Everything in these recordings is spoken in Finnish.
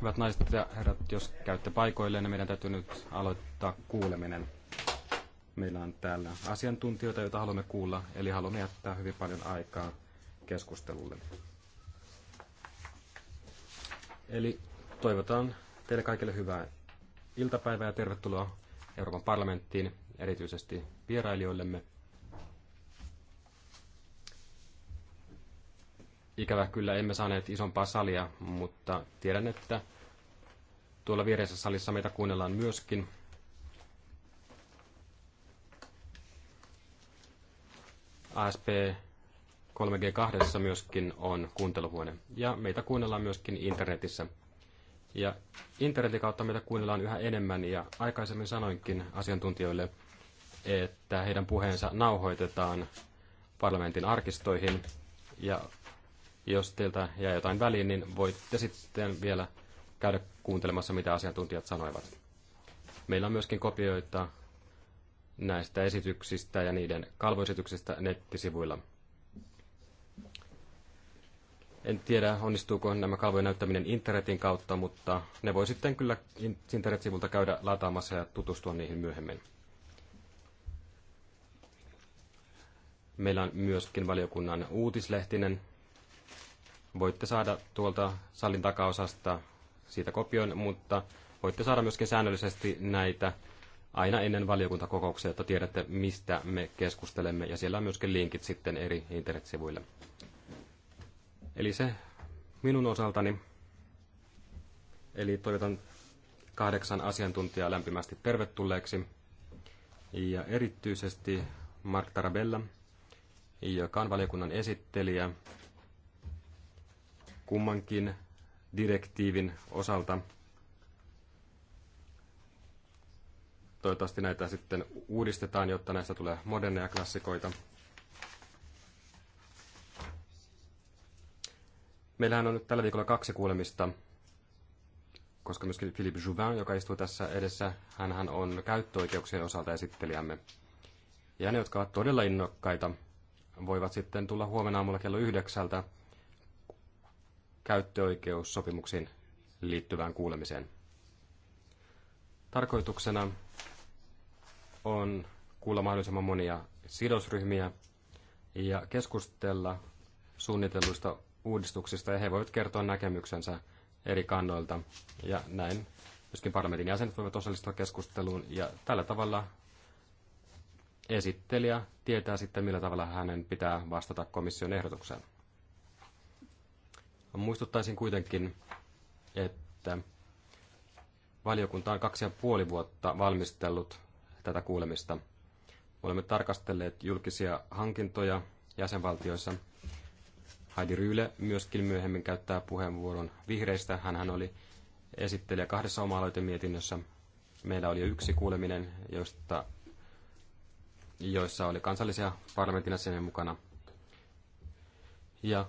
Hyvät naiset ja herrat, jos käytte paikoilleen, niin meidän täytyy nyt aloittaa kuuleminen. Meillä on täällä asiantuntijoita, joita haluamme kuulla, eli haluamme jättää hyvin paljon aikaa keskustelulle. Eli toivotan teille kaikille hyvää iltapäivää ja tervetuloa Euroopan parlamenttiin, erityisesti vierailijoillemme. Ikävä kyllä emme saaneet isompaa salia, mutta tiedän, että tuolla viereisessä salissa meitä kuunnellaan myöskin. ASP 3G2 myöskin on kuunteluhuone. Ja meitä kuunnellaan myöskin internetissä. Ja internetin kautta meitä kuunnellaan yhä enemmän ja aikaisemmin sanoinkin asiantuntijoille, että heidän puheensa nauhoitetaan parlamentin arkistoihin ja jos teiltä jää jotain väliin, niin voitte sitten vielä käydä kuuntelemassa, mitä asiantuntijat sanoivat. Meillä on myöskin kopioita näistä esityksistä ja niiden kalvoesityksistä nettisivuilla. En tiedä, onnistuuko nämä kalvojen näyttäminen internetin kautta, mutta ne voi sitten kyllä internet-sivulta käydä lataamassa ja tutustua niihin myöhemmin. Meillä on myöskin valiokunnan uutislehtinen, Voitte saada tuolta salin takaosasta siitä kopion, mutta voitte saada myöskin säännöllisesti näitä aina ennen valiokuntakokouksia, että tiedätte, mistä me keskustelemme, ja siellä on myöskin linkit sitten eri internetsivuille. Eli se minun osaltani. Eli toivotan kahdeksan asiantuntijaa lämpimästi tervetulleeksi. Ja erityisesti Mark Tarabella, joka on valiokunnan esittelijä kummankin direktiivin osalta. Toivottavasti näitä sitten uudistetaan, jotta näistä tulee moderneja klassikoita. Meillähän on nyt tällä viikolla kaksi kuulemista, koska myöskin Philippe Jouvin, joka istuu tässä edessä, hän on käyttöoikeuksien osalta esittelijämme. Ja ne, jotka ovat todella innokkaita, voivat sitten tulla huomenna aamulla kello yhdeksältä käyttöoikeussopimuksiin liittyvään kuulemiseen. Tarkoituksena on kuulla mahdollisimman monia sidosryhmiä ja keskustella suunnitelluista uudistuksista ja he voivat kertoa näkemyksensä eri kannoilta ja näin myöskin parlamentin jäsenet voivat osallistua keskusteluun ja tällä tavalla esittelijä tietää sitten millä tavalla hänen pitää vastata komission ehdotukseen. Muistuttaisin kuitenkin, että valiokunta on kaksi ja puoli vuotta valmistellut tätä kuulemista. Olemme tarkastelleet julkisia hankintoja jäsenvaltioissa. Heidi Ryyle myöskin myöhemmin käyttää puheenvuoron vihreistä. hän oli esittelijä kahdessa oma mietinnössä. Meillä oli jo yksi kuuleminen, josta, joissa oli kansallisia parlamentin mukana. Ja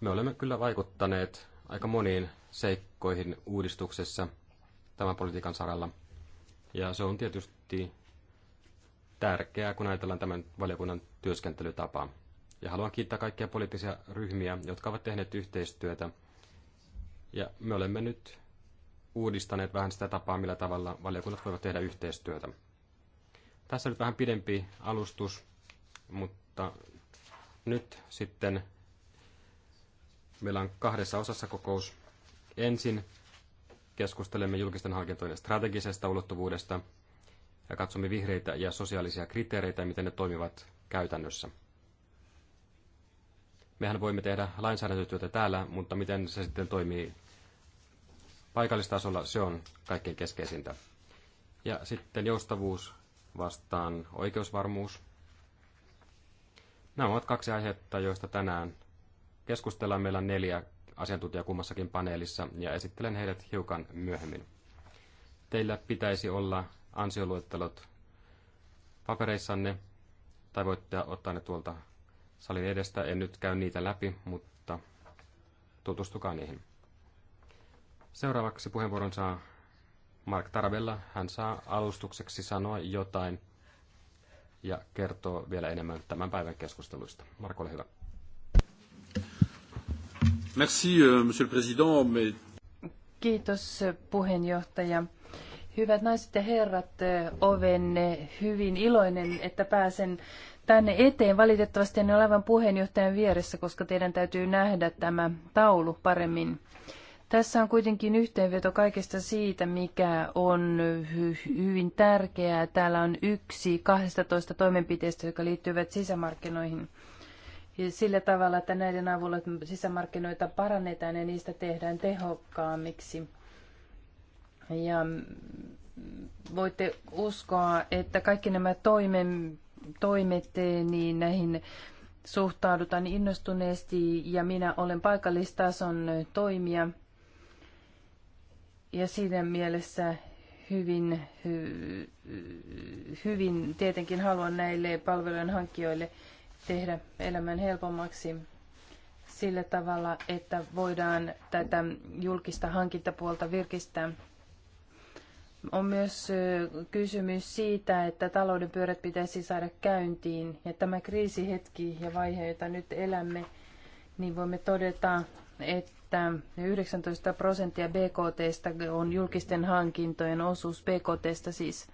me olemme kyllä vaikuttaneet aika moniin seikkoihin uudistuksessa tämän politiikan saralla. Ja se on tietysti tärkeää, kun ajatellaan tämän valiokunnan työskentelytapaa. Ja haluan kiittää kaikkia poliittisia ryhmiä, jotka ovat tehneet yhteistyötä. Ja me olemme nyt uudistaneet vähän sitä tapaa, millä tavalla valiokunnat voivat tehdä yhteistyötä. Tässä nyt vähän pidempi alustus, mutta nyt sitten Meillä on kahdessa osassa kokous. Ensin keskustelemme julkisten hankintojen strategisesta ulottuvuudesta ja katsomme vihreitä ja sosiaalisia kriteereitä ja miten ne toimivat käytännössä. Mehän voimme tehdä lainsäädäntötyötä täällä, mutta miten se sitten toimii paikallistasolla, se on kaikkein keskeisintä. Ja sitten joustavuus vastaan oikeusvarmuus. Nämä ovat kaksi aihetta, joista tänään keskustellaan. Meillä on neljä asiantuntijaa kummassakin paneelissa ja esittelen heidät hiukan myöhemmin. Teillä pitäisi olla ansioluettelot papereissanne tai voitte ottaa ne tuolta salin edestä. En nyt käy niitä läpi, mutta tutustukaa niihin. Seuraavaksi puheenvuoron saa Mark Tarabella. Hän saa alustukseksi sanoa jotain ja kertoo vielä enemmän tämän päivän keskusteluista. Marko, ole hyvä. Merci, euh, monsieur le président. Mais... Kiitos puheenjohtaja. Hyvät naiset ja herrat, olen hyvin iloinen, että pääsen tänne eteen. Valitettavasti en ole aivan puheenjohtajan vieressä, koska teidän täytyy nähdä tämä taulu paremmin. Tässä on kuitenkin yhteenveto kaikesta siitä, mikä on hy- hyvin tärkeää. Täällä on yksi 12 toimenpiteestä, jotka liittyvät sisämarkkinoihin sillä tavalla, että näiden avulla sisämarkkinoita parannetaan ja niistä tehdään tehokkaammiksi. Ja voitte uskoa, että kaikki nämä toimen, toimet, niin näihin suhtaudutaan innostuneesti ja minä olen paikallistason toimija ja siinä mielessä hyvin, hyvin tietenkin haluan näille palvelujen hankkijoille – tehdä elämän helpommaksi sillä tavalla, että voidaan tätä julkista hankintapuolta virkistää. On myös kysymys siitä, että talouden pyörät pitäisi saada käyntiin. Ja tämä kriisihetki ja vaihe, jota nyt elämme, niin voimme todeta, että 19 prosenttia BKTstä on julkisten hankintojen osuus BKTstä siis.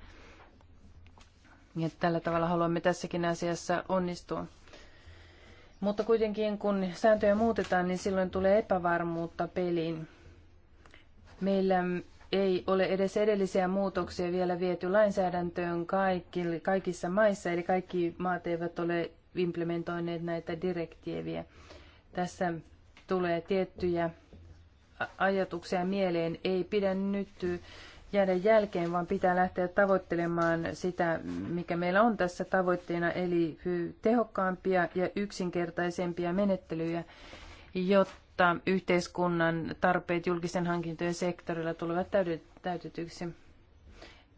Ja tällä tavalla haluamme tässäkin asiassa onnistua. Mutta kuitenkin kun sääntöjä muutetaan, niin silloin tulee epävarmuutta peliin. Meillä ei ole edes edellisiä muutoksia vielä viety lainsäädäntöön kaikissa maissa, eli kaikki maat eivät ole implementoineet näitä direktiiviä. Tässä tulee tiettyjä ajatuksia mieleen. Ei pidä nyt jäädä jälkeen, vaan pitää lähteä tavoittelemaan sitä, mikä meillä on tässä tavoitteena, eli tehokkaampia ja yksinkertaisempia menettelyjä, jotta yhteiskunnan tarpeet julkisen hankintojen sektorilla tulevat täytetyksi.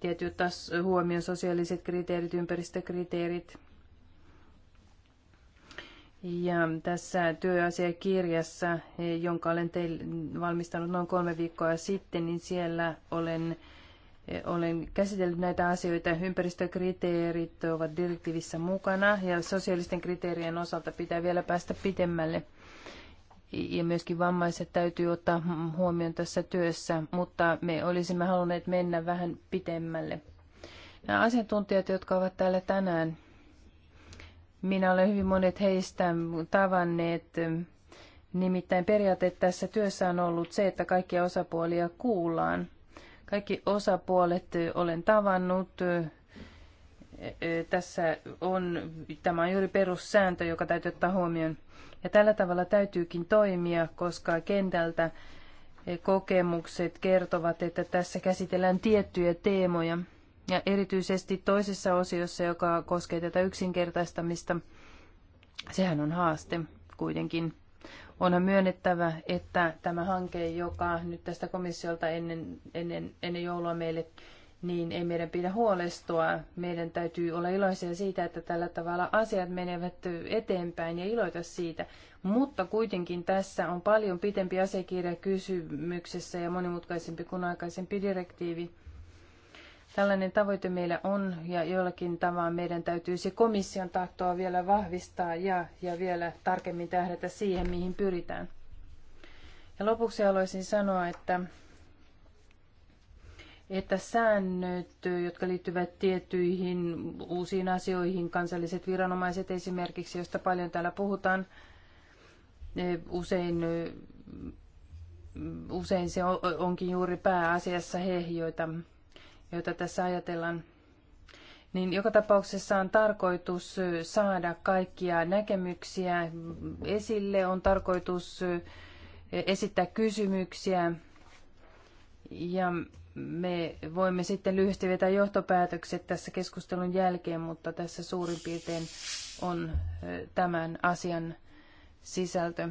Tietyt taas huomioon sosiaaliset kriteerit, ympäristökriteerit ja tässä työasiakirjassa, jonka olen teille valmistanut noin kolme viikkoa sitten, niin siellä olen, olen käsitellyt näitä asioita. Ympäristökriteerit ovat direktiivissä mukana ja sosiaalisten kriteerien osalta pitää vielä päästä pitemmälle. Ja myöskin vammaiset täytyy ottaa huomioon tässä työssä, mutta me olisimme halunneet mennä vähän pitemmälle. Nämä asiantuntijat, jotka ovat täällä tänään, minä olen hyvin monet heistä tavanneet. Nimittäin periaate tässä työssä on ollut se, että kaikkia osapuolia kuullaan. Kaikki osapuolet olen tavannut. Tässä on, tämä on juuri perussääntö, joka täytyy ottaa huomioon. Ja tällä tavalla täytyykin toimia, koska kentältä kokemukset kertovat, että tässä käsitellään tiettyjä teemoja – ja erityisesti toisessa osiossa, joka koskee tätä yksinkertaistamista, sehän on haaste kuitenkin. Onhan myönnettävä, että tämä hanke, joka nyt tästä komissiolta ennen, ennen, ennen joulua meille, niin ei meidän pidä huolestua. Meidän täytyy olla iloisia siitä, että tällä tavalla asiat menevät eteenpäin ja iloita siitä. Mutta kuitenkin tässä on paljon pitempi asiakirja kysymyksessä ja monimutkaisempi kuin aikaisempi direktiivi. Tällainen tavoite meillä on ja jollakin tavalla meidän täytyisi komission tahtoa vielä vahvistaa ja, ja vielä tarkemmin tähdätä siihen, mihin pyritään. Ja lopuksi haluaisin sanoa, että, että säännöt, jotka liittyvät tiettyihin uusiin asioihin, kansalliset viranomaiset esimerkiksi, joista paljon täällä puhutaan, usein usein se onkin juuri pääasiassa he, joita joita tässä ajatellaan, niin joka tapauksessa on tarkoitus saada kaikkia näkemyksiä esille, on tarkoitus esittää kysymyksiä ja me voimme sitten lyhyesti vetää johtopäätökset tässä keskustelun jälkeen, mutta tässä suurin piirtein on tämän asian sisältö.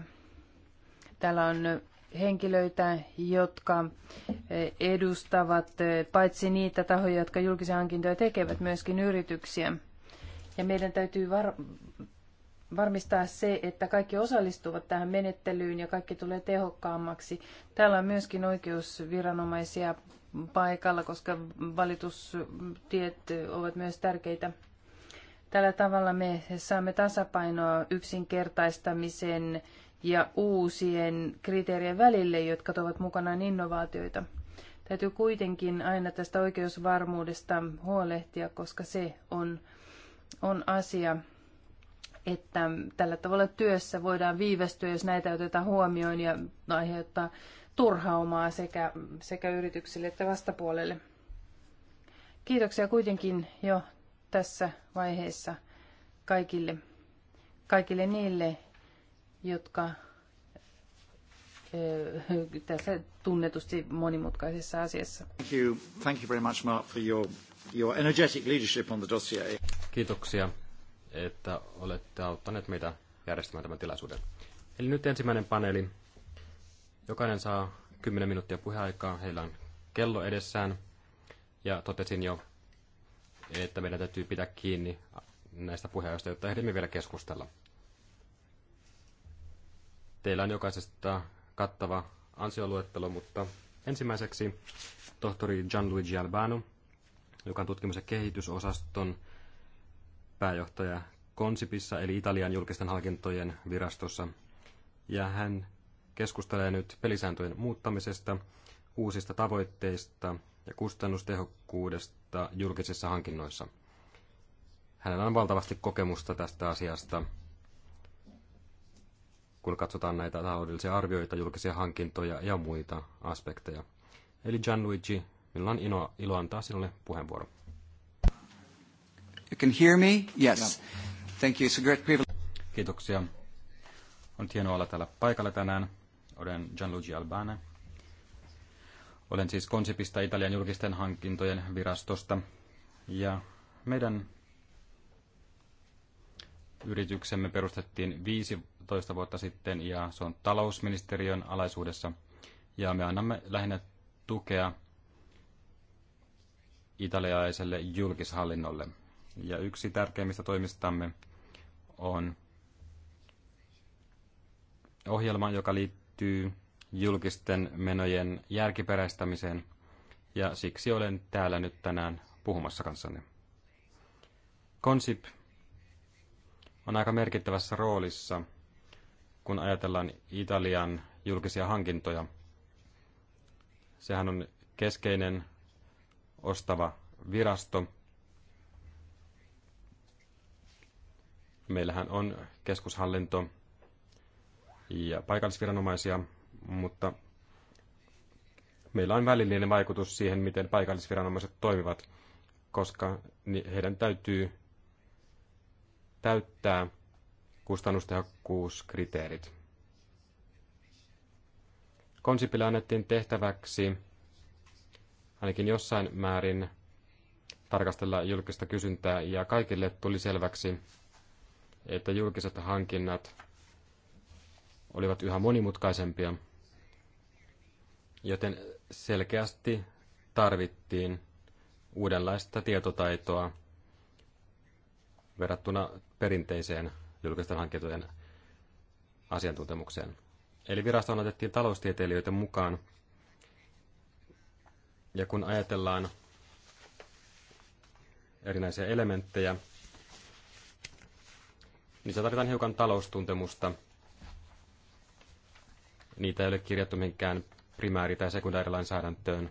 Täällä on henkilöitä, jotka eh, edustavat eh, paitsi niitä tahoja, jotka julkisia hankintoja tekevät, myöskin yrityksiä. Ja meidän täytyy var- varmistaa se, että kaikki osallistuvat tähän menettelyyn ja kaikki tulee tehokkaammaksi. Täällä on myöskin oikeusviranomaisia paikalla, koska valitustiet ovat myös tärkeitä. Tällä tavalla me saamme tasapainoa yksinkertaistamisen ja uusien kriteerien välille, jotka tuovat mukanaan innovaatioita. Täytyy kuitenkin aina tästä oikeusvarmuudesta huolehtia, koska se on, on asia, että tällä tavalla työssä voidaan viivästyä, jos näitä otetaan huomioon ja aiheuttaa turhaumaa sekä, sekä yrityksille että vastapuolelle. Kiitoksia kuitenkin jo tässä vaiheessa kaikille, kaikille niille, jotka eh, tässä tunnetusti monimutkaisessa asiassa. Thank you. Thank you very much, Mark, for your, your energetic leadership on the dossier. Kiitoksia, että olette auttaneet meitä järjestämään tämän tilaisuuden. Eli nyt ensimmäinen paneeli. Jokainen saa 10 minuuttia puheaikaa. Heillä on kello edessään. Ja totesin jo, että meidän täytyy pitää kiinni näistä puheajoista, jotta ehdimme vielä keskustella. Teillä on jokaisesta kattava ansioluettelo, mutta ensimmäiseksi tohtori Gianluigi Albano, joka on tutkimus- ja kehitysosaston pääjohtaja Konsipissa, eli Italian julkisten hankintojen virastossa. Ja hän keskustelee nyt pelisääntöjen muuttamisesta, uusista tavoitteista ja kustannustehokkuudesta julkisissa hankinnoissa. Hänellä on valtavasti kokemusta tästä asiasta kun katsotaan näitä taloudellisia arvioita, julkisia hankintoja ja muita aspekteja. Eli Gianluigi, minulla on ilo, ilo antaa sinulle puheenvuoro. You can hear me? Yes. Thank you. It's a great privilege. Kiitoksia. On hienoa olla täällä paikalla tänään. Olen Gianluigi Albane. Olen siis Konsipista Italian julkisten hankintojen virastosta. Ja meidän yrityksemme perustettiin viisi toista vuotta sitten ja se on talousministeriön alaisuudessa. Ja me annamme lähinnä tukea italialaiselle julkishallinnolle. Ja yksi tärkeimmistä toimistamme on ohjelma, joka liittyy julkisten menojen järkiperäistämiseen, ja siksi olen täällä nyt tänään puhumassa kanssanne. Konsip on aika merkittävässä roolissa kun ajatellaan Italian julkisia hankintoja. Sehän on keskeinen ostava virasto. Meillähän on keskushallinto ja paikallisviranomaisia, mutta meillä on välillinen vaikutus siihen, miten paikallisviranomaiset toimivat, koska heidän täytyy täyttää kustannustehokkuuskriteerit. Konsipille annettiin tehtäväksi ainakin jossain määrin tarkastella julkista kysyntää ja kaikille tuli selväksi, että julkiset hankinnat olivat yhä monimutkaisempia, joten selkeästi tarvittiin uudenlaista tietotaitoa verrattuna perinteiseen julkisten hankintojen asiantuntemukseen. Eli virastoon otettiin taloustieteilijöitä mukaan. Ja kun ajatellaan erinäisiä elementtejä, niin se tarvitaan hiukan taloustuntemusta. Niitä ei ole kirjattu mihinkään primääri- tai sekundäärilainsäädäntöön.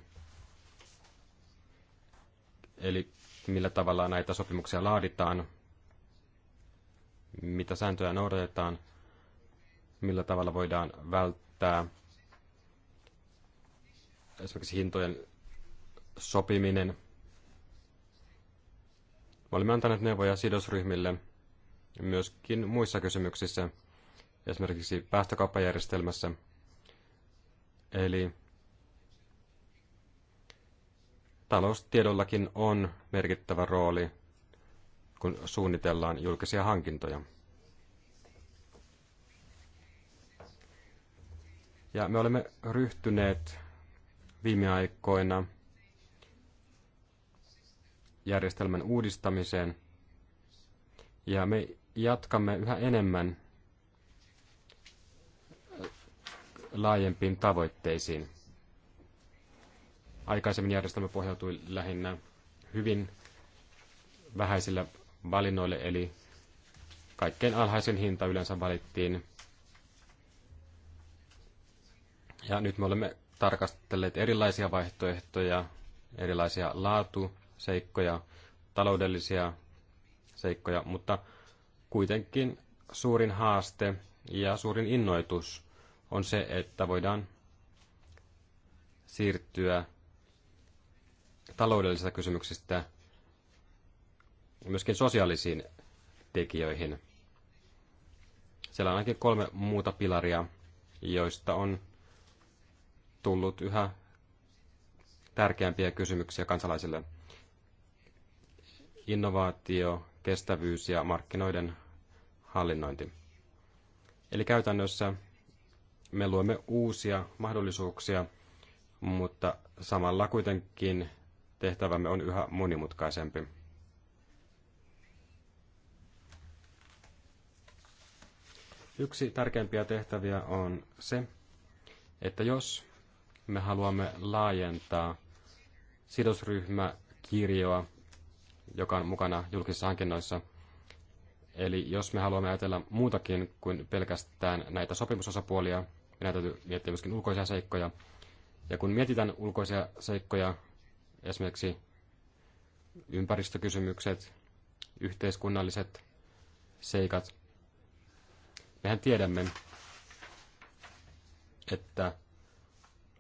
Eli millä tavalla näitä sopimuksia laaditaan, mitä sääntöjä noudatetaan, millä tavalla voidaan välttää esimerkiksi hintojen sopiminen. Me olemme antaneet neuvoja sidosryhmille myöskin muissa kysymyksissä, esimerkiksi päästökauppajärjestelmässä. Eli taloustiedollakin on merkittävä rooli kun suunnitellaan julkisia hankintoja. Ja me olemme ryhtyneet viime aikoina järjestelmän uudistamiseen. Ja me jatkamme yhä enemmän laajempiin tavoitteisiin. Aikaisemmin järjestelmä pohjautui lähinnä hyvin vähäisillä valinnoille, eli kaikkein alhaisin hinta yleensä valittiin. Ja nyt me olemme tarkastelleet erilaisia vaihtoehtoja, erilaisia laatuseikkoja, taloudellisia seikkoja, mutta kuitenkin suurin haaste ja suurin innoitus on se, että voidaan siirtyä taloudellisista kysymyksistä myöskin sosiaalisiin tekijöihin. Siellä on ainakin kolme muuta pilaria, joista on tullut yhä tärkeämpiä kysymyksiä kansalaisille. Innovaatio, kestävyys ja markkinoiden hallinnointi. Eli käytännössä me luomme uusia mahdollisuuksia, mutta samalla kuitenkin tehtävämme on yhä monimutkaisempi. Yksi tärkeimpiä tehtäviä on se, että jos me haluamme laajentaa sidosryhmäkirjoa, joka on mukana julkisissa hankinnoissa, eli jos me haluamme ajatella muutakin kuin pelkästään näitä sopimusosapuolia, meidän täytyy miettiä myöskin ulkoisia seikkoja. Ja kun mietitään ulkoisia seikkoja, esimerkiksi ympäristökysymykset, yhteiskunnalliset seikat, Mehän tiedämme, että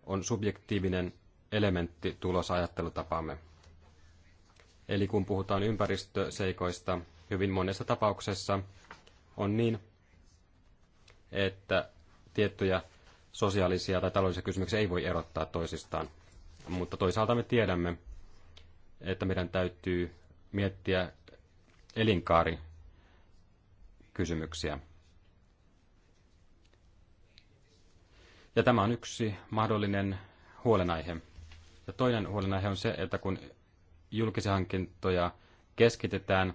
on subjektiivinen elementti tulossa ajattelutapaamme. Eli kun puhutaan ympäristöseikoista, hyvin monessa tapauksessa on niin, että tiettyjä sosiaalisia tai taloudellisia kysymyksiä ei voi erottaa toisistaan. Mutta toisaalta me tiedämme, että meidän täytyy miettiä elinkaari kysymyksiä. Ja tämä on yksi mahdollinen huolenaihe. Ja toinen huolenaihe on se, että kun julkisia hankintoja keskitetään,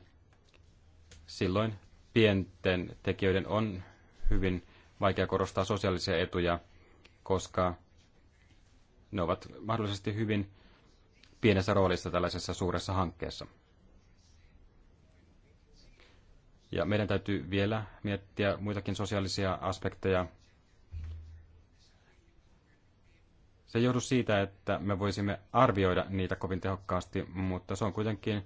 silloin pienten tekijöiden on hyvin vaikea korostaa sosiaalisia etuja, koska ne ovat mahdollisesti hyvin pienessä roolissa tällaisessa suuressa hankkeessa. Ja meidän täytyy vielä miettiä muitakin sosiaalisia aspekteja, se johdu siitä, että me voisimme arvioida niitä kovin tehokkaasti, mutta se on kuitenkin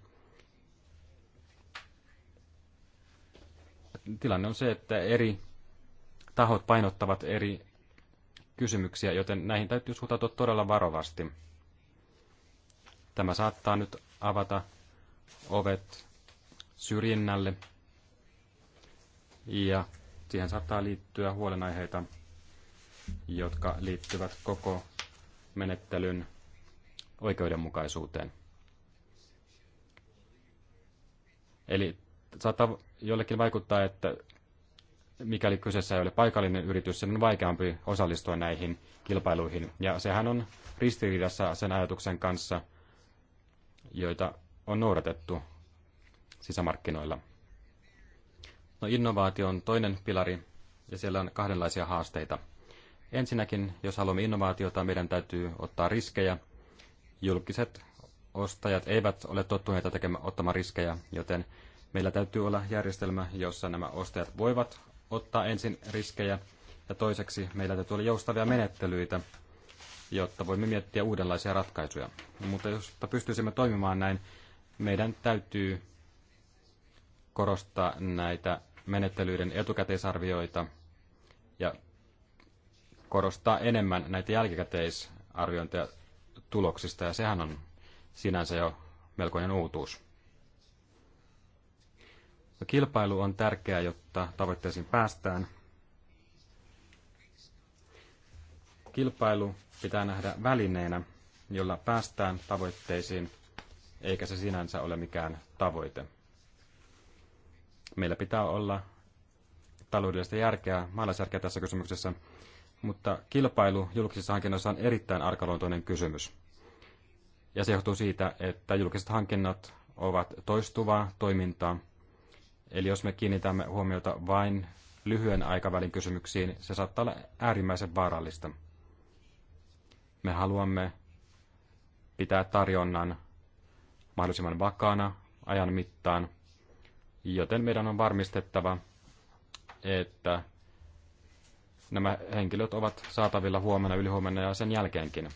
tilanne on se, että eri tahot painottavat eri kysymyksiä, joten näihin täytyy suhtautua todella varovasti. Tämä saattaa nyt avata ovet syrjinnälle ja siihen saattaa liittyä huolenaiheita, jotka liittyvät koko menettelyn oikeudenmukaisuuteen. Eli saattaa jollekin vaikuttaa, että mikäli kyseessä ei ole paikallinen yritys, sen on vaikeampi osallistua näihin kilpailuihin. Ja sehän on ristiriidassa sen ajatuksen kanssa, joita on noudatettu sisämarkkinoilla. No, innovaatio on toinen pilari, ja siellä on kahdenlaisia haasteita – Ensinnäkin, jos haluamme innovaatiota, meidän täytyy ottaa riskejä. Julkiset ostajat eivät ole tottuneita tekemään, ottamaan riskejä, joten meillä täytyy olla järjestelmä, jossa nämä ostajat voivat ottaa ensin riskejä. Ja toiseksi meillä täytyy olla joustavia menettelyitä, jotta voimme miettiä uudenlaisia ratkaisuja. No, mutta jos pystyisimme toimimaan näin, meidän täytyy korostaa näitä menettelyiden etukäteisarvioita ja korostaa enemmän näitä jälkikäteisarviointeja tuloksista, ja sehän on sinänsä jo melkoinen uutuus. Kilpailu on tärkeää, jotta tavoitteisiin päästään. Kilpailu pitää nähdä välineenä, jolla päästään tavoitteisiin, eikä se sinänsä ole mikään tavoite. Meillä pitää olla taloudellista järkeä, maalaisjärkeä tässä kysymyksessä, mutta kilpailu julkisissa hankinnoissa on erittäin arkaluontoinen kysymys. Ja se johtuu siitä, että julkiset hankinnat ovat toistuvaa toimintaa. Eli jos me kiinnitämme huomiota vain lyhyen aikavälin kysymyksiin, se saattaa olla äärimmäisen vaarallista. Me haluamme pitää tarjonnan mahdollisimman vakaana ajan mittaan, joten meidän on varmistettava, että Nämä henkilöt ovat saatavilla huomenna, ylihuomenna ja sen jälkeenkin.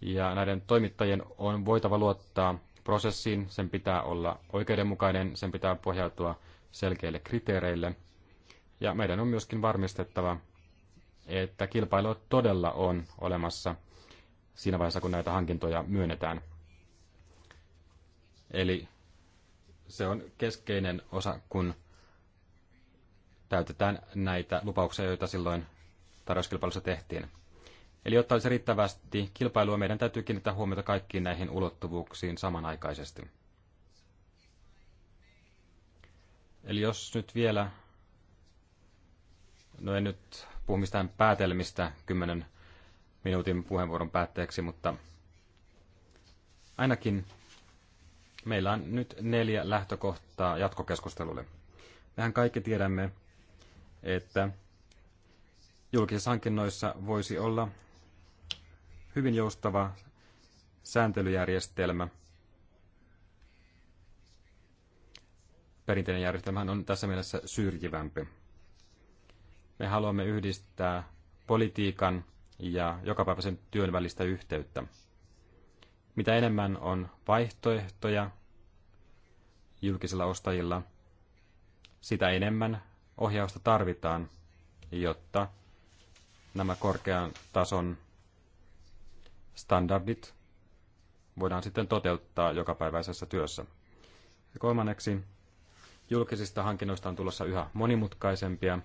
Ja näiden toimittajien on voitava luottaa prosessiin, sen pitää olla oikeudenmukainen, sen pitää pohjautua selkeille kriteereille. Ja meidän on myöskin varmistettava, että kilpailu todella on olemassa siinä vaiheessa, kun näitä hankintoja myönnetään. Eli se on keskeinen osa, kun täytetään näitä lupauksia, joita silloin tarjouskilpailussa tehtiin. Eli jotta olisi riittävästi kilpailua, meidän täytyy kiinnittää huomiota kaikkiin näihin ulottuvuuksiin samanaikaisesti. Eli jos nyt vielä, no en nyt puhu mistään päätelmistä kymmenen minuutin puheenvuoron päätteeksi, mutta ainakin meillä on nyt neljä lähtökohtaa jatkokeskustelulle. Mehän kaikki tiedämme, että julkisissa hankinnoissa voisi olla hyvin joustava sääntelyjärjestelmä. Perinteinen järjestelmä on tässä mielessä syrjivämpi. Me haluamme yhdistää politiikan ja jokapäiväisen työn välistä yhteyttä. Mitä enemmän on vaihtoehtoja julkisilla ostajilla, sitä enemmän ohjausta tarvitaan, jotta nämä korkean tason standardit voidaan sitten toteuttaa jokapäiväisessä työssä. Ja kolmanneksi, julkisista hankinnoista on tulossa yhä monimutkaisempia,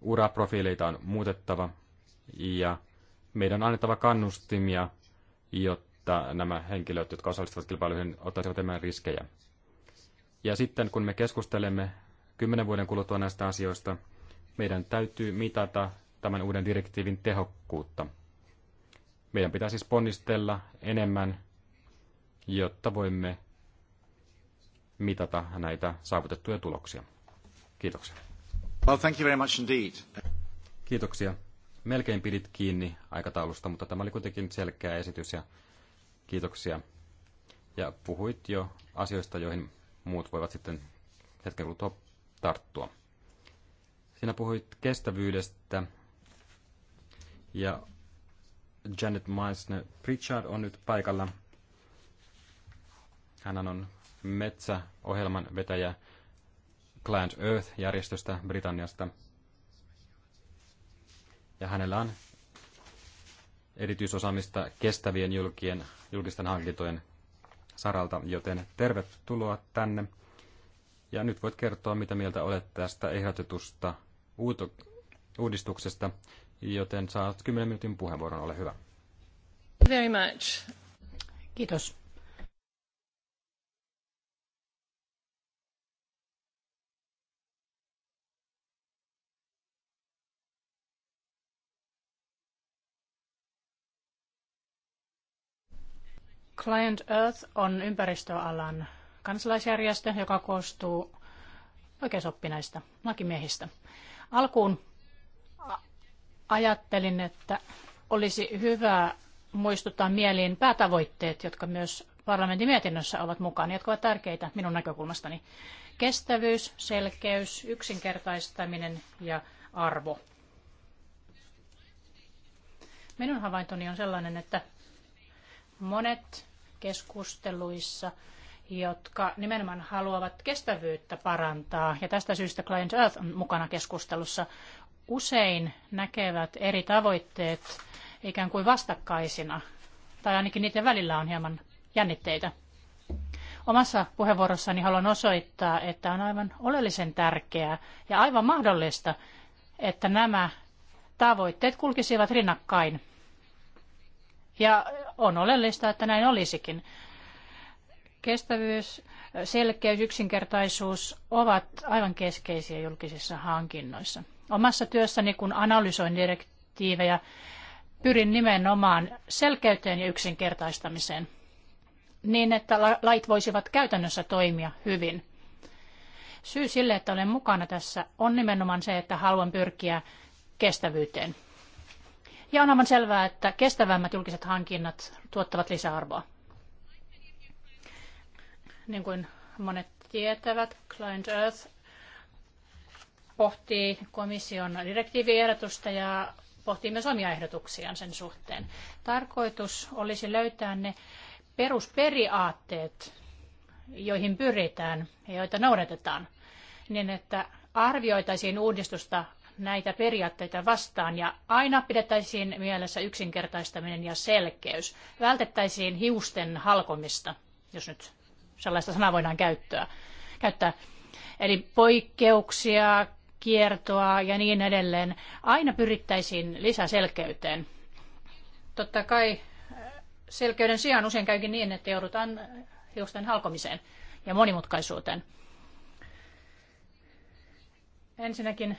uraprofiileita on muutettava ja meidän on annettava kannustimia, jotta nämä henkilöt, jotka osallistuvat kilpailuihin, ottaisivat enemmän riskejä. Ja sitten kun me keskustelemme kymmenen vuoden kuluttua näistä asioista, meidän täytyy mitata tämän uuden direktiivin tehokkuutta. Meidän pitää siis ponnistella enemmän, jotta voimme mitata näitä saavutettuja tuloksia. Kiitoksia. Well, thank you very much indeed. Kiitoksia. Melkein pidit kiinni aikataulusta, mutta tämä oli kuitenkin selkeä esitys ja kiitoksia. Ja puhuit jo asioista, joihin muut voivat sitten hetken kuluttua tarttua. Sinä puhuit kestävyydestä ja Janet Meisner Pritchard on nyt paikalla. Hän on metsäohjelman vetäjä Client Earth-järjestöstä Britanniasta. Ja hänellä on erityisosaamista kestävien julkien, julkisten hankintojen saralta, joten tervetuloa tänne. Ja nyt voit kertoa, mitä mieltä olet tästä ehdotetusta uudistuksesta, joten saat 10 minuutin puheenvuoron, ole hyvä. Very much. Kiitos. Client Earth on ympäristöalan kansalaisjärjestö, joka koostuu oikeusoppineista lakimiehistä. Alkuun ajattelin, että olisi hyvä muistuttaa mieliin päätavoitteet, jotka myös parlamentin mietinnössä ovat mukana, jotka ovat tärkeitä minun näkökulmastani. Kestävyys, selkeys, yksinkertaistaminen ja arvo. Minun havaintoni on sellainen, että monet keskusteluissa – jotka nimenomaan haluavat kestävyyttä parantaa. Ja tästä syystä Client Earth on mukana keskustelussa. Usein näkevät eri tavoitteet ikään kuin vastakkaisina, tai ainakin niiden välillä on hieman jännitteitä. Omassa puheenvuorossani haluan osoittaa, että on aivan oleellisen tärkeää ja aivan mahdollista, että nämä tavoitteet kulkisivat rinnakkain. Ja on oleellista, että näin olisikin. Kestävyys, selkeys, yksinkertaisuus ovat aivan keskeisiä julkisissa hankinnoissa. Omassa työssäni, kun analysoin direktiivejä, pyrin nimenomaan selkeyteen ja yksinkertaistamiseen niin, että lait voisivat käytännössä toimia hyvin. Syy sille, että olen mukana tässä, on nimenomaan se, että haluan pyrkiä kestävyyteen. Ja on aivan selvää, että kestävämmät julkiset hankinnat tuottavat lisäarvoa. Niin kuin monet tietävät, Client Earth pohtii komission direktiiviehdotusta ja pohtii myös omia ehdotuksiaan sen suhteen. Tarkoitus olisi löytää ne perusperiaatteet, joihin pyritään ja joita noudatetaan, niin että arvioitaisiin uudistusta näitä periaatteita vastaan ja aina pidettäisiin mielessä yksinkertaistaminen ja selkeys. Vältettäisiin hiusten halkomista, jos nyt sellaista sanaa voidaan käyttää. käyttää. Eli poikkeuksia, kiertoa ja niin edelleen. Aina pyrittäisiin lisäselkeyteen. Totta kai eh, selkeyden sijaan usein käykin niin, että joudutaan hiusten halkomiseen ja monimutkaisuuteen. Ensinnäkin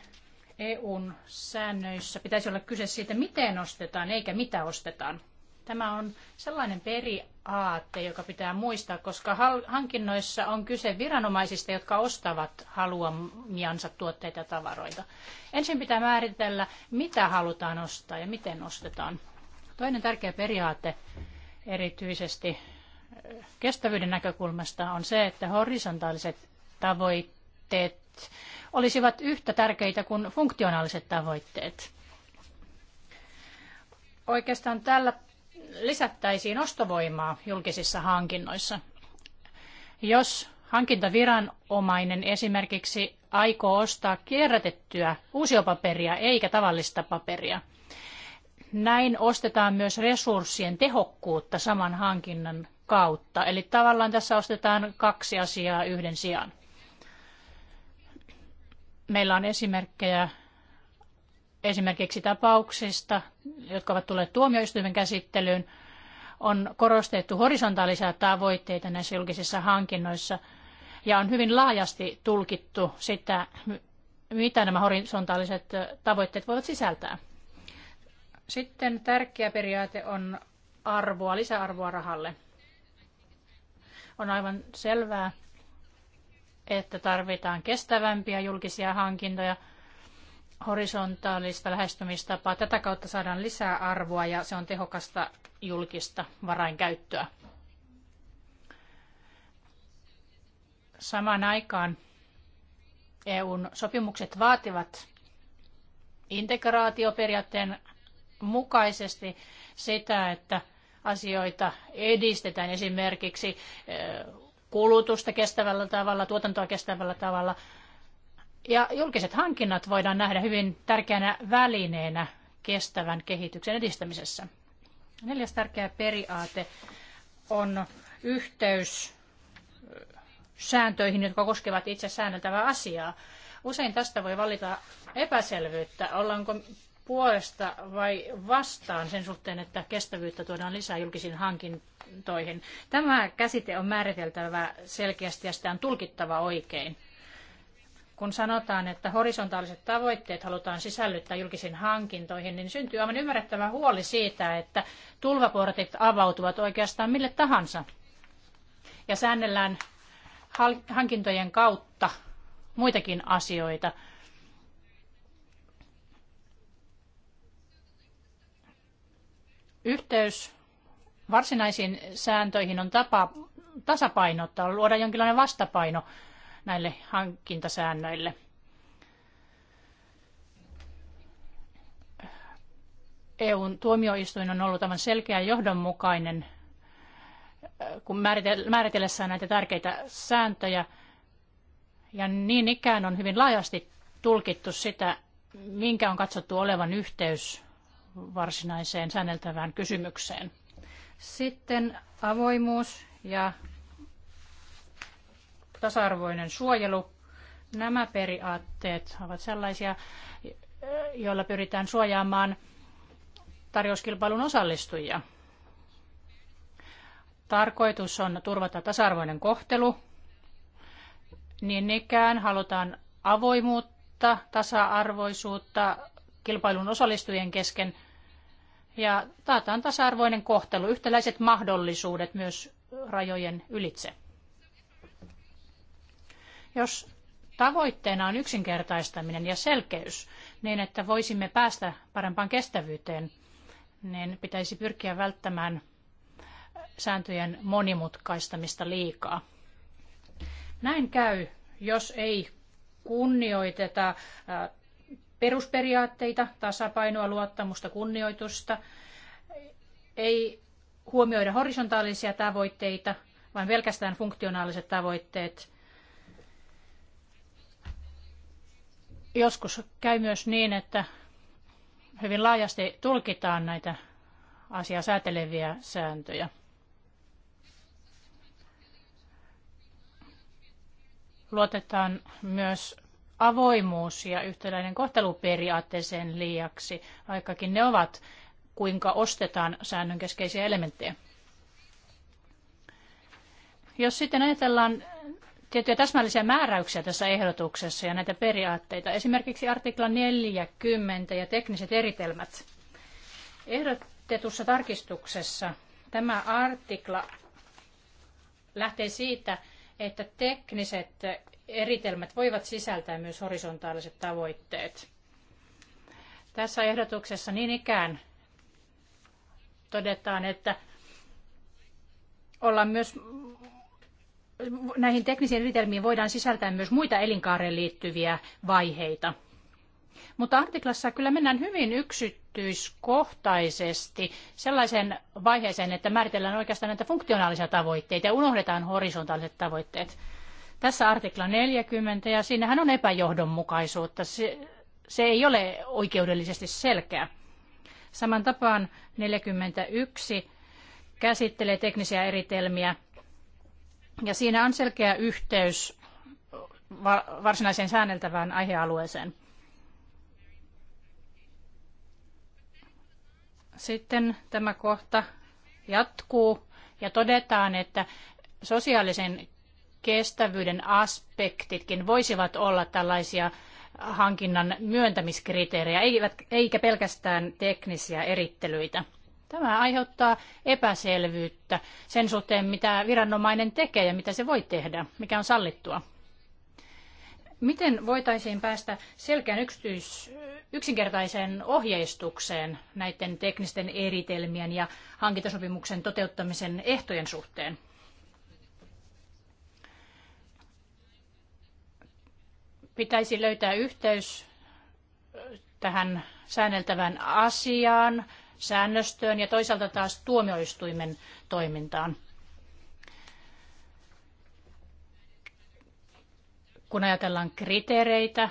EUn säännöissä pitäisi olla kyse siitä, miten ostetaan eikä mitä ostetaan. Tämä on sellainen peri, aatte, joka pitää muistaa, koska hankinnoissa on kyse viranomaisista, jotka ostavat haluamiansa tuotteita ja tavaroita. Ensin pitää määritellä, mitä halutaan ostaa ja miten ostetaan. Toinen tärkeä periaate erityisesti kestävyyden näkökulmasta on se, että horisontaaliset tavoitteet olisivat yhtä tärkeitä kuin funktionaaliset tavoitteet. Oikeastaan tällä lisättäisiin ostovoimaa julkisissa hankinnoissa. Jos hankintaviranomainen esimerkiksi aikoo ostaa kierrätettyä uusiopaperia eikä tavallista paperia, näin ostetaan myös resurssien tehokkuutta saman hankinnan kautta. Eli tavallaan tässä ostetaan kaksi asiaa yhden sijaan. Meillä on esimerkkejä esimerkiksi tapauksista, jotka ovat tulleet tuomioistuimen käsittelyyn, on korostettu horisontaalisia tavoitteita näissä julkisissa hankinnoissa ja on hyvin laajasti tulkittu sitä, mitä nämä horisontaaliset tavoitteet voivat sisältää. Sitten tärkeä periaate on arvoa, lisäarvoa rahalle. On aivan selvää, että tarvitaan kestävämpiä julkisia hankintoja – horisontaalista lähestymistapaa. Tätä kautta saadaan lisää arvoa ja se on tehokasta julkista varainkäyttöä. Samaan aikaan EUn sopimukset vaativat integraatioperiaatteen mukaisesti sitä, että asioita edistetään esimerkiksi eh, kulutusta kestävällä tavalla, tuotantoa kestävällä tavalla – ja julkiset hankinnat voidaan nähdä hyvin tärkeänä välineenä kestävän kehityksen edistämisessä. Neljäs tärkeä periaate on yhteys sääntöihin, jotka koskevat itse säänneltävää asiaa. Usein tästä voi valita epäselvyyttä, ollaanko puolesta vai vastaan sen suhteen, että kestävyyttä tuodaan lisää julkisiin hankintoihin. Tämä käsite on määriteltävä selkeästi ja sitä on tulkittava oikein kun sanotaan, että horisontaaliset tavoitteet halutaan sisällyttää julkisiin hankintoihin, niin syntyy aivan ymmärrettävä huoli siitä, että tulvaportit avautuvat oikeastaan mille tahansa. Ja säännellään hankintojen kautta muitakin asioita. Yhteys varsinaisiin sääntöihin on tapa tasapainottaa, luoda jonkinlainen vastapaino näille hankintasäännöille. EUn tuomioistuin on ollut aivan selkeä ja johdonmukainen, äh, kun määritellessään näitä tärkeitä sääntöjä. Ja niin ikään on hyvin laajasti tulkittu sitä, minkä on katsottu olevan yhteys varsinaiseen säänneltävään kysymykseen. Sitten avoimuus ja tasa-arvoinen suojelu. Nämä periaatteet ovat sellaisia, joilla pyritään suojaamaan tarjouskilpailun osallistujia. Tarkoitus on turvata tasa-arvoinen kohtelu. Niin ikään halutaan avoimuutta, tasa-arvoisuutta kilpailun osallistujien kesken ja taataan tasa-arvoinen kohtelu, yhtäläiset mahdollisuudet myös rajojen ylitse. Jos tavoitteena on yksinkertaistaminen ja selkeys, niin että voisimme päästä parempaan kestävyyteen, niin pitäisi pyrkiä välttämään sääntöjen monimutkaistamista liikaa. Näin käy, jos ei kunnioiteta äh, perusperiaatteita, tasapainoa, luottamusta, kunnioitusta, ei huomioida horisontaalisia tavoitteita, vaan pelkästään funktionaaliset tavoitteet – Joskus käy myös niin, että hyvin laajasti tulkitaan näitä asiaa sääteleviä sääntöjä. Luotetaan myös avoimuus ja yhtäläinen kohteluperiaatteeseen liiaksi, vaikkakin ne ovat kuinka ostetaan säännönkeskeisiä elementtejä. Jos sitten ajatellaan tiettyjä täsmällisiä määräyksiä tässä ehdotuksessa ja näitä periaatteita. Esimerkiksi artikla 40 ja tekniset eritelmät. Ehdotetussa tarkistuksessa tämä artikla lähtee siitä, että tekniset eritelmät voivat sisältää myös horisontaaliset tavoitteet. Tässä ehdotuksessa niin ikään todetaan, että ollaan myös näihin teknisiin yritelmiin voidaan sisältää myös muita elinkaareen liittyviä vaiheita. Mutta artiklassa kyllä mennään hyvin yksityiskohtaisesti sellaiseen vaiheeseen, että määritellään oikeastaan näitä funktionaalisia tavoitteita ja unohdetaan horisontaaliset tavoitteet. Tässä artikla 40 ja siinähän on epäjohdonmukaisuutta. Se, se ei ole oikeudellisesti selkeä. Saman tapaan 41 käsittelee teknisiä eritelmiä ja siinä on selkeä yhteys varsinaiseen säänneltävään aihealueeseen. Sitten tämä kohta jatkuu ja todetaan, että sosiaalisen kestävyyden aspektitkin voisivat olla tällaisia hankinnan myöntämiskriteerejä, eikä pelkästään teknisiä erittelyitä. Tämä aiheuttaa epäselvyyttä sen suhteen, mitä viranomainen tekee ja mitä se voi tehdä, mikä on sallittua. Miten voitaisiin päästä selkeän yksityis, yksinkertaiseen ohjeistukseen näiden teknisten eritelmien ja hankintasopimuksen toteuttamisen ehtojen suhteen? Pitäisi löytää yhteys tähän säänneltävän asiaan, säännöstöön ja toisaalta taas tuomioistuimen toimintaan. Kun ajatellaan kriteereitä,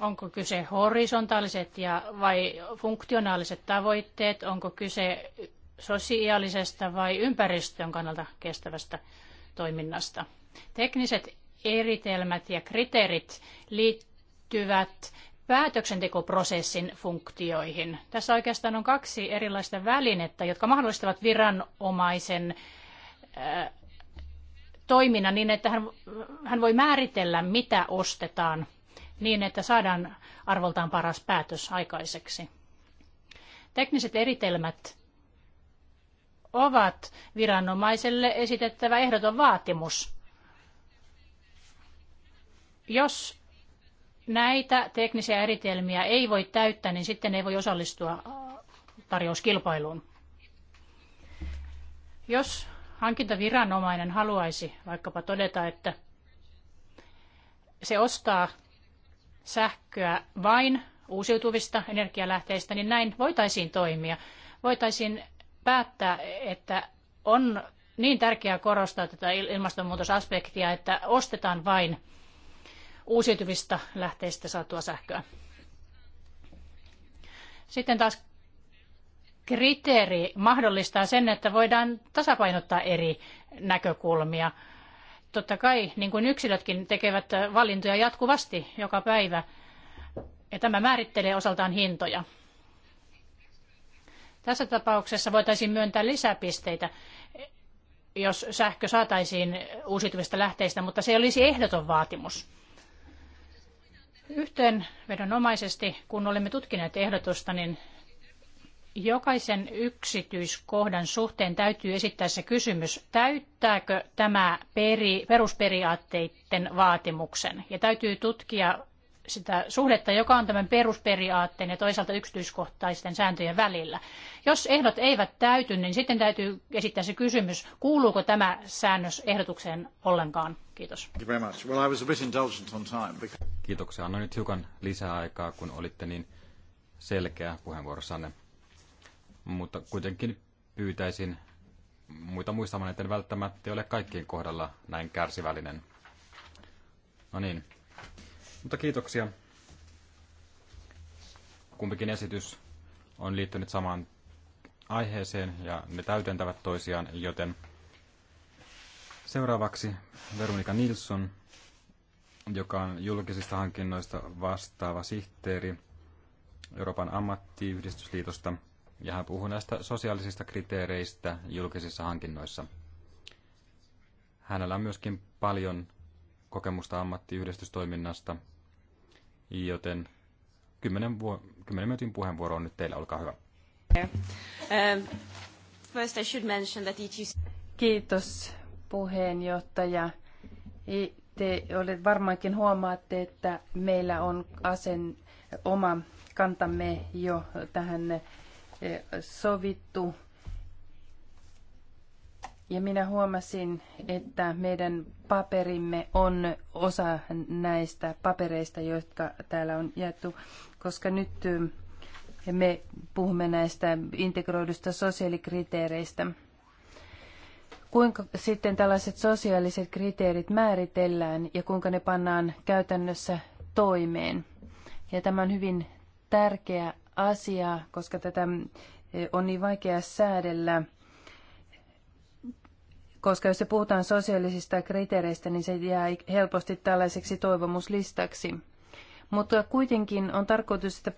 onko kyse horisontaaliset ja vai funktionaaliset tavoitteet, onko kyse sosiaalisesta vai ympäristön kannalta kestävästä toiminnasta. Tekniset eritelmät ja kriteerit liittyvät päätöksentekoprosessin funktioihin. Tässä oikeastaan on kaksi erilaista välinettä, jotka mahdollistavat viranomaisen äh, toiminnan niin, että hän, voi määritellä, mitä ostetaan, niin että saadaan arvoltaan paras päätös aikaiseksi. Tekniset eritelmät ovat viranomaiselle esitettävä ehdoton vaatimus. Jos näitä teknisiä eritelmiä ei voi täyttää, niin sitten ei voi osallistua tarjouskilpailuun. Jos hankintaviranomainen haluaisi vaikkapa todeta, että se ostaa sähköä vain uusiutuvista energialähteistä, niin näin voitaisiin toimia. Voitaisiin päättää, että on niin tärkeää korostaa tätä ilmastonmuutosaspektia, että ostetaan vain uusiutuvista lähteistä saatua sähköä. Sitten taas kriteeri mahdollistaa sen, että voidaan tasapainottaa eri näkökulmia. Totta kai, niin kuin yksilötkin tekevät valintoja jatkuvasti joka päivä, ja tämä määrittelee osaltaan hintoja. Tässä tapauksessa voitaisiin myöntää lisäpisteitä, jos sähkö saataisiin uusiutuvista lähteistä, mutta se olisi ehdoton vaatimus. Yhteenvedonomaisesti, kun olemme tutkineet ehdotusta, niin jokaisen yksityiskohdan suhteen täytyy esittää se kysymys, täyttääkö tämä peri, perusperiaatteiden vaatimuksen. Ja täytyy tutkia sitä suhdetta, joka on tämän perusperiaatteen ja toisaalta yksityiskohtaisten sääntöjen välillä. Jos ehdot eivät täyty, niin sitten täytyy esittää se kysymys, kuuluuko tämä säännös ehdotukseen ollenkaan. Kiitos. Kiitoksia. Annoin nyt hiukan lisää aikaa, kun olitte niin selkeä puheenvuorossanne. Mutta kuitenkin pyytäisin muita muistamaan, että välttämättä ole kaikkien kohdalla näin kärsivällinen. No niin, mutta kiitoksia. Kumpikin esitys on liittynyt samaan aiheeseen ja ne täydentävät toisiaan, joten seuraavaksi Veronika Nilsson, joka on julkisista hankinnoista vastaava sihteeri Euroopan ammattiyhdistysliitosta, ja hän puhuu näistä sosiaalisista kriteereistä julkisissa hankinnoissa. Hänellä on myöskin paljon kokemusta ammattiyhdistystoiminnasta joten 10, vuo- 10 minuutin puheenvuoro on nyt teillä, olkaa hyvä. Um, first I should mention that e Kiitos puheenjohtaja. Te olet varmaankin huomaatte, että meillä on asen oma kantamme jo tähän eh, sovittu ja minä huomasin, että meidän paperimme on osa näistä papereista, jotka täällä on jaettu, koska nyt eh, me puhumme näistä integroidusta sosiaalikriteereistä. Kuinka sitten tällaiset sosiaaliset kriteerit määritellään ja kuinka ne pannaan käytännössä toimeen? Ja tämä on hyvin tärkeä asia, koska tätä eh, on niin vaikea säädellä koska jos se puhutaan sosiaalisista kriteereistä, niin se jää helposti tällaiseksi toivomuslistaksi. Mutta kuitenkin on tarkoitus, että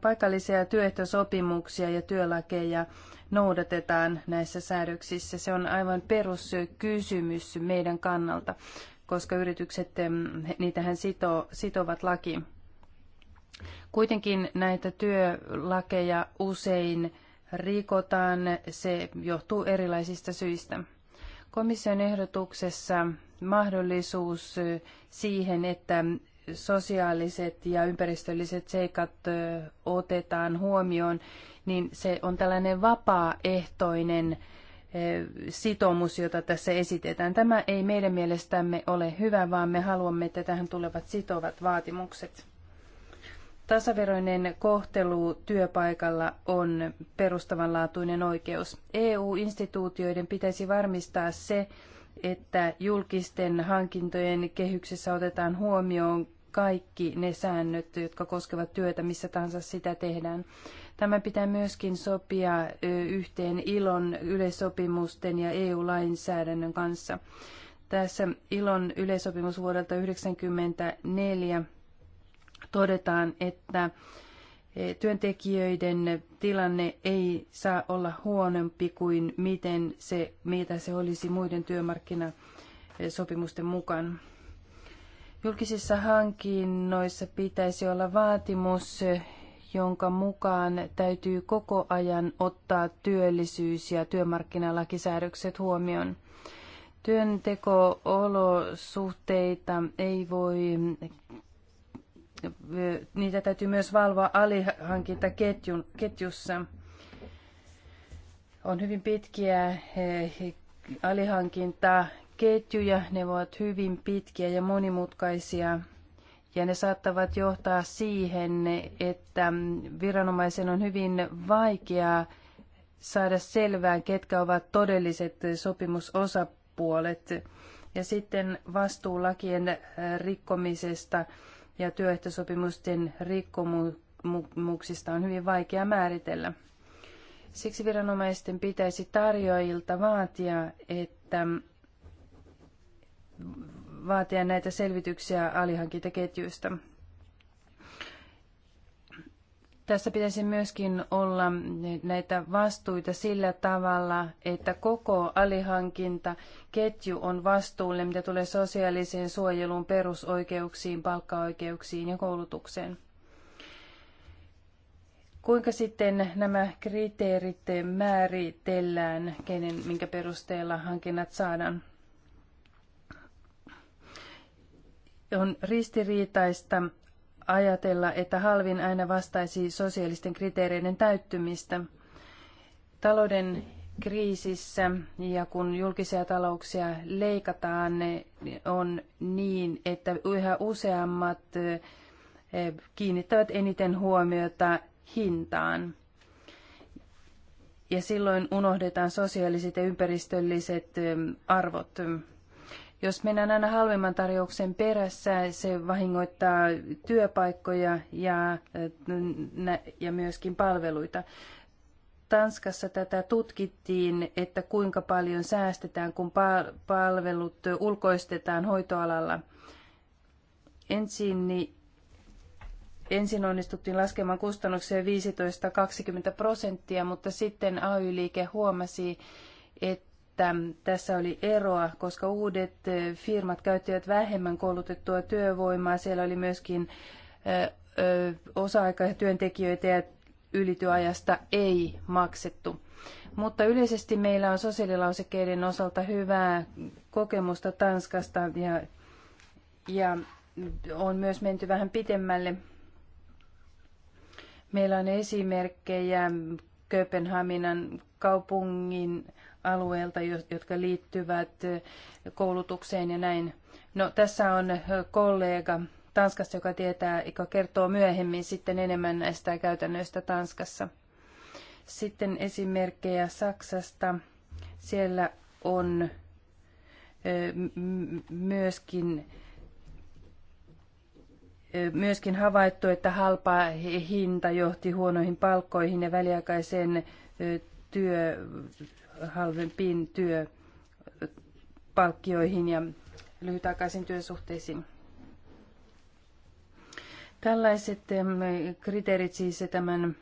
paikallisia työehtosopimuksia ja työlakeja noudatetaan näissä säädöksissä. Se on aivan peruskysymys meidän kannalta, koska yritykset, niitähän sito, sitovat laki. Kuitenkin näitä työlakeja usein rikotaan, se johtuu erilaisista syistä. Komission ehdotuksessa mahdollisuus siihen, että sosiaaliset ja ympäristölliset seikat otetaan huomioon, niin se on tällainen vapaaehtoinen sitoumus, jota tässä esitetään. Tämä ei meidän mielestämme ole hyvä, vaan me haluamme, että tähän tulevat sitovat vaatimukset. Tasaveroinen kohtelu työpaikalla on perustavanlaatuinen oikeus. EU-instituutioiden pitäisi varmistaa se, että julkisten hankintojen kehyksessä otetaan huomioon kaikki ne säännöt, jotka koskevat työtä, missä tahansa sitä tehdään. Tämä pitää myöskin sopia yhteen ilon yleissopimusten ja EU-lainsäädännön kanssa. Tässä ilon yleissopimus vuodelta 1994 todetaan, että e, työntekijöiden tilanne ei saa olla huonompi kuin miten se, mitä se olisi muiden työmarkkinasopimusten mukaan. Julkisissa hankinnoissa pitäisi olla vaatimus, jonka mukaan täytyy koko ajan ottaa työllisyys- ja työmarkkinalakisäädökset huomioon. Työnteko-olosuhteita ei voi niitä täytyy myös valvoa alihankintaketjussa. On hyvin pitkiä alihankintaketjuja, ne ovat hyvin pitkiä ja monimutkaisia ja ne saattavat johtaa siihen, että viranomaisen on hyvin vaikeaa saada selvää, ketkä ovat todelliset sopimusosapuolet. Ja sitten vastuulakien rikkomisesta ja työehtosopimusten rikkomuksista on hyvin vaikea määritellä. Siksi viranomaisten pitäisi tarjoajilta vaatia, että vaatia näitä selvityksiä alihankintaketjuista. Tässä pitäisi myöskin olla näitä vastuita sillä tavalla, että koko alihankinta ketju on vastuulle, mitä tulee sosiaaliseen suojeluun, perusoikeuksiin, palkkaoikeuksiin ja koulutukseen. Kuinka sitten nämä kriteerit määritellään, kenen, minkä perusteella hankinnat saadaan? On ristiriitaista ajatella, että halvin aina vastaisi sosiaalisten kriteereiden täyttymistä. Talouden kriisissä ja kun julkisia talouksia leikataan, ne on niin, että yhä useammat eh, kiinnittävät eniten huomiota hintaan. Ja silloin unohdetaan sosiaaliset ja ympäristölliset eh, arvot jos mennään aina halvemman tarjouksen perässä, se vahingoittaa työpaikkoja ja, ja myöskin palveluita. Tanskassa tätä tutkittiin, että kuinka paljon säästetään, kun palvelut ulkoistetaan hoitoalalla. Ensin, niin, ensin onnistuttiin laskemaan kustannuksia 15-20 prosenttia, mutta sitten AY-liike huomasi, että että tässä oli eroa, koska uudet eh, firmat käyttivät vähemmän koulutettua työvoimaa. Siellä oli myöskin eh, eh, osa-aikaisia työntekijöitä ja ylityajasta ei maksettu. Mutta yleisesti meillä on sosiaalilausekkeiden osalta hyvää kokemusta Tanskasta ja, ja on myös menty vähän pitemmälle. Meillä on esimerkkejä Kööpenhaminan kaupungin alueelta, jotka liittyvät eh, koulutukseen ja näin. No, tässä on eh, kollega Tanskassa, joka tietää, joka kertoo myöhemmin sitten enemmän näistä käytännöistä Tanskassa. Sitten esimerkkejä Saksasta. Siellä on eh, myöskin myöskin havaittu, että halpa hinta johti huonoihin palkkoihin ja väliaikaiseen työ, halvempiin työpalkkioihin ja lyhytaikaisiin työsuhteisiin. Tällaiset kriteerit siis tämän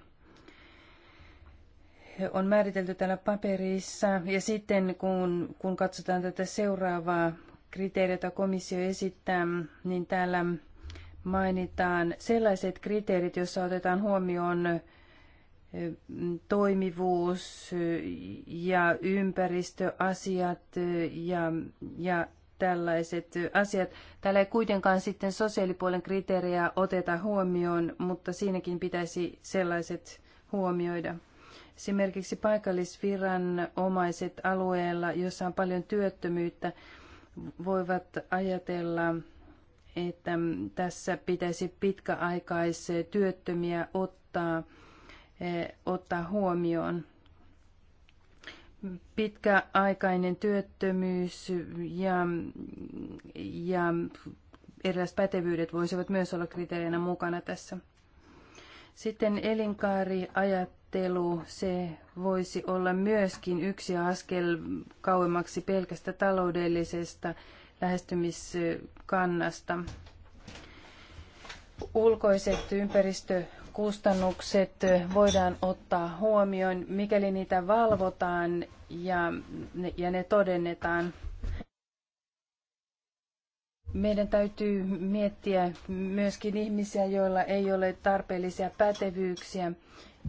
on määritelty täällä paperissa. Ja sitten kun, kun katsotaan tätä seuraavaa kriteeriä, jota komissio esittää, niin täällä mainitaan sellaiset kriteerit, joissa otetaan huomioon toimivuus ja ympäristöasiat ja, ja tällaiset asiat. Täällä ei kuitenkaan sitten sosiaalipuolen kriteerejä oteta huomioon, mutta siinäkin pitäisi sellaiset huomioida. Esimerkiksi paikallisviranomaiset alueella, jossa on paljon työttömyyttä, voivat ajatella, että tässä pitäisi pitkäaikaistyöttömiä ottaa – Eh, ottaa huomioon. Pitkäaikainen työttömyys ja, ja erilaiset pätevyydet voisivat myös olla kriteerinä mukana tässä. Sitten elinkaariajattelu, se voisi olla myöskin yksi askel kauemmaksi pelkästä taloudellisesta lähestymiskannasta. Ulkoiset ympäristö kustannukset voidaan ottaa huomioon, mikäli niitä valvotaan ja, ja ne todennetaan. Meidän täytyy miettiä myöskin ihmisiä, joilla ei ole tarpeellisia pätevyyksiä,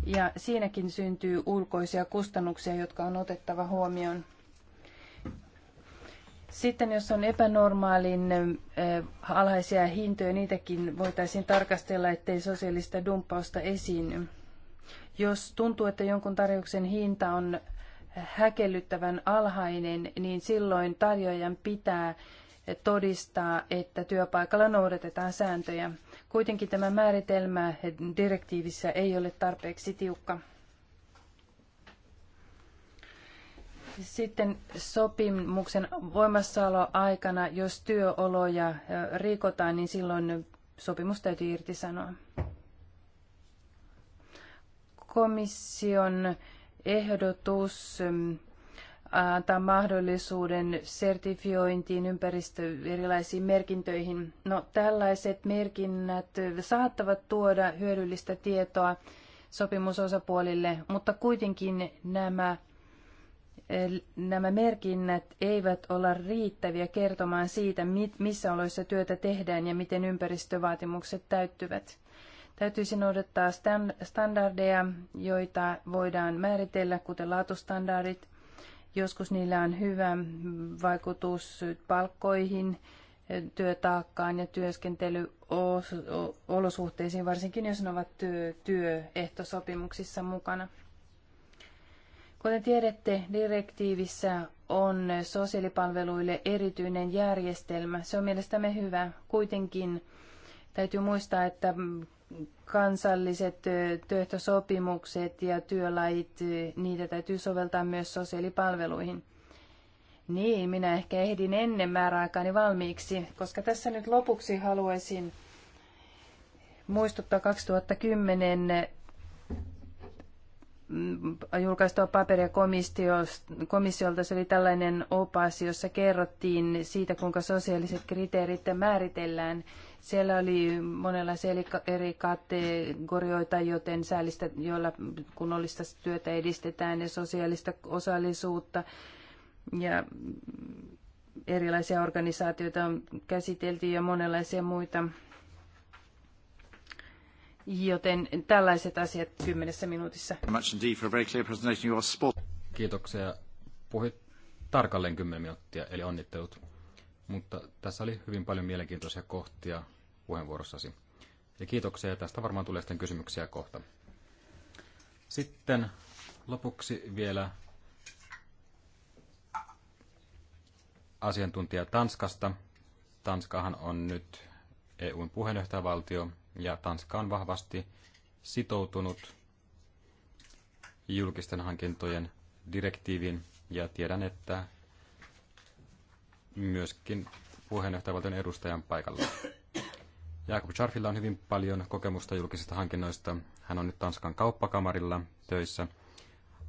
ja siinäkin syntyy ulkoisia kustannuksia, jotka on otettava huomioon. Sitten jos on epänormaalin alhaisia hintoja, niitäkin voitaisiin tarkastella, ettei sosiaalista dumppausta esiinny. Jos tuntuu, että jonkun tarjouksen hinta on häkellyttävän alhainen, niin silloin tarjoajan pitää todistaa, että työpaikalla noudatetaan sääntöjä. Kuitenkin tämä määritelmä direktiivissä ei ole tarpeeksi tiukka. Sitten sopimuksen voimassaoloaikana, jos työoloja äh, rikotaan, niin silloin sopimus täytyy irtisanoa. Komission ehdotus ähm, antaa mahdollisuuden sertifiointiin, ympäristö erilaisiin merkintöihin. No, tällaiset merkinnät saattavat tuoda hyödyllistä tietoa sopimusosapuolille, mutta kuitenkin nämä nämä merkinnät eivät ole riittäviä kertomaan siitä, missä oloissa työtä tehdään ja miten ympäristövaatimukset täyttyvät. Täytyisi noudattaa standardeja, joita voidaan määritellä, kuten laatustandardit. Joskus niillä on hyvä vaikutus palkkoihin, työtaakkaan ja työskentelyolosuhteisiin, varsinkin jos ne ovat työehtosopimuksissa mukana. Kuten tiedätte, direktiivissä on sosiaalipalveluille erityinen järjestelmä. Se on mielestämme hyvä. Kuitenkin täytyy muistaa, että kansalliset työehtosopimukset ja työlait, niitä täytyy soveltaa myös sosiaalipalveluihin. Niin, minä ehkä ehdin ennen määräaikaani valmiiksi, koska tässä nyt lopuksi haluaisin muistuttaa 2010 Mm, julkaistua paperia komissiolta. Se oli tällainen opas, jossa kerrottiin siitä, kuinka sosiaaliset kriteerit määritellään. Siellä oli monenlaisia eri kategorioita, joten säällistä, joilla kunnollista työtä edistetään ja sosiaalista osallisuutta. Ja erilaisia organisaatioita on käsitelty ja monenlaisia muita Joten tällaiset asiat kymmenessä minuutissa. Kiitoksia. Puhuit tarkalleen 10 minuuttia, eli onnittelut. Mutta tässä oli hyvin paljon mielenkiintoisia kohtia puheenvuorossasi. Ja kiitoksia, ja tästä varmaan tulee sitten kysymyksiä kohta. Sitten lopuksi vielä asiantuntija Tanskasta. Tanskahan on nyt EUn puheenjohtajavaltio ja Tanska on vahvasti sitoutunut julkisten hankintojen direktiivin ja tiedän, että myöskin puheenjohtajavaltion edustajan paikalla. Jakob Scharfilla on hyvin paljon kokemusta julkisista hankinnoista. Hän on nyt Tanskan kauppakamarilla töissä.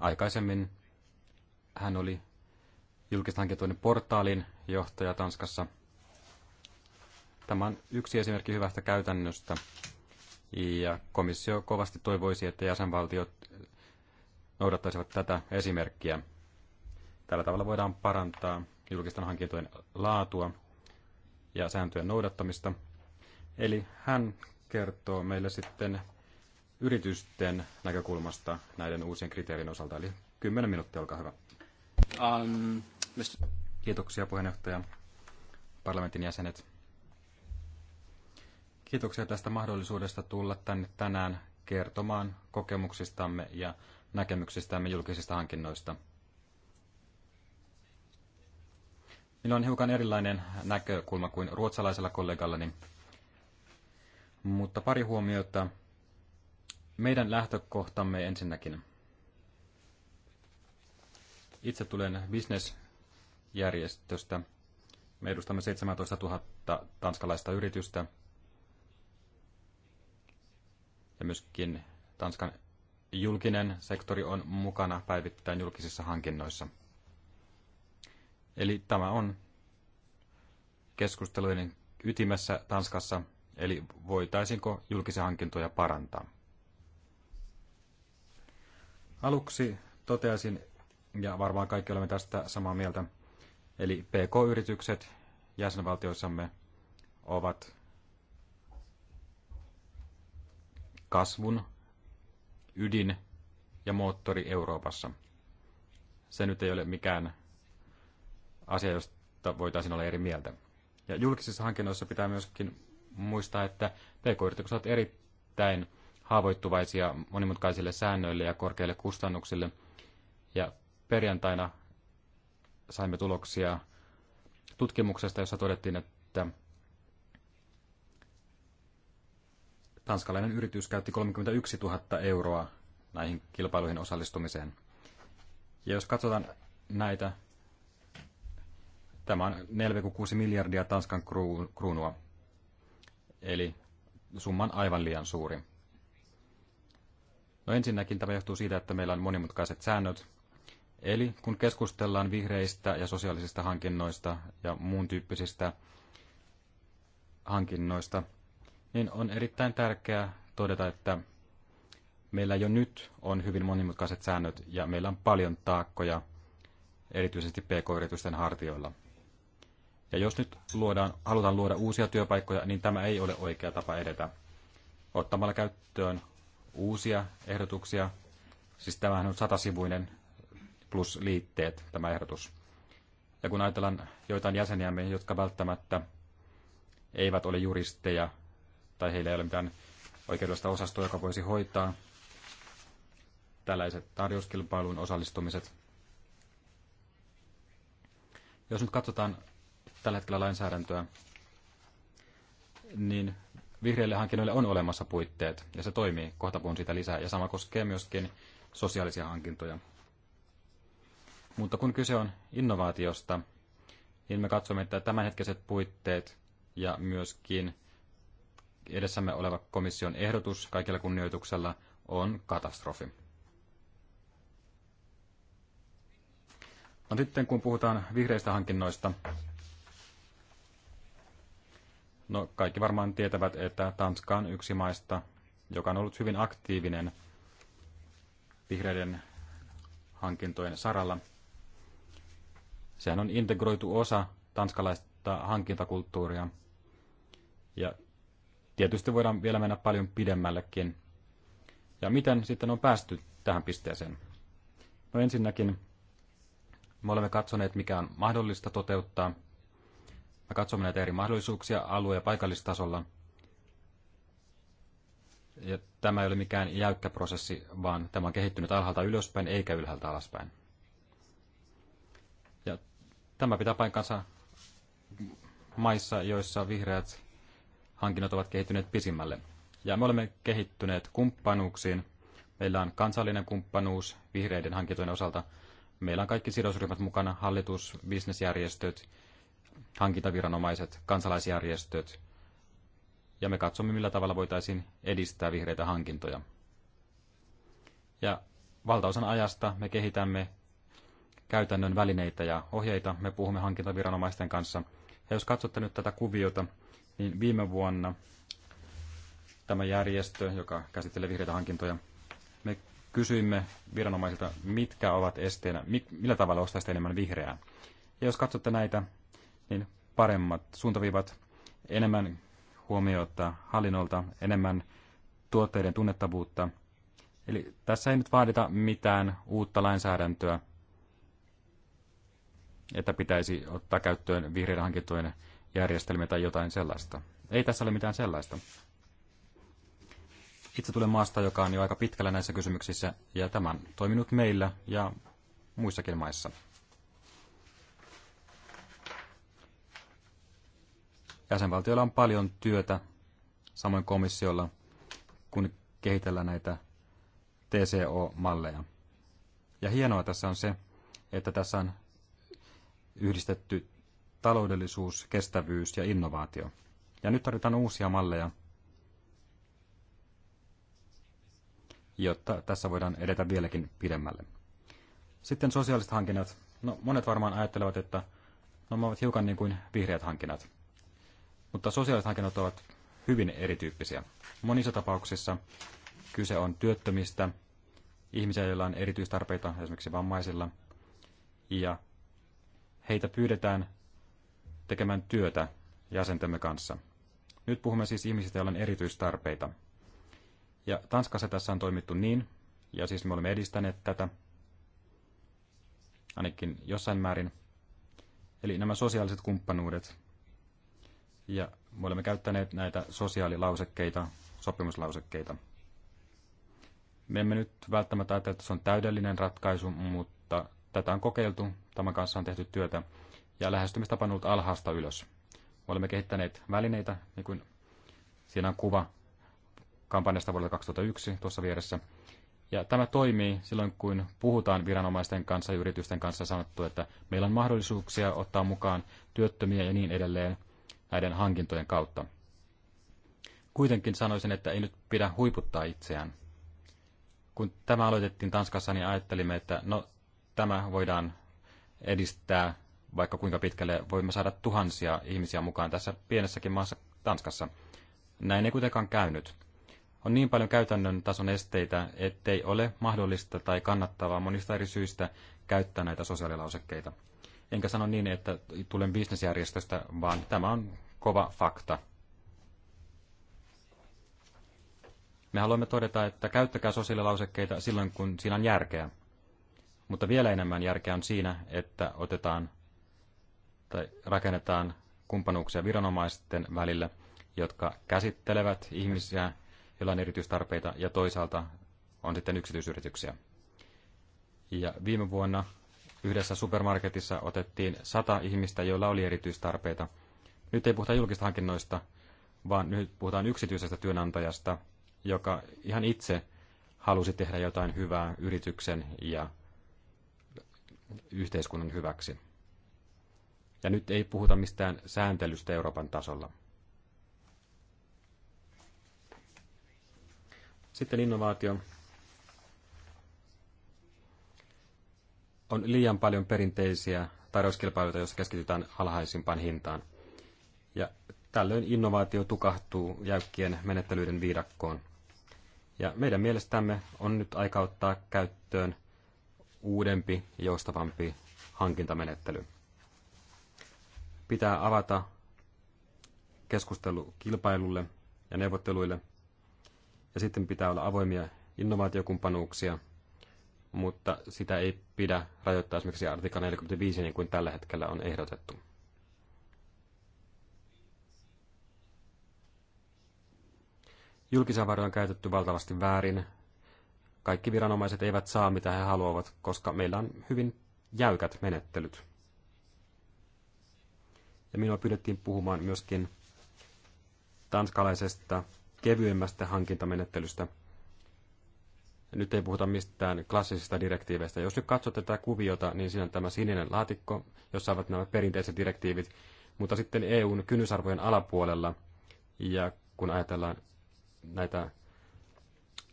Aikaisemmin hän oli julkisten hankintojen portaalin johtaja Tanskassa – Tämä on yksi esimerkki hyvästä käytännöstä. Ja komissio kovasti toivoisi, että jäsenvaltiot noudattaisivat tätä esimerkkiä. Tällä tavalla voidaan parantaa julkisten hankintojen laatua ja sääntöjen noudattamista. Eli hän kertoo meille sitten yritysten näkökulmasta näiden uusien kriteerien osalta. Eli 10 minuuttia, olkaa hyvä. Um, Kiitoksia puheenjohtaja, parlamentin jäsenet. Kiitoksia tästä mahdollisuudesta tulla tänne tänään kertomaan kokemuksistamme ja näkemyksistämme julkisista hankinnoista. Minulla on hiukan erilainen näkökulma kuin ruotsalaisella kollegallani, mutta pari huomiota meidän lähtökohtamme ensinnäkin. Itse tulen bisnesjärjestöstä. Me edustamme 17 000 tanskalaista yritystä – ja myöskin Tanskan julkinen sektori on mukana päivittäin julkisissa hankinnoissa. Eli tämä on keskusteluiden ytimessä Tanskassa, eli voitaisinko julkisia hankintoja parantaa. Aluksi toteaisin, ja varmaan kaikki olemme tästä samaa mieltä, eli PK-yritykset jäsenvaltioissamme ovat kasvun ydin ja moottori Euroopassa. Se nyt ei ole mikään asia, josta voitaisiin olla eri mieltä. Ja julkisissa hankinnoissa pitää myöskin muistaa, että pk-yritykset ovat erittäin haavoittuvaisia monimutkaisille säännöille ja korkeille kustannuksille. Ja perjantaina saimme tuloksia tutkimuksesta, jossa todettiin, että tanskalainen yritys käytti 31 000 euroa näihin kilpailuihin osallistumiseen. Ja jos katsotaan näitä, tämä on 4,6 miljardia Tanskan kruunua. Eli summan aivan liian suuri. No ensinnäkin tämä johtuu siitä, että meillä on monimutkaiset säännöt. Eli kun keskustellaan vihreistä ja sosiaalisista hankinnoista ja muun tyyppisistä hankinnoista, niin on erittäin tärkeää todeta, että meillä jo nyt on hyvin monimutkaiset säännöt ja meillä on paljon taakkoja, erityisesti pk-yritysten hartioilla. Ja jos nyt luodaan, halutaan luoda uusia työpaikkoja, niin tämä ei ole oikea tapa edetä. Ottamalla käyttöön uusia ehdotuksia, siis tämähän on satasivuinen plus liitteet tämä ehdotus. Ja kun ajatellaan joitain jäseniämme, jotka välttämättä eivät ole juristeja tai heillä ei ole mitään oikeudellista osastoa, joka voisi hoitaa tällaiset tarjouskilpailuun osallistumiset. Jos nyt katsotaan tällä hetkellä lainsäädäntöä, niin vihreille hankinnoille on olemassa puitteet, ja se toimii. Kohta puhun siitä lisää, ja sama koskee myöskin sosiaalisia hankintoja. Mutta kun kyse on innovaatiosta, niin me katsomme, että tämänhetkiset puitteet ja myöskin edessämme oleva komission ehdotus kaikilla kunnioituksella on katastrofi. No sitten kun puhutaan vihreistä hankinnoista, no kaikki varmaan tietävät, että Tanska on yksi maista, joka on ollut hyvin aktiivinen vihreiden hankintojen saralla. Sehän on integroitu osa tanskalaista hankintakulttuuria. Ja Tietysti voidaan vielä mennä paljon pidemmällekin. Ja miten sitten on päästy tähän pisteeseen? No ensinnäkin me olemme katsoneet, mikä on mahdollista toteuttaa. Me katsomme näitä eri mahdollisuuksia alue- ja paikallistasolla. Ja tämä ei ole mikään jäykkä prosessi, vaan tämä on kehittynyt alhaalta ylöspäin eikä ylhäältä alaspäin. Ja tämä pitää paikkansa maissa, joissa vihreät hankinnat ovat kehittyneet pisimmälle. Ja me olemme kehittyneet kumppanuuksiin. Meillä on kansallinen kumppanuus vihreiden hankintojen osalta. Meillä on kaikki sidosryhmät mukana, hallitus, bisnesjärjestöt, hankintaviranomaiset, kansalaisjärjestöt. Ja me katsomme, millä tavalla voitaisiin edistää vihreitä hankintoja. Ja valtaosan ajasta me kehitämme käytännön välineitä ja ohjeita. Me puhumme hankintaviranomaisten kanssa. Ja jos katsotte nyt tätä kuviota, niin viime vuonna tämä järjestö, joka käsittelee vihreitä hankintoja, me kysyimme viranomaisilta, mitkä ovat esteenä, millä tavalla ostaisitte enemmän vihreää. Ja jos katsotte näitä, niin paremmat suuntaviivat, enemmän huomiota hallinnolta, enemmän tuotteiden tunnettavuutta. Eli tässä ei nyt vaadita mitään uutta lainsäädäntöä, että pitäisi ottaa käyttöön vihreiden hankintojen järjestelmiä tai jotain sellaista. Ei tässä ole mitään sellaista. Itse tulen maasta, joka on jo aika pitkällä näissä kysymyksissä, ja tämä on toiminut meillä ja muissakin maissa. Jäsenvaltioilla on paljon työtä, samoin komissiolla, kun kehitellään näitä TCO-malleja. Ja hienoa tässä on se, että tässä on yhdistetty taloudellisuus, kestävyys ja innovaatio. Ja nyt tarvitaan uusia malleja, jotta tässä voidaan edetä vieläkin pidemmälle. Sitten sosiaaliset hankinnat. No, monet varmaan ajattelevat, että no, ne ovat hiukan niin kuin vihreät hankinnat. Mutta sosiaaliset hankinnat ovat hyvin erityyppisiä. Monissa tapauksissa kyse on työttömistä, ihmisiä, joilla on erityistarpeita, esimerkiksi vammaisilla, ja heitä pyydetään tekemään työtä jäsentemme kanssa. Nyt puhumme siis ihmisistä, joilla on erityistarpeita. Ja Tanskassa tässä on toimittu niin, ja siis me olemme edistäneet tätä, ainakin jossain määrin. Eli nämä sosiaaliset kumppanuudet, ja me olemme käyttäneet näitä sosiaalilausekkeita, sopimuslausekkeita. Me emme nyt välttämättä ajattele, että se on täydellinen ratkaisu, mutta tätä on kokeiltu, tämän kanssa on tehty työtä, ja lähestymistapa on ollut alhaasta ylös. Olemme kehittäneet välineitä, niin kuin siinä on kuva kampanjasta vuodelta 2001 tuossa vieressä. Ja tämä toimii silloin, kun puhutaan viranomaisten kanssa ja yritysten kanssa sanottu, että meillä on mahdollisuuksia ottaa mukaan työttömiä ja niin edelleen näiden hankintojen kautta. Kuitenkin sanoisin, että ei nyt pidä huiputtaa itseään. Kun tämä aloitettiin Tanskassa, niin ajattelimme, että no, tämä voidaan edistää vaikka kuinka pitkälle voimme saada tuhansia ihmisiä mukaan tässä pienessäkin maassa Tanskassa. Näin ei kuitenkaan käynyt. On niin paljon käytännön tason esteitä, ettei ole mahdollista tai kannattavaa monista eri syistä käyttää näitä sosiaalilausekkeita. Enkä sano niin, että tulen bisnesjärjestöstä, vaan tämä on kova fakta. Me haluamme todeta, että käyttäkää sosiaalilausekkeita silloin, kun siinä on järkeä. Mutta vielä enemmän järkeä on siinä, että otetaan tai rakennetaan kumppanuuksia viranomaisten välillä, jotka käsittelevät ihmisiä, joilla on erityistarpeita, ja toisaalta on sitten yksityisyrityksiä. Ja viime vuonna yhdessä supermarketissa otettiin sata ihmistä, joilla oli erityistarpeita. Nyt ei puhuta julkista hankinnoista, vaan nyt puhutaan yksityisestä työnantajasta, joka ihan itse halusi tehdä jotain hyvää yrityksen ja yhteiskunnan hyväksi. Ja nyt ei puhuta mistään sääntelystä Euroopan tasolla. Sitten innovaatio. On liian paljon perinteisiä tarjouskilpailuita, joissa keskitytään alhaisimpaan hintaan. Ja tällöin innovaatio tukahtuu jäykkien menettelyiden viidakkoon. Ja meidän mielestämme on nyt aika ottaa käyttöön uudempi, joustavampi hankintamenettely pitää avata keskustelu kilpailulle ja neuvotteluille. Ja sitten pitää olla avoimia innovaatiokumppanuuksia, mutta sitä ei pidä rajoittaa esimerkiksi artikla 45 niin kuin tällä hetkellä on ehdotettu. Julkisia varoja on käytetty valtavasti väärin. Kaikki viranomaiset eivät saa mitä he haluavat, koska meillä on hyvin jäykät menettelyt. Ja minua pyydettiin puhumaan myöskin tanskalaisesta kevyemmästä hankintamenettelystä. Nyt ei puhuta mistään klassisista direktiiveistä. Jos nyt katsot tätä kuviota, niin siinä on tämä sininen laatikko, jossa ovat nämä perinteiset direktiivit, mutta sitten EUn kynnysarvojen alapuolella, ja kun ajatellaan näitä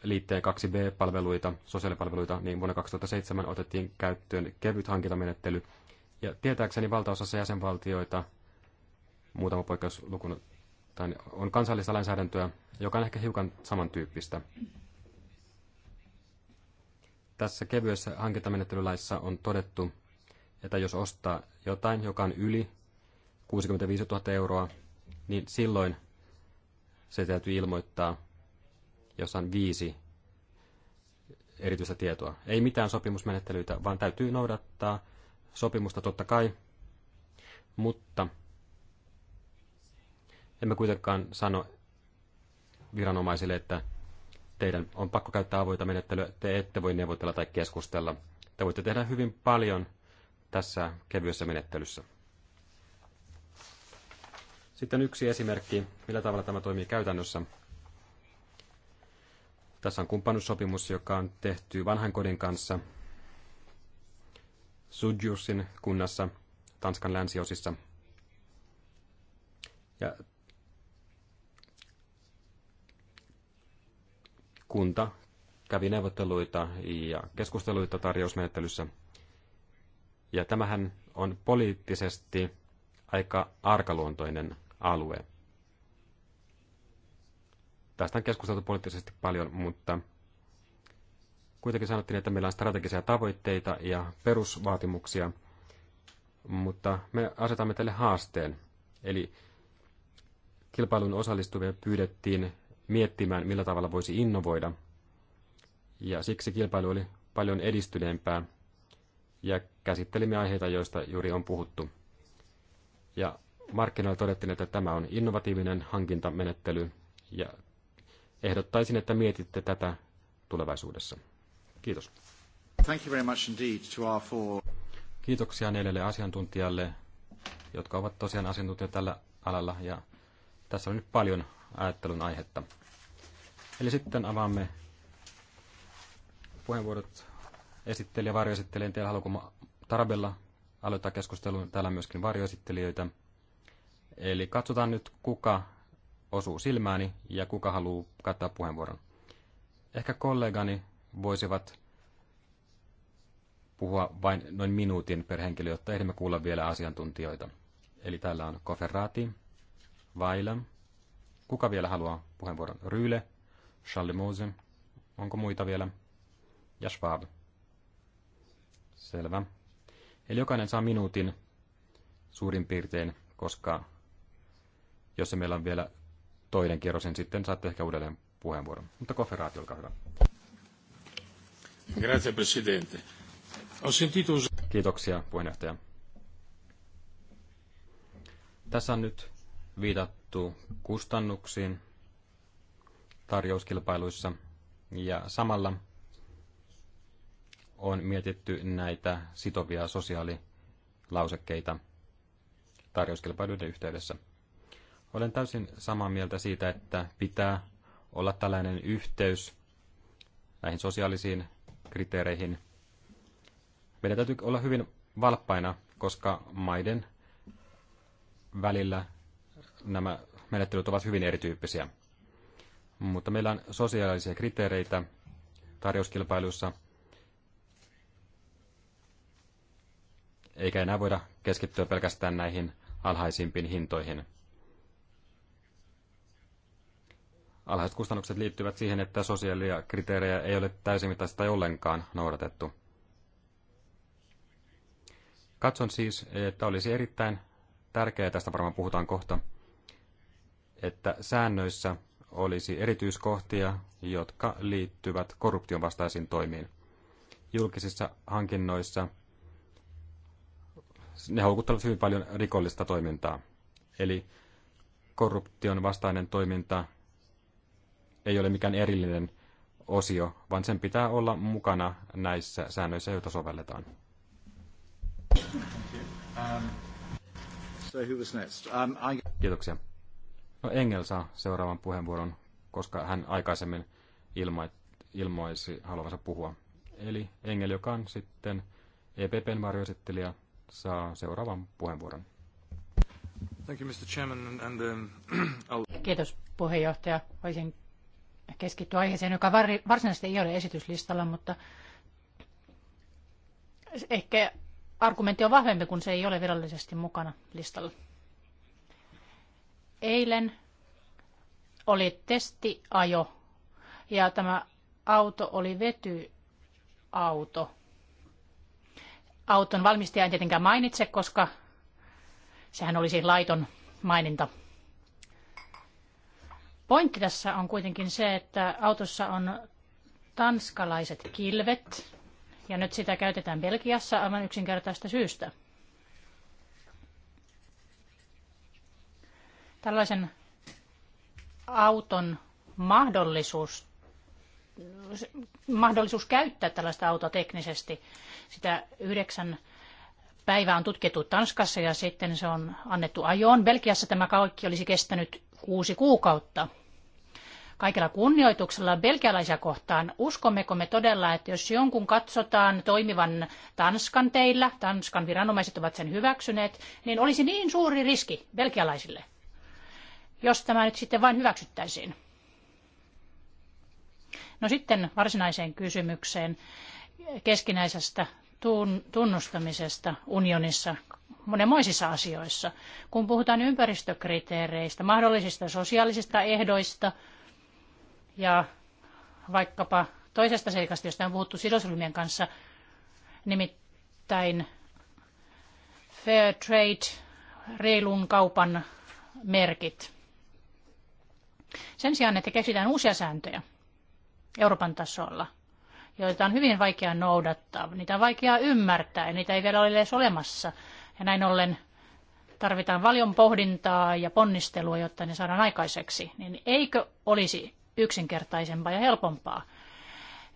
liitteen 2B-palveluita, sosiaalipalveluita, niin vuonna 2007 otettiin käyttöön kevyt hankintamenettely. Ja tietääkseni valtaosassa jäsenvaltioita muutama poikkeus lukun, on kansallista lainsäädäntöä, joka on ehkä hiukan samantyyppistä. Tässä kevyessä hankintamenettelylaissa on todettu, että jos ostaa jotain, joka on yli 65 000 euroa, niin silloin se täytyy ilmoittaa, jos on viisi erityistä tietoa. Ei mitään sopimusmenettelyitä, vaan täytyy noudattaa sopimusta totta kai, mutta – emme kuitenkaan sano viranomaisille, että teidän on pakko käyttää avoita menettelyä, te ette voi neuvotella tai keskustella. Te voitte tehdä hyvin paljon tässä kevyessä menettelyssä. Sitten yksi esimerkki, millä tavalla tämä toimii käytännössä. Tässä on kumppanussopimus, joka on tehty vanhan kodin kanssa Sudjursin kunnassa Tanskan länsiosissa. Ja kunta kävi neuvotteluita ja keskusteluita tarjousmenettelyssä. Ja tämähän on poliittisesti aika arkaluontoinen alue. Tästä on keskusteltu poliittisesti paljon, mutta kuitenkin sanottiin, että meillä on strategisia tavoitteita ja perusvaatimuksia, mutta me asetamme tälle haasteen. Eli kilpailun osallistuvia pyydettiin miettimään, millä tavalla voisi innovoida. Ja siksi kilpailu oli paljon edistyneempää ja käsittelimme aiheita, joista juuri on puhuttu. Ja markkinoilla todettiin, että tämä on innovatiivinen hankintamenettely ja ehdottaisin, että mietitte tätä tulevaisuudessa. Kiitos. Thank you very much indeed to our four. Kiitoksia neljälle asiantuntijalle, jotka ovat tosiaan asiantuntijoita tällä alalla ja tässä on nyt paljon ajattelun aihetta. Eli sitten avaamme puheenvuorot esittelijä, varjoesittelijä. En tiedä, Tarabella aloittaa keskustelun. Täällä on myöskin varjoesittelijöitä. Eli katsotaan nyt, kuka osuu silmääni ja kuka haluaa kattaa puheenvuoron. Ehkä kollegani voisivat puhua vain noin minuutin per henkilö, jotta ehdimme kuulla vielä asiantuntijoita. Eli täällä on Koferraati, Vaila. Kuka vielä haluaa puheenvuoron? Ryyle, Schaldemose. Onko muita vielä? Ja Schwab. Selvä. Eli jokainen saa minuutin suurin piirtein, koska jos meillä on vielä toinen kierros, niin sitten saatte ehkä uudelleen puheenvuoron. Mutta koferaatio, olkaa hyvä. Grazie, Presidente. Ho sentito... Kiitoksia, puheenjohtaja. Tässä on nyt viitattu kustannuksiin tarjouskilpailuissa ja samalla on mietitty näitä sitovia sosiaalilausekkeita tarjouskilpailuiden yhteydessä. Olen täysin samaa mieltä siitä, että pitää olla tällainen yhteys näihin sosiaalisiin kriteereihin. Meidän täytyy olla hyvin valppaina, koska maiden välillä nämä menettelyt ovat hyvin erityyppisiä. Mutta meillä on sosiaalisia kriteereitä tarjouskilpailussa, eikä enää voida keskittyä pelkästään näihin alhaisimpiin hintoihin. Alhaiset kustannukset liittyvät siihen, että sosiaalia kriteerejä ei ole täysimittaisesti tai ollenkaan noudatettu. Katson siis, että olisi erittäin tärkeää, tästä varmaan puhutaan kohta, että säännöissä olisi erityiskohtia, jotka liittyvät korruption vastaisiin toimiin. Julkisissa hankinnoissa ne houkuttavat hyvin paljon rikollista toimintaa. Eli korruption vastainen toiminta ei ole mikään erillinen osio, vaan sen pitää olla mukana näissä säännöissä, joita sovelletaan. Um, um, Kiitoksia. No Engel saa seuraavan puheenvuoron, koska hän aikaisemmin ilma, ilmoisi haluavansa puhua. Eli Engel, joka on sitten EPPn varjoesittelijä, saa seuraavan puheenvuoron. Thank you, Mr. Chairman, and, um, Kiitos puheenjohtaja. Voisin keskittyä aiheeseen, joka varsinaisesti ei ole esityslistalla, mutta ehkä argumentti on vahvempi, kun se ei ole virallisesti mukana listalla. Eilen oli testiajo ja tämä auto oli vetyauto. Auton valmistaja en tietenkään mainitse, koska sehän olisi siis laiton maininta. Pointti tässä on kuitenkin se, että autossa on tanskalaiset kilvet, ja nyt sitä käytetään Belgiassa aivan yksinkertaista syystä. Tällaisen auton mahdollisuus, mahdollisuus käyttää tällaista autoa teknisesti, sitä yhdeksän päivää on tutkittu Tanskassa ja sitten se on annettu ajoon. Belgiassa tämä kaikki olisi kestänyt kuusi kuukautta. Kaikella kunnioituksella belgialaisia kohtaan, uskommeko me todella, että jos jonkun katsotaan toimivan Tanskan teillä, Tanskan viranomaiset ovat sen hyväksyneet, niin olisi niin suuri riski belgialaisille? jos tämä nyt sitten vain hyväksyttäisiin. No sitten varsinaiseen kysymykseen keskinäisestä tunnustamisesta unionissa monenmoisissa asioissa. Kun puhutaan ympäristökriteereistä, mahdollisista sosiaalisista ehdoista ja vaikkapa toisesta seikasta, josta on puhuttu sidosryhmien kanssa, nimittäin fair trade, reilun kaupan merkit. Sen sijaan, että keksitään uusia sääntöjä Euroopan tasolla, joita on hyvin vaikea noudattaa, niitä on vaikea ymmärtää ja niitä ei vielä ole edes olemassa. Ja näin ollen tarvitaan paljon pohdintaa ja ponnistelua, jotta ne saadaan aikaiseksi, niin eikö olisi yksinkertaisempaa ja helpompaa?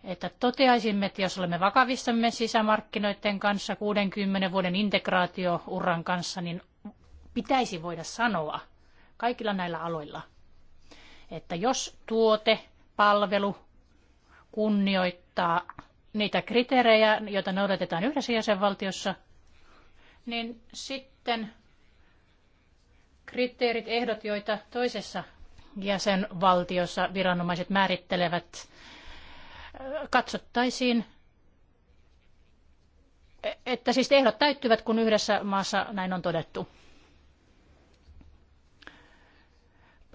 Että toteaisimme, että jos olemme vakavissamme sisämarkkinoiden kanssa 60 vuoden integraatiouran kanssa, niin pitäisi voida sanoa kaikilla näillä aloilla – että jos tuote, palvelu kunnioittaa niitä kriteerejä, joita noudatetaan yhdessä jäsenvaltiossa, niin sitten kriteerit, ehdot, joita toisessa jäsenvaltiossa viranomaiset määrittelevät, katsottaisiin, e, että siis ehdot täyttyvät, kun yhdessä maassa näin on todettu.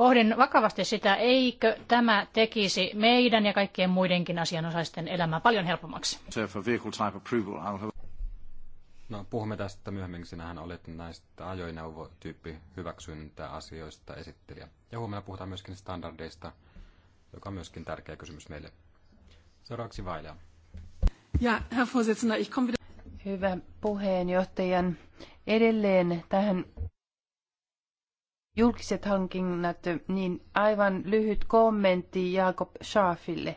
Pohdin vakavasti sitä, eikö tämä tekisi meidän ja kaikkien muidenkin asianosaisten elämää paljon helpommaksi. No, puhumme tästä myöhemmin, sinähän olet näistä ajoneuvotyyppi asioista esittelijä. Ja huomenna puhutaan myöskin standardeista, joka on myöskin tärkeä kysymys meille. Seuraavaksi Vailea. Ja, Herr Vorsitzender, ich komme Hyvä puheenjohtajan. Edelleen tähän julkiset hankinnat, niin aivan lyhyt kommentti Jakob Schaafille.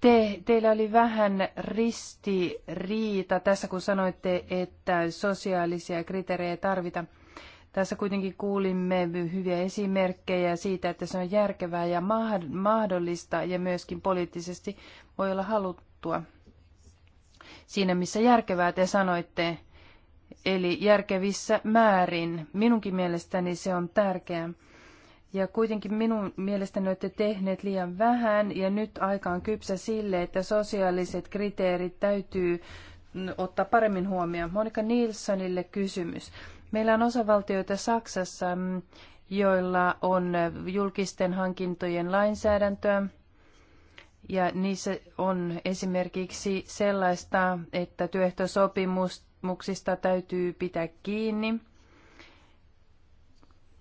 Te, teillä oli vähän ristiriita tässä, kun sanoitte, että sosiaalisia kriteerejä tarvitaan. Tässä kuitenkin kuulimme hyviä esimerkkejä siitä, että se on järkevää ja mahdollista ja myöskin poliittisesti voi olla haluttua siinä, missä järkevää te sanoitte, eli järkevissä määrin. Minunkin mielestäni se on tärkeää. Ja kuitenkin minun mielestäni olette tehneet liian vähän ja nyt aika on kypsä sille, että sosiaaliset kriteerit täytyy ottaa paremmin huomioon. Monika Nilssonille kysymys. Meillä on osavaltioita Saksassa, mm, joilla on julkisten hankintojen lainsäädäntöä, ja niissä on esimerkiksi sellaista, että työehtosopimuksista täytyy pitää kiinni.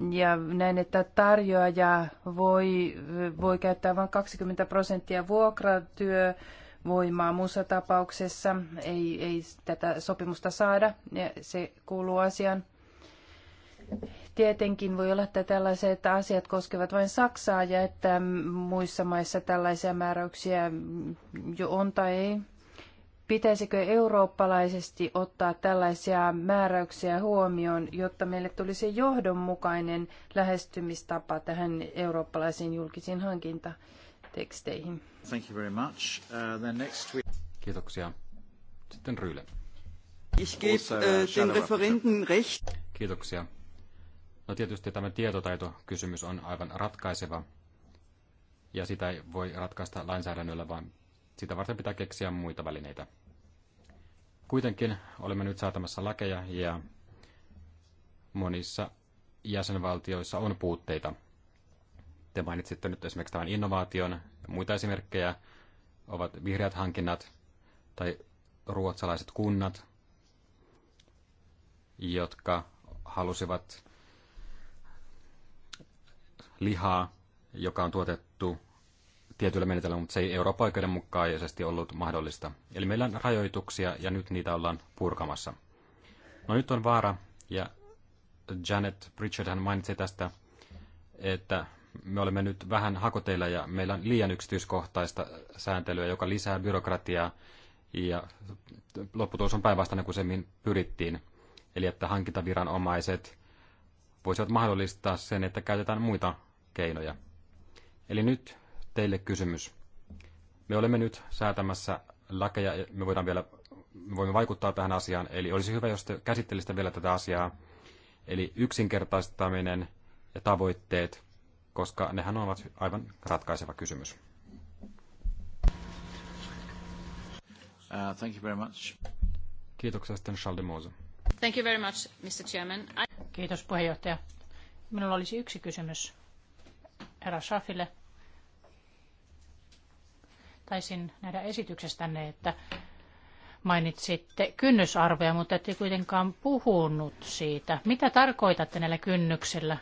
Ja näin, että tarjoaja voi, voi käyttää vain 20 prosenttia vuokratyövoimaa muussa tapauksessa. Ei, ei tätä sopimusta saada, ja se kuuluu asiaan. Tietenkin voi olla, että että asiat koskevat vain Saksaa ja että muissa maissa tällaisia määräyksiä jo on tai ei. Pitäisikö eurooppalaisesti ottaa tällaisia määräyksiä huomioon, jotta meille tulisi johdonmukainen lähestymistapa tähän eurooppalaisiin julkisiin hankintateksteihin? Thank you very much. Uh, then next we... Kiitoksia. Sitten Ryle. Ich gebe äh, den Referenten recht. Kiitoksia. No tietysti tämä tietotaitokysymys on aivan ratkaiseva, ja sitä ei voi ratkaista lainsäädännöllä, vaan sitä varten pitää keksiä muita välineitä. Kuitenkin olemme nyt säätämässä lakeja, ja monissa jäsenvaltioissa on puutteita. Te mainitsitte nyt esimerkiksi tämän innovaation. Muita esimerkkejä ovat vihreät hankinnat tai ruotsalaiset kunnat, jotka halusivat lihaa, joka on tuotettu tietyllä menetelmällä, mutta se ei Euroopan oikeudenmukaisesti ollut mahdollista. Eli meillä on rajoituksia ja nyt niitä ollaan purkamassa. No nyt on vaara, ja Janet Richard hän mainitsi tästä, että me olemme nyt vähän hakoteilla ja meillä on liian yksityiskohtaista sääntelyä, joka lisää byrokratiaa ja lopputulos on päinvastainen kuin se, mihin pyrittiin. Eli että hankintaviranomaiset voisivat mahdollistaa sen, että käytetään muita keinoja. Eli nyt teille kysymys. Me olemme nyt säätämässä lakeja, ja me voidaan vielä me voimme vaikuttaa tähän asiaan, eli olisi hyvä, jos te käsittelisitte vielä tätä asiaa, eli yksinkertaistaminen ja tavoitteet, koska nehän ovat aivan ratkaiseva kysymys. Uh, thank you very much. Kiitoksia sitten Charles de Mose. Thank you very much, Mr. Chairman. I... Kiitos puheenjohtaja. Minulla olisi yksi kysymys herra Shafille. Taisin nähdä esityksestänne, että mainitsitte kynnysarvoja, mutta ette kuitenkaan puhunut siitä. Mitä tarkoitatte näillä kynnyksillä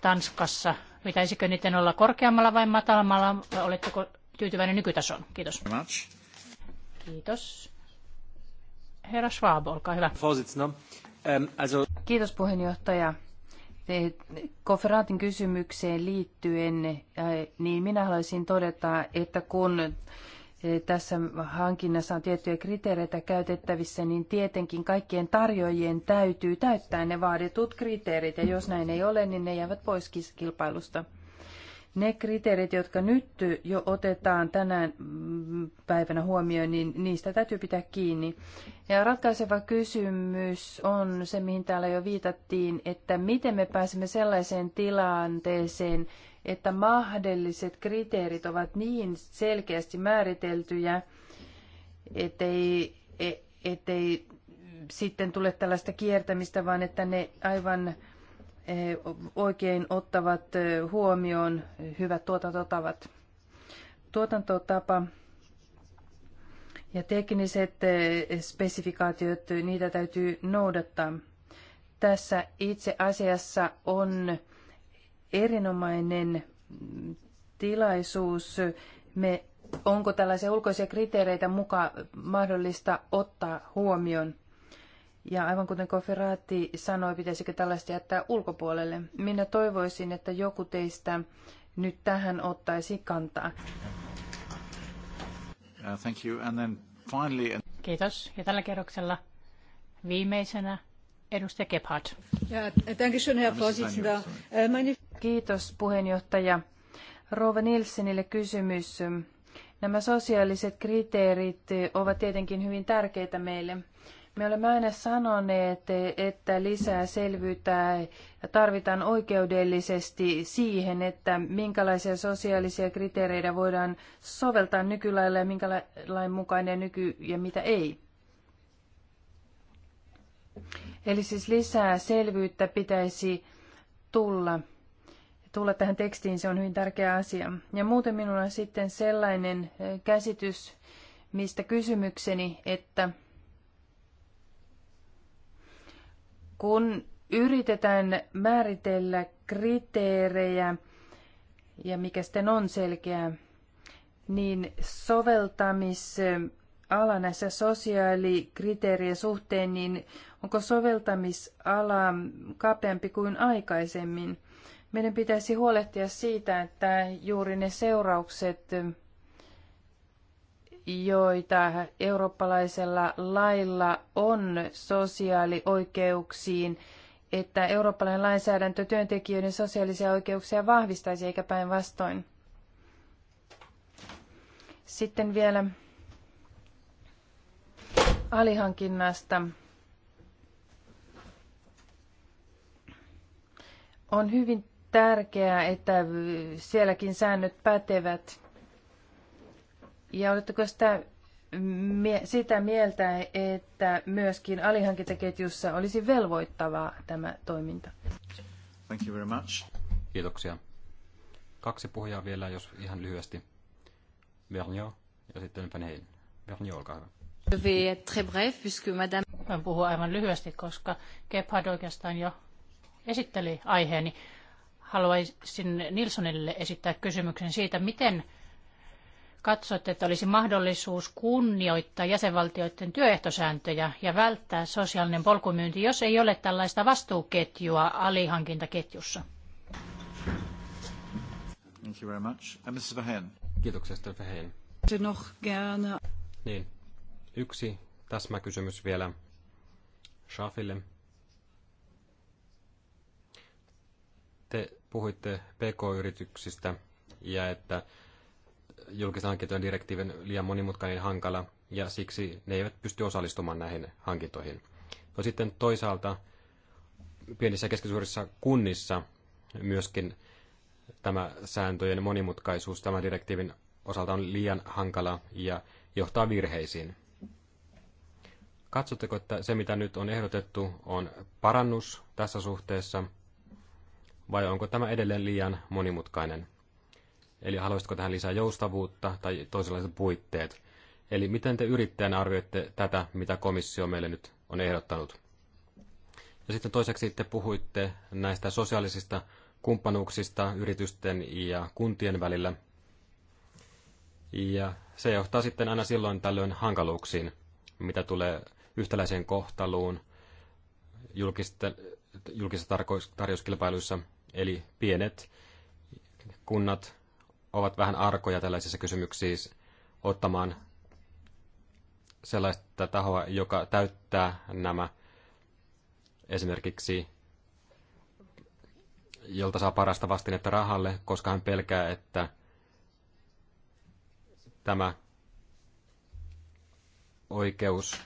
Tanskassa? Pitäisikö niiden olla korkeammalla vai matalammalla? Vai oletteko tyytyväinen nykytason? Kiitos. Kiitos. Herra Schwab, olkaa hyvä. Ähm, Kiitos puheenjohtaja. Koferaatin kysymykseen liittyen, äh, niin minä haluaisin todeta, että kun äh, tässä hankinnassa on tiettyjä kriteereitä käytettävissä, niin tietenkin kaikkien tarjoajien täytyy täyttää ne vaaditut kriteerit, ja jos näin ei ole, niin ne jäävät pois kilpailusta. Ne kriteerit, jotka nyt jo otetaan tänään päivänä huomioon, niin niistä täytyy pitää kiinni. Ja ratkaiseva kysymys on se, mihin täällä jo viitattiin, että miten me pääsemme sellaiseen tilanteeseen, että mahdolliset kriteerit ovat niin selkeästi määriteltyjä, ettei, e, ettei sitten tule tällaista kiertämistä, vaan että ne aivan Eh, oikein ottavat eh, huomioon hyvät tuotantotavat. Tuotantotapa ja tekniset eh, spesifikaatiot, niitä täytyy noudattaa. Tässä itse asiassa on erinomainen tilaisuus. Me, onko tällaisia ulkoisia kriteereitä mukaan mahdollista ottaa huomioon? Ja aivan kuten Koferaatti sanoi, pitäisikö tällaista jättää ulkopuolelle? Minä toivoisin, että joku teistä nyt tähän ottaisi kantaa. Uh, thank you. And then finally... Kiitos. Ja tällä kerroksella viimeisenä edustaja Gebhardt. Äh, Kiitos puheenjohtaja. Rova Nilssenille kysymys. Nämä sosiaaliset kriteerit ovat tietenkin hyvin tärkeitä meille. Me olemme aina sanoneet, että lisää selvyyttä tarvitaan oikeudellisesti siihen, että minkälaisia sosiaalisia kriteereitä voidaan soveltaa nykylailla ja minkä lain mukainen nyky ja mitä ei. Eli siis lisää selvyyttä pitäisi tulla, tulla tähän tekstiin, se on hyvin tärkeä asia. Ja muuten minulla on sitten sellainen käsitys, mistä kysymykseni, että – kun yritetään määritellä kriteerejä ja mikä sitten on selkeää, niin soveltamisala näissä sosiaalikriteerien suhteen, niin onko soveltamisala kapeampi kuin aikaisemmin? Meidän pitäisi huolehtia siitä, että juuri ne seuraukset, joita eurooppalaisella lailla on sosiaalioikeuksiin, että eurooppalainen lainsäädäntö työntekijöiden sosiaalisia oikeuksia vahvistaisi eikä päinvastoin. Sitten vielä alihankinnasta. On hyvin tärkeää, että sielläkin säännöt pätevät. Ja oletteko sitä, sitä mieltä, että myöskin alihankintaketjussa olisi velvoittavaa tämä toiminta? Thank you very much. Kiitoksia. Kaksi puhujaa vielä, jos ihan lyhyesti. Vernio ja sitten Penheil. Vernio, olkaa hyvä. Je vais être très bref, puisque madame... Voin puhua aivan lyhyesti, koska Gebhard oikeastaan jo esitteli aiheeni. Haluaisin Nilssonille esittää kysymyksen siitä, miten katsoitte, että olisi mahdollisuus kunnioittaa jäsenvaltioiden työehtosääntöjä ja välttää sosiaalinen polkumyynti, jos ei ole tällaista vastuuketjua alihankintaketjussa? Thank you very much. And uh, Mrs. Kiitoksia, Mr. Niin. Yksi täsmäkysymys vielä Schaffille. Te puhuitte PK-yrityksistä ja että julkisen hankintojen direktiivin liian monimutkainen hankala, ja siksi ne eivät pysty osallistumaan näihin hankintoihin. No sitten toisaalta pienissä ja keskisuurissa kunnissa myöskin tämä sääntöjen monimutkaisuus tämän direktiivin osalta on liian hankala ja johtaa virheisiin. Katsotteko, että se mitä nyt on ehdotettu on parannus tässä suhteessa vai onko tämä edelleen liian monimutkainen? Eli haluaisitko tähän lisää joustavuutta tai toisenlaiset puitteet? Eli miten te yrittäjänä arvioitte tätä, mitä komissio meille nyt on ehdottanut? Ja sitten toiseksi te puhuitte näistä sosiaalisista kumppanuuksista yritysten ja kuntien välillä. Ja se johtaa sitten aina silloin tällöin hankaluuksiin, mitä tulee yhtäläiseen kohtaluun julkisten, julkisissa tarjouskilpailuissa. Eli pienet kunnat ovat vähän arkoja tällaisissa kysymyksissä ottamaan sellaista tahoa, joka täyttää nämä esimerkiksi jolta saa parasta vastinetta rahalle, koska hän pelkää, että tämä oikeus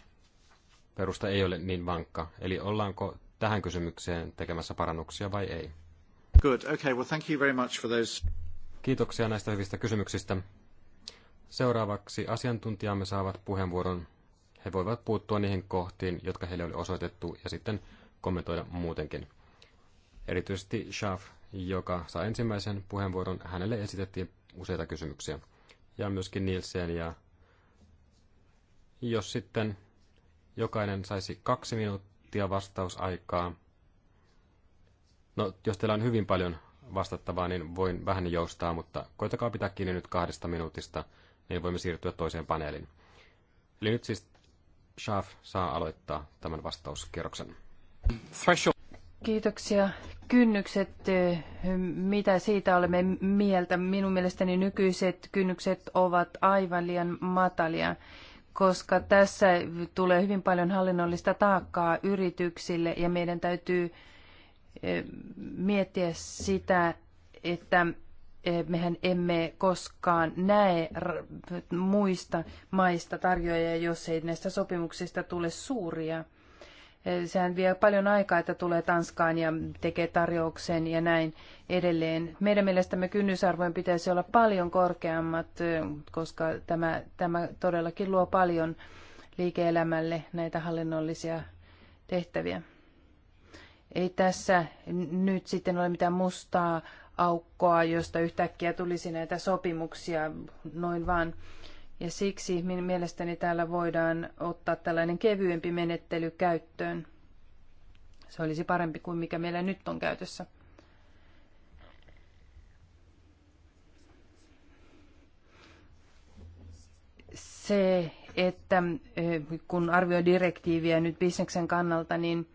perusta ei ole niin vankka. Eli ollaanko tähän kysymykseen tekemässä parannuksia vai ei? Good. Okay. Well, thank you very much for those. Kiitoksia näistä hyvistä kysymyksistä. Seuraavaksi asiantuntijamme saavat puheenvuoron. He voivat puuttua niihin kohtiin, jotka heille oli osoitettu, ja sitten kommentoida muutenkin. Erityisesti Shaf, joka saa ensimmäisen puheenvuoron, hänelle esitettiin useita kysymyksiä. Ja myöskin Nielsen ja jos sitten jokainen saisi kaksi minuuttia vastausaikaa. No, jos teillä on hyvin paljon vastattavaa, niin voin vähän joustaa, mutta koitakaa pitää kiinni nyt kahdesta minuutista, niin voimme siirtyä toiseen paneeliin. Eli nyt siis Shaf saa aloittaa tämän vastauskierroksen. Kiitoksia. Kynnykset, eh, mitä siitä olemme mieltä? Minun mielestäni nykyiset kynnykset ovat aivan liian matalia, koska tässä tulee hyvin paljon hallinnollista taakkaa yrityksille ja meidän täytyy Eh, miettiä sitä, että eh, mehän emme koskaan näe muista maista tarjoajia, jos ei näistä sopimuksista tule suuria. Eh, sehän vie paljon aikaa, että tulee Tanskaan ja tekee tarjouksen ja näin edelleen. Meidän mielestämme kynnysarvojen pitäisi olla paljon korkeammat, koska tämä, tämä todellakin luo paljon liike-elämälle näitä hallinnollisia tehtäviä. Ei tässä nyt sitten ole mitään mustaa aukkoa, josta yhtäkkiä tulisi näitä sopimuksia noin vaan. Ja siksi mielestäni täällä voidaan ottaa tällainen kevyempi menettely käyttöön. Se olisi parempi kuin mikä meillä nyt on käytössä. Se, että eh, kun arvioi direktiiviä nyt bisneksen kannalta, niin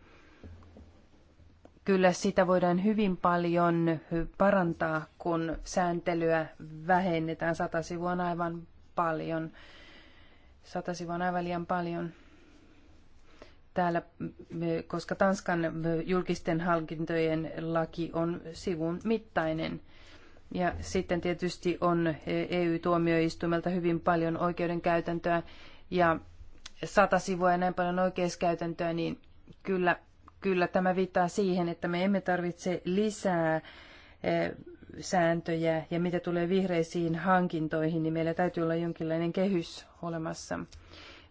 kyllä sitä voidaan hyvin paljon parantaa, kun sääntelyä vähennetään. Sata sivua on aivan paljon. Sata sivua on aivan liian paljon täällä, koska Tanskan julkisten hankintojen laki on sivun mittainen. Ja sitten tietysti on EU-tuomioistuimelta hyvin paljon oikeudenkäytäntöä ja sata sivua ja näin paljon oikeuskäytäntöä, niin kyllä kyllä tämä viittaa siihen, että me emme tarvitse lisää eh, sääntöjä ja mitä tulee vihreisiin hankintoihin, niin meillä täytyy olla jonkinlainen kehys olemassa.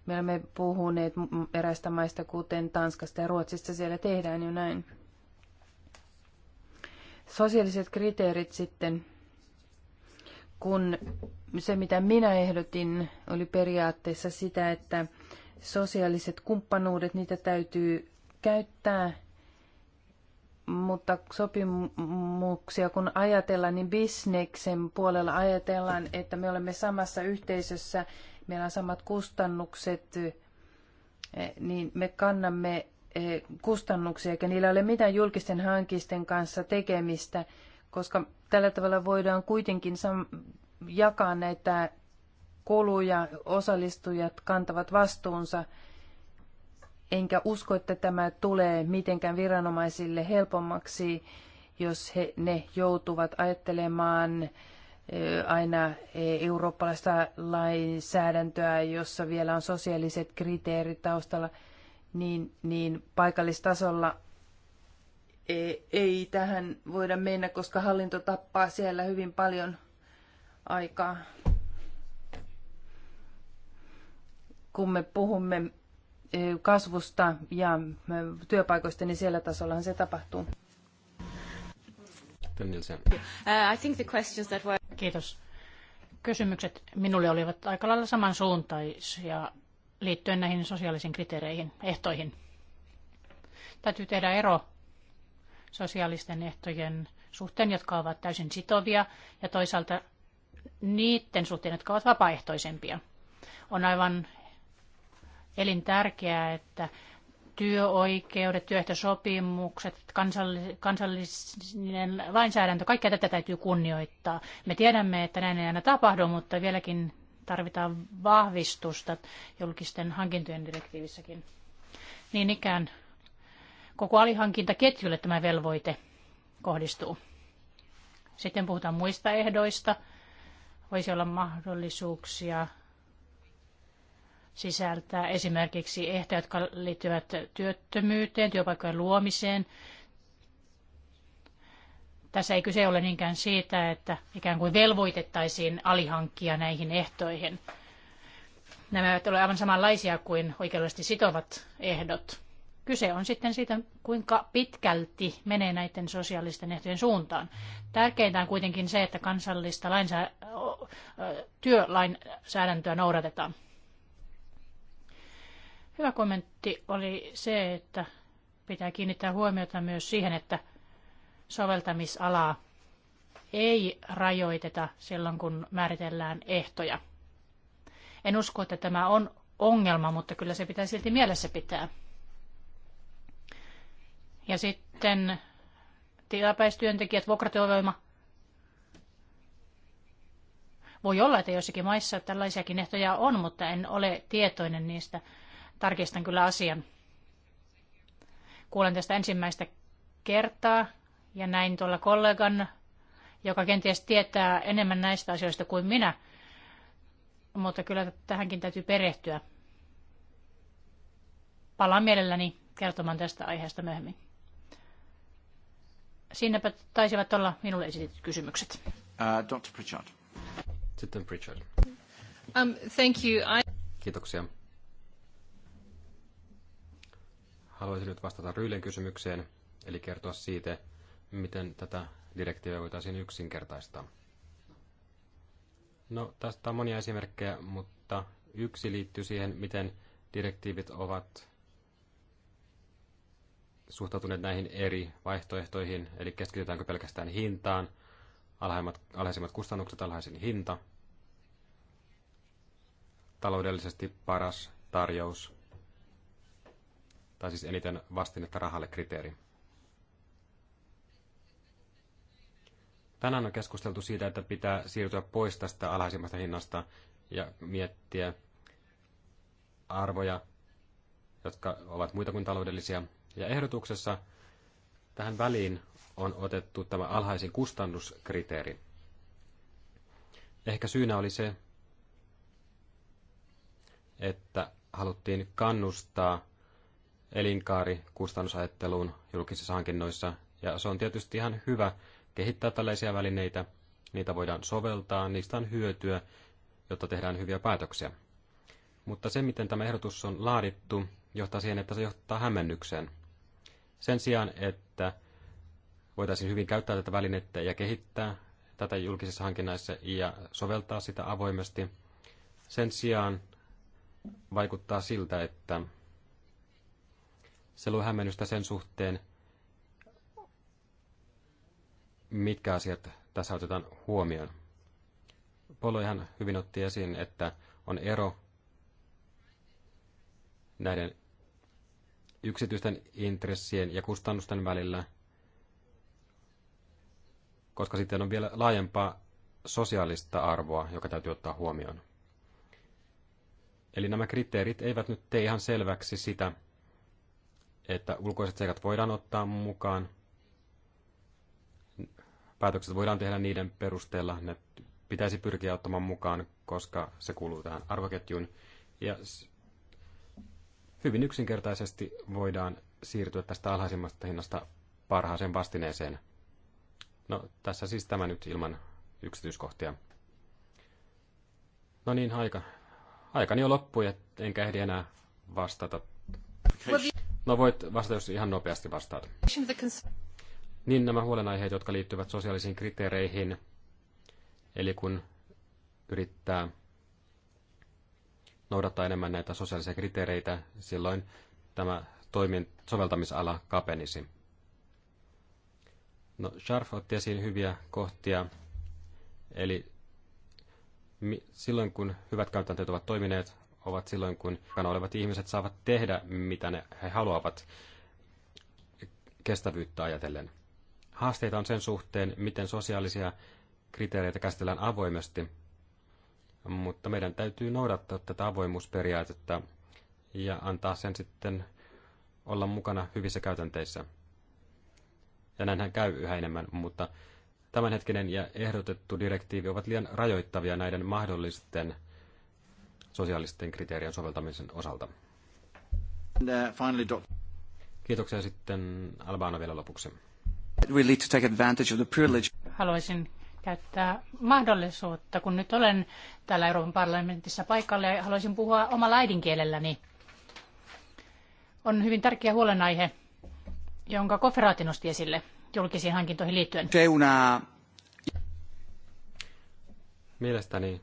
Me olemme puhuneet eräistä maista, kuten Tanskasta ja Ruotsista, siellä tehdään jo näin. Sosiaaliset kriteerit sitten, kun se mitä minä ehdotin oli periaatteessa sitä, että sosiaaliset kumppanuudet, niitä täytyy käyttää, mutta sopimuksia kun ajatellaan, niin bisneksen puolella ajatellaan, että me olemme samassa yhteisössä, meillä on samat kustannukset, eh, niin me kannamme eh, kustannuksia, eikä niillä ole mitään julkisten hankisten kanssa tekemistä, koska tällä tavalla voidaan kuitenkin jakaa näitä kuluja, osallistujat kantavat vastuunsa enkä usko, että tämä tulee mitenkään viranomaisille helpommaksi, jos he, ne joutuvat ajattelemaan aina e, eurooppalaista lainsäädäntöä, jossa vielä on sosiaaliset kriteerit taustalla, niin, niin paikallistasolla ei, ei tähän voida mennä, koska hallinto tappaa siellä hyvin paljon aikaa. Kun me puhumme kasvusta ja työpaikoista, niin siellä tasollahan se tapahtuu. Uh, Kiitos. Kysymykset minulle olivat aika lailla samansuuntaisia liittyen näihin sosiaalisiin kriteereihin, ehtoihin. Täytyy tehdä ero sosiaalisten ehtojen suhteen, jotka ovat täysin sitovia, ja toisaalta niiden suhteen, jotka ovat vapaaehtoisempia. On aivan elintärkeää, että työoikeudet, työehtosopimukset, kansallinen lainsäädäntö, kaikkea tätä täytyy kunnioittaa. Me tiedämme, että näin ei aina tapahdu, mutta vieläkin tarvitaan vahvistusta julkisten hankintojen direktiivissäkin. Niin ikään koko alihankintaketjulle tämä velvoite kohdistuu. Sitten puhutaan muista ehdoista. Voisi olla mahdollisuuksia sisältää esimerkiksi ehtoja, jotka liittyvät työttömyyteen, työpaikkojen luomiseen. Tässä ei kyse ole niinkään siitä, että ikään kuin velvoitettaisiin alihankkia näihin ehtoihin. Nämä eivät ole aivan samanlaisia kuin oikeudellisesti sitovat ehdot. Kyse on sitten siitä, kuinka pitkälti menee näiden sosiaalisten ehtojen suuntaan. Tärkeintä on kuitenkin se, että kansallista lainsä- työlainsäädäntöä noudatetaan. Hyvä kommentti oli se, että pitää kiinnittää huomiota myös siihen, että soveltamisalaa ei rajoiteta silloin, kun määritellään ehtoja. En usko, että tämä on ongelma, mutta kyllä se pitää silti mielessä pitää. Ja sitten tilapäistyöntekijät, vuokratyövoima. Voi olla, että joissakin maissa tällaisiakin ehtoja on, mutta en ole tietoinen niistä. Tarkistan kyllä asian. Kuulen tästä ensimmäistä kertaa ja näin tuolla kollegan, joka kenties tietää enemmän näistä asioista kuin minä, mutta kyllä tähänkin täytyy perehtyä. Palaan mielelläni kertomaan tästä aiheesta myöhemmin. Siinäpä taisivat olla minulle esitetyt kysymykset. Uh, Dr. Pritchard. Sitten Pritchard. Um, thank you. I... Kiitoksia. haluaisin nyt vastata Ryylen kysymykseen, eli kertoa siitä, miten tätä direktiiviä voitaisiin yksinkertaistaa. No, tästä on monia esimerkkejä, mutta yksi liittyy siihen, miten direktiivit ovat suhtautuneet näihin eri vaihtoehtoihin, eli keskitytäänkö pelkästään hintaan, alhaimmat, alhaisimmat kustannukset, alhaisin hinta, taloudellisesti paras tarjous, tai siis eniten vastinetta rahalle kriteeri. Tänään on keskusteltu siitä, että pitää siirtyä pois tästä alhaisimmasta hinnasta ja miettiä arvoja, jotka ovat muita kuin taloudellisia. Ja ehdotuksessa tähän väliin on otettu tämä alhaisin kustannuskriteeri. Ehkä syynä oli se, että haluttiin kannustaa elinkaari kustannusajatteluun julkisissa hankinnoissa, ja se on tietysti ihan hyvä kehittää tällaisia välineitä. Niitä voidaan soveltaa, niistä on hyötyä, jotta tehdään hyviä päätöksiä. Mutta se, miten tämä ehdotus on laadittu, johtaa siihen, että se johtaa hämmennykseen. Sen sijaan, että voitaisiin hyvin käyttää tätä välinettä ja kehittää tätä julkisissa hankinnaissa ja soveltaa sitä avoimesti, sen sijaan vaikuttaa siltä, että se hämmennystä sen suhteen, mitkä asiat tässä otetaan huomioon. Polo ihan hyvin otti esiin, että on ero näiden yksityisten intressien ja kustannusten välillä, koska sitten on vielä laajempaa sosiaalista arvoa, joka täytyy ottaa huomioon. Eli nämä kriteerit eivät nyt tee ihan selväksi sitä, että ulkoiset seikat voidaan ottaa mukaan. Päätökset voidaan tehdä niiden perusteella. Ne pitäisi pyrkiä ottamaan mukaan, koska se kuuluu tähän arvoketjuun. Ja hyvin yksinkertaisesti voidaan siirtyä tästä alhaisimmasta hinnasta parhaaseen vastineeseen. No, tässä siis tämä nyt ilman yksityiskohtia. No niin, aika. Aikani jo loppui, et enkä ehdi enää vastata. Hei. No voit vastata, jos ihan nopeasti vastaat. Niin nämä huolenaiheet, jotka liittyvät sosiaalisiin kriteereihin, eli kun yrittää noudattaa enemmän näitä sosiaalisia kriteereitä, silloin tämä toimin soveltamisala kapenisi. No, Sharf otti esiin hyviä kohtia, eli silloin kun hyvät käytänteet ovat toimineet, ovat silloin, kun mukana olevat ihmiset saavat tehdä, mitä ne, he haluavat kestävyyttä ajatellen. Haasteita on sen suhteen, miten sosiaalisia kriteereitä käsitellään avoimesti, mutta meidän täytyy noudattaa tätä avoimuusperiaatetta ja antaa sen sitten olla mukana hyvissä käytänteissä. Ja näinhän käy yhä enemmän, mutta tämänhetkinen ja ehdotettu direktiivi ovat liian rajoittavia näiden mahdollisten sosiaalisten kriteerien soveltamisen osalta. Uh, Kiitoksia sitten Albano vielä lopuksi. Haluaisin käyttää mahdollisuutta, kun nyt olen täällä Euroopan parlamentissa paikalla ja haluaisin puhua omalla äidinkielelläni. On hyvin tärkeä huolenaihe, jonka Koferaati nosti esille julkisiin hankintoihin liittyen. Mielestäni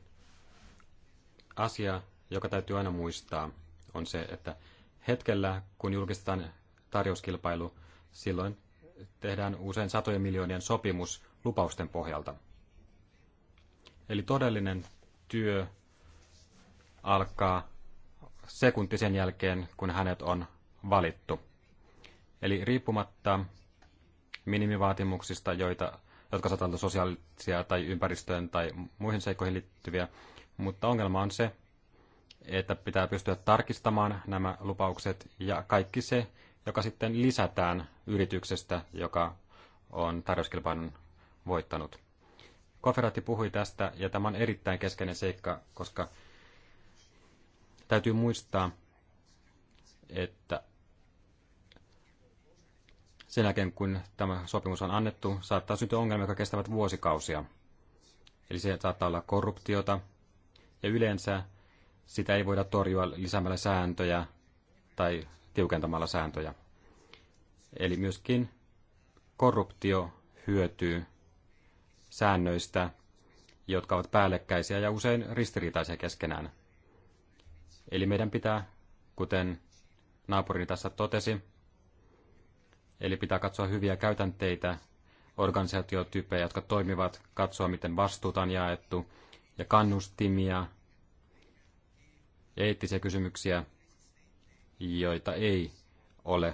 asia, joka täytyy aina muistaa, on se, että hetkellä, kun julkistetaan tarjouskilpailu, silloin tehdään usein satojen miljoonien sopimus lupausten pohjalta. Eli todellinen työ alkaa sekunti sen jälkeen, kun hänet on valittu. Eli riippumatta minimivaatimuksista, joita, jotka saattavat olla sosiaalisia tai ympäristöön tai muihin seikkoihin liittyviä, mutta ongelma on se, että pitää pystyä tarkistamaan nämä lupaukset ja kaikki se, joka sitten lisätään yrityksestä, joka on tarjouskilpailun voittanut. Koferaatti puhui tästä ja tämä on erittäin keskeinen seikka, koska täytyy muistaa, että sen jälkeen kun tämä sopimus on annettu, saattaa syntyä ongelmia, jotka kestävät vuosikausia. Eli se saattaa olla korruptiota, ja yleensä sitä ei voida torjua lisäämällä sääntöjä tai tiukentamalla sääntöjä. Eli myöskin korruptio hyötyy säännöistä, jotka ovat päällekkäisiä ja usein ristiriitaisia keskenään. Eli meidän pitää, kuten naapurini tässä totesi, eli pitää katsoa hyviä käytänteitä, organisaatiotyyppejä, jotka toimivat, katsoa miten vastuuta on jaettu, ja kannustimia ja eettisiä kysymyksiä, joita ei ole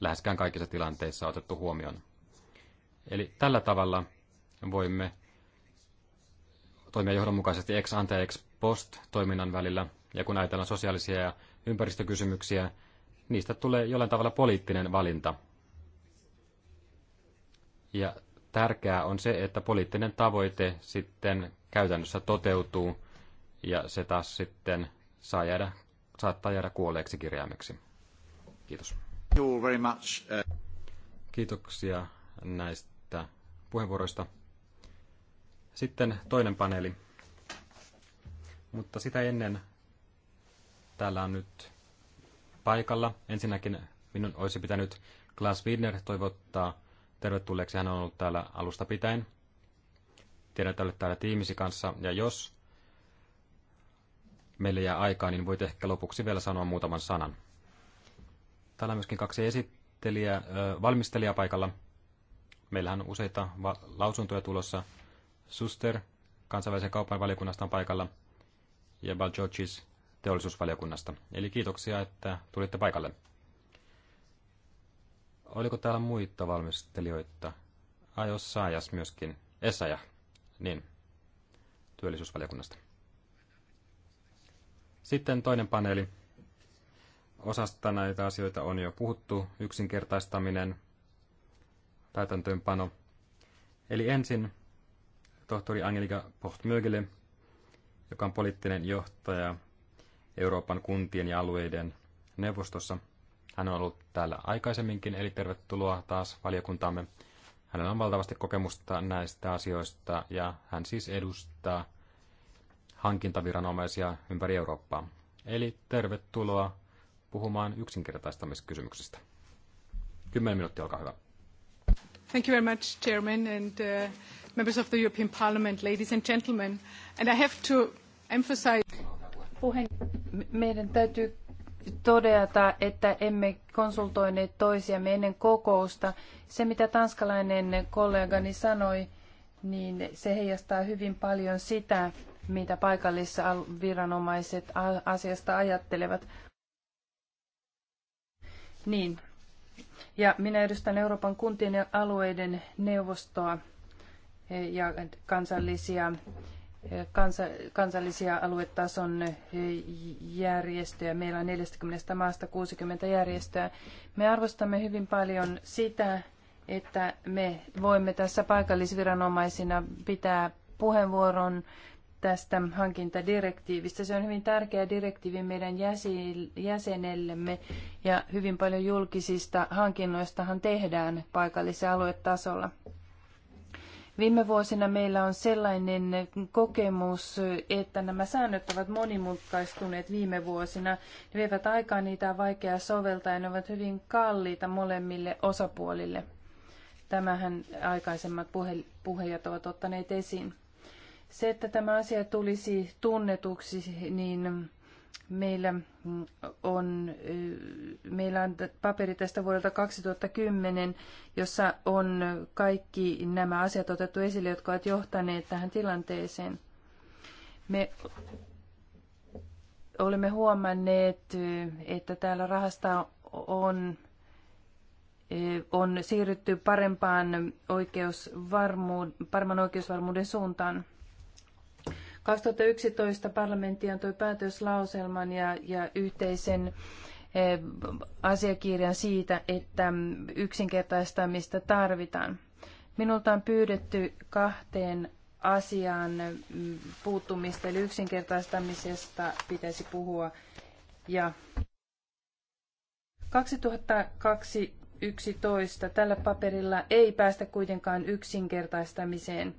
läheskään kaikissa tilanteissa otettu huomioon. Eli tällä tavalla voimme toimia johdonmukaisesti ex ante ex post toiminnan välillä. Ja kun ajatellaan sosiaalisia ja ympäristökysymyksiä, niistä tulee jollain tavalla poliittinen valinta. Ja Tärkeää on se, että poliittinen tavoite sitten käytännössä toteutuu ja se taas sitten saa jäädä, saattaa jäädä kuolleeksi kirjaimeksi. Kiitos. very much. Uh, Kiitoksia näistä puheenvuoroista. Sitten toinen paneeli. Mutta sitä ennen täällä on nyt paikalla. Ensinnäkin minun olisi pitänyt Klaas Widner toivottaa tervetulleeksi. Hän on ollut täällä alusta pitäen. Tiedän, että olet täällä tiimisi kanssa. Ja jos meille jää aikaa, niin voit ehkä lopuksi vielä sanoa muutaman sanan. Täällä on myöskin kaksi esittelijää, valmistelijaa paikalla. Meillähän on useita lausuntoja tulossa. Suster kansainvälisen kaupan valiokunnasta on paikalla ja Balchochis teollisuusvaliokunnasta. Eli kiitoksia, että tulitte paikalle. Oliko täällä muita valmistelijoita? Ai, Osaajas myöskin. Esaja, niin, työllisyysvaliokunnasta. Sitten toinen paneeli. Osasta näitä asioita on jo puhuttu. Yksinkertaistaminen, täytäntöönpano. Eli ensin tohtori Angelika Pohtmögele, joka on poliittinen johtaja Euroopan kuntien ja alueiden neuvostossa – hän on ollut täällä aikaisemminkin, eli tervetuloa taas valiokuntaamme. Hänellä on valtavasti kokemusta näistä asioista ja hän siis edustaa hankintaviranomaisia ympäri Eurooppaa. Eli tervetuloa puhumaan yksinkertaistamiskysymyksistä. Kymmenen minuuttia, olkaa hyvä. Thank you very much, Chairman and uh, members of the European Parliament, ladies and gentlemen. And I have to emphasize... Puheen, meidän täytyy todeta, että emme konsultoineet toisiamme ennen kokousta. Se, mitä tanskalainen kollegani sanoi, niin se heijastaa hyvin paljon sitä, mitä paikallisviranomaiset asiasta ajattelevat. Niin. Ja minä edustan Euroopan kuntien ja alueiden neuvostoa eh, ja kansallisia kansallisia aluetason järjestöjä. Meillä on 40 maasta 60 järjestöä. Me arvostamme hyvin paljon sitä, että me voimme tässä paikallisviranomaisina pitää puheenvuoron tästä hankintadirektiivistä. Se on hyvin tärkeä direktiivi meidän jäsenellemme ja hyvin paljon julkisista hankinnoistahan tehdään paikallis- ja aluetasolla. Viime vuosina meillä on sellainen kokemus, että nämä säännöt ovat monimutkaistuneet viime vuosina. Ne vievät aikaa, niitä on vaikea soveltaa ja ne ovat hyvin kalliita molemmille osapuolille. Tämähän aikaisemmat puhe- puhejat ovat ottaneet esiin. Se, että tämä asia tulisi tunnetuksi, niin Mm, meillä on, meillä on paperi tästä vuodelta 2010, jossa on kaikki nämä asiat otettu esille, jotka ovat johtaneet tähän tilanteeseen. Me olemme huomanneet, että täällä rahasta on, on siirrytty parempaan oikeusvarmuuden, paremman oikeusvarmuuden suuntaan. 2011 parlamentti antoi päätöslauselman ja, ja yhteisen eh, asiakirjan siitä, että yksinkertaistamista tarvitaan. Minulta on pyydetty kahteen asiaan mm, puuttumista, eli yksinkertaistamisesta pitäisi puhua. Ja 2011 tällä paperilla ei päästä kuitenkaan yksinkertaistamiseen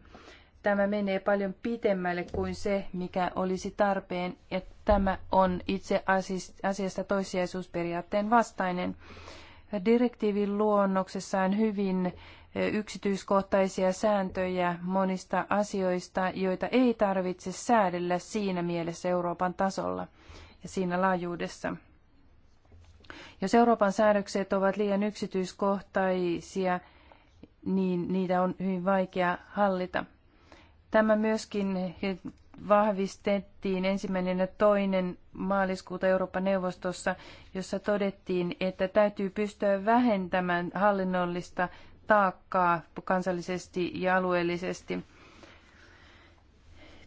tämä menee paljon pitemmälle kuin se, mikä olisi tarpeen, ja tämä on itse asiasta toissijaisuusperiaatteen vastainen. Direktiivin luonnoksessa on hyvin yksityiskohtaisia sääntöjä monista asioista, joita ei tarvitse säädellä siinä mielessä Euroopan tasolla ja siinä laajuudessa. Jos Euroopan säädökset ovat liian yksityiskohtaisia, niin niitä on hyvin vaikea hallita. Tämä myöskin vahvistettiin ensimmäinen ja toinen maaliskuuta Euroopan neuvostossa, jossa todettiin, että täytyy pystyä vähentämään hallinnollista taakkaa kansallisesti ja alueellisesti.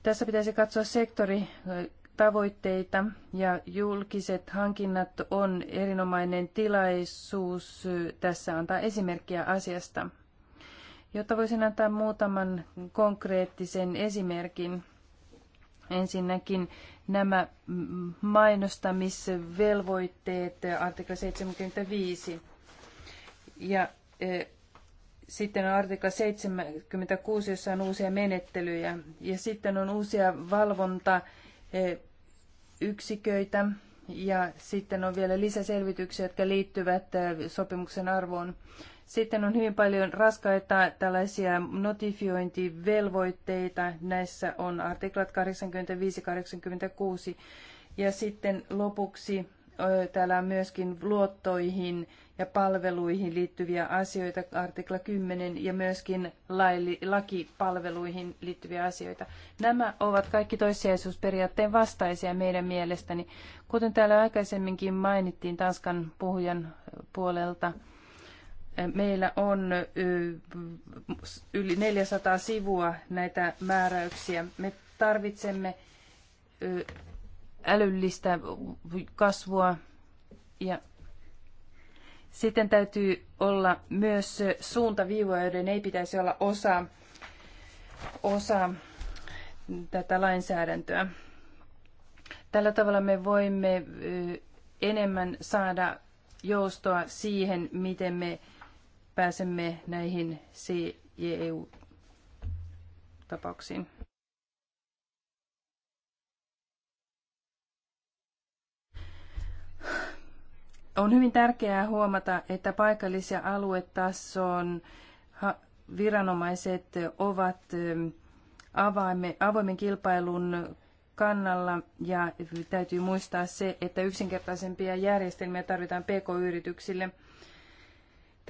Tässä pitäisi katsoa sektoritavoitteita ja julkiset hankinnat on erinomainen tilaisuus tässä antaa esimerkkiä asiasta. Jotta voisin antaa muutaman konkreettisen esimerkin. Ensinnäkin nämä mainostamisvelvoitteet, äh, artikla 75. Ja äh, sitten on artikla 76, jossa on uusia menettelyjä. Ja sitten on uusia valvontayksiköitä. Äh, ja sitten on vielä lisäselvityksiä, jotka liittyvät sopimuksen arvoon. Sitten on hyvin paljon raskaita tällaisia notifiointivelvoitteita. Näissä on artiklat 85-86. Ja sitten lopuksi täällä on myöskin luottoihin ja palveluihin liittyviä asioita, artikla 10, ja myöskin laili, lakipalveluihin liittyviä asioita. Nämä ovat kaikki toissijaisuusperiaatteen vastaisia meidän mielestäni. Kuten täällä aikaisemminkin mainittiin Tanskan puhujan puolelta, Meillä on yli 400 sivua näitä määräyksiä. Me tarvitsemme älyllistä kasvua ja sitten täytyy olla myös suuntaviivoja, joiden ei pitäisi olla osa, osa tätä lainsäädäntöä. Tällä tavalla me voimme enemmän saada joustoa siihen, miten me pääsemme näihin CEU-tapauksiin. On hyvin tärkeää huomata, että paikallis- ja aluetason viranomaiset ovat ähm, avoimen kilpailun kannalla ja täytyy muistaa se, että yksinkertaisempia järjestelmiä tarvitaan pk-yrityksille –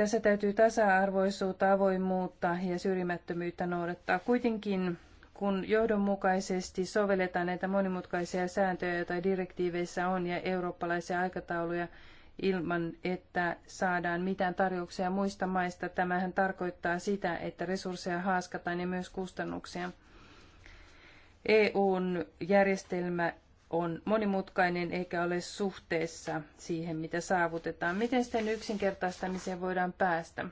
tässä täytyy tasa-arvoisuutta, avoimuutta ja syrjimättömyyttä noudattaa. Kuitenkin kun johdonmukaisesti sovelletaan näitä monimutkaisia sääntöjä, joita direktiiveissä on, ja eurooppalaisia aikatauluja ilman, että saadaan mitään tarjouksia muista maista, tämähän tarkoittaa sitä, että resursseja haaskataan ja myös kustannuksia. EUn järjestelmä on monimutkainen eikä ole suhteessa siihen, mitä saavutetaan. Miten sitten yksinkertaistamiseen voidaan päästä?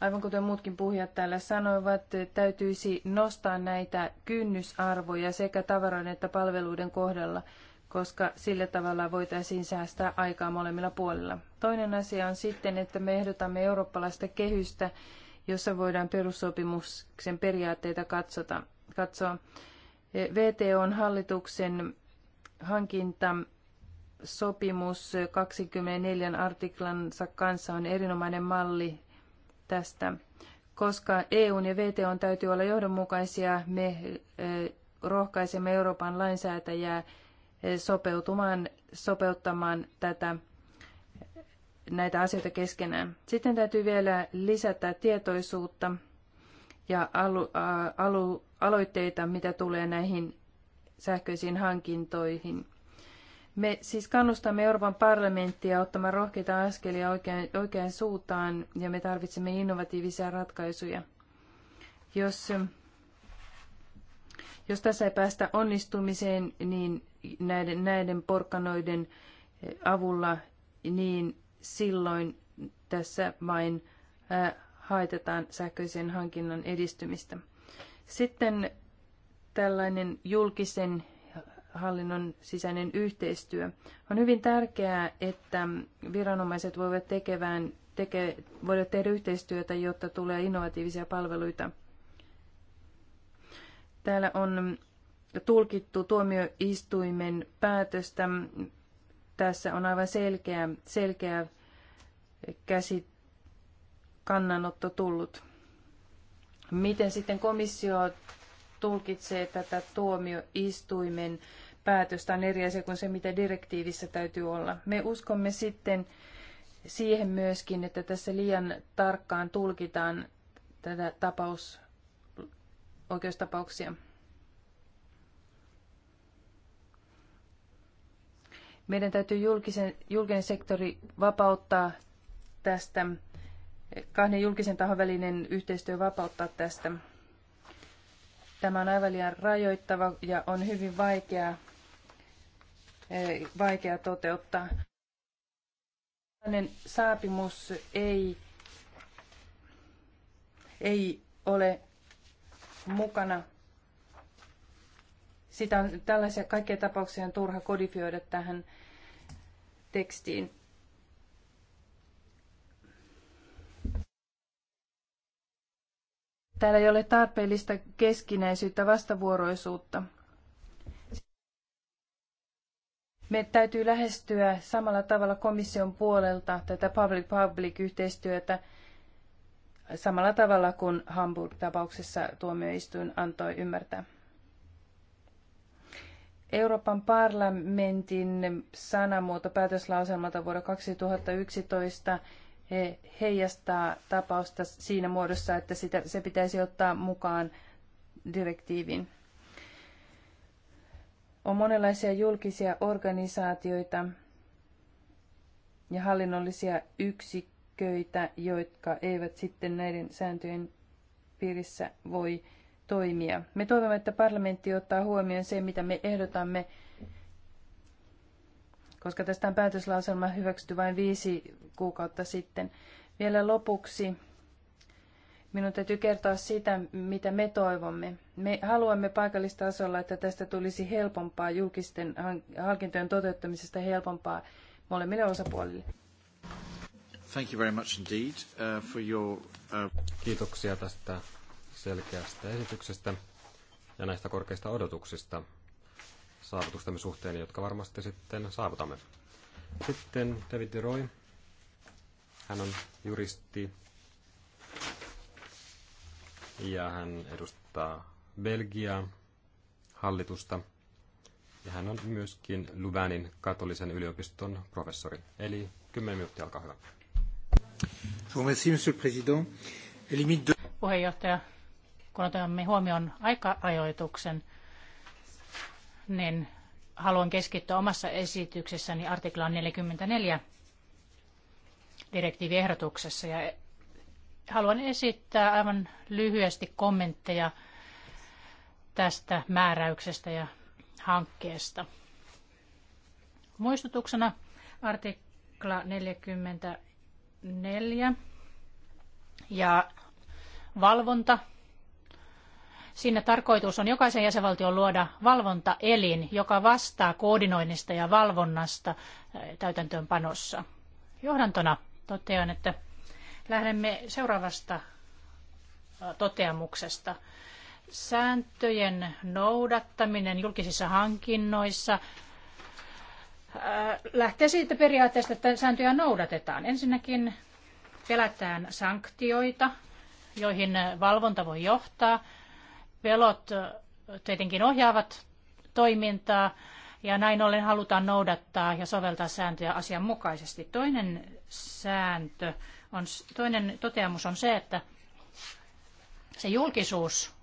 Aivan kuten muutkin puhujat täällä sanoivat, täytyisi nostaa näitä kynnysarvoja sekä tavaroiden että palveluiden kohdalla, koska sillä tavalla voitaisiin säästää aikaa molemmilla puolilla. Toinen asia on sitten, että me ehdotamme eurooppalaista kehystä, jossa voidaan perussopimuksen periaatteita katsota, katsoa VTOn hallituksen hankinta sopimus 24 artiklansa kanssa on erinomainen malli tästä. Koska EUn ja on täytyy olla johdonmukaisia, me rohkaisemme Euroopan lainsäätäjää sopeutumaan, sopeuttamaan tätä, näitä asioita keskenään. Sitten täytyy vielä lisätä tietoisuutta ja alu, alu, aloitteita, mitä tulee näihin sähköisiin hankintoihin. Me siis kannustamme Euroopan parlamenttia ottamaan rohkeita askelia oikeaan, oikeaan suuntaan ja me tarvitsemme innovatiivisia ratkaisuja. Jos, jos tässä ei päästä onnistumiseen, niin näiden, näiden porkkanoiden avulla, niin silloin tässä vain haitetaan sähköisen hankinnan edistymistä. Sitten tällainen julkisen hallinnon sisäinen yhteistyö. On hyvin tärkeää, että viranomaiset voivat, tekevään, teke, voivat tehdä yhteistyötä, jotta tulee innovatiivisia palveluita. Täällä on tulkittu tuomioistuimen päätöstä. Tässä on aivan selkeä, selkeä käsi kannanotto tullut. Miten sitten komissio tulkitsee tätä tuomioistuimen päätöstä on eri asia kuin se, mitä direktiivissä täytyy olla. Me uskomme sitten siihen myöskin, että tässä liian tarkkaan tulkitaan tätä tapaus, oikeustapauksia. Meidän täytyy julkisen, julkinen sektori vapauttaa tästä kahden julkisen tahon välinen yhteistyö vapauttaa tästä. Tämä on aivan liian rajoittava ja on hyvin vaikea, eh, vaikea toteuttaa. Tällainen saapimus ei, ei ole mukana. Sitä on, tällaisia kaikkia tapauksia on turha kodifioida tähän tekstiin. Täällä ei ole tarpeellista keskinäisyyttä, vastavuoroisuutta. Me täytyy lähestyä samalla tavalla komission puolelta tätä public-public-yhteistyötä samalla tavalla kuin Hamburg-tapauksessa tuomioistuin antoi ymmärtää. Euroopan parlamentin sanamuoto päätöslauselmalta vuonna 2011 heijastaa tapausta siinä muodossa, että sitä, se pitäisi ottaa mukaan direktiivin. On monenlaisia julkisia organisaatioita ja hallinnollisia yksiköitä, jotka eivät sitten näiden sääntöjen piirissä voi toimia. Me toivomme, että parlamentti ottaa huomioon sen, mitä me ehdotamme koska tästä on päätöslauselma hyväksytty vain viisi kuukautta sitten. Vielä lopuksi minun täytyy kertoa sitä, mitä me toivomme. Me haluamme paikallistasolla, että tästä tulisi helpompaa julkisten hankintojen toteuttamisesta helpompaa molemmille osapuolille. Thank you very much indeed uh, for your... Uh, Kiitoksia tästä selkeästä esityksestä ja näistä korkeista odotuksista, saavutustemme suhteen, jotka varmasti sitten saavutamme. Sitten David De Roy. Hän on juristi ja hän edustaa Belgiaa hallitusta. Ja hän on myöskin Luvänin katolisen yliopiston professori. Eli 10 minuuttia, alkaa hyvä. Puheenjohtaja, kun otamme huomioon aikarajoituksen, niin haluan keskittyä omassa esityksessäni artiklaan 44 direktiiviehdotuksessa ja haluan esittää aivan lyhyesti kommentteja tästä määräyksestä ja hankkeesta. Muistutuksena artikla 44 ja valvonta Siinä tarkoitus on jokaisen jäsenvaltion luoda valvontaelin, joka vastaa koordinoinnista ja valvonnasta eh, täytäntöönpanossa. Johdantona totean, että lähdemme seuraavasta eh, toteamuksesta. Sääntöjen noudattaminen julkisissa hankinnoissa eh, lähtee siitä periaatteesta, että sääntöjä noudatetaan. Ensinnäkin pelätään sanktioita, joihin valvonta voi johtaa. Pelot tietenkin ohjaavat toimintaa ja näin ollen halutaan noudattaa ja soveltaa sääntöjä asianmukaisesti. Toinen sääntö on, toinen toteamus on se, että se julkisuus,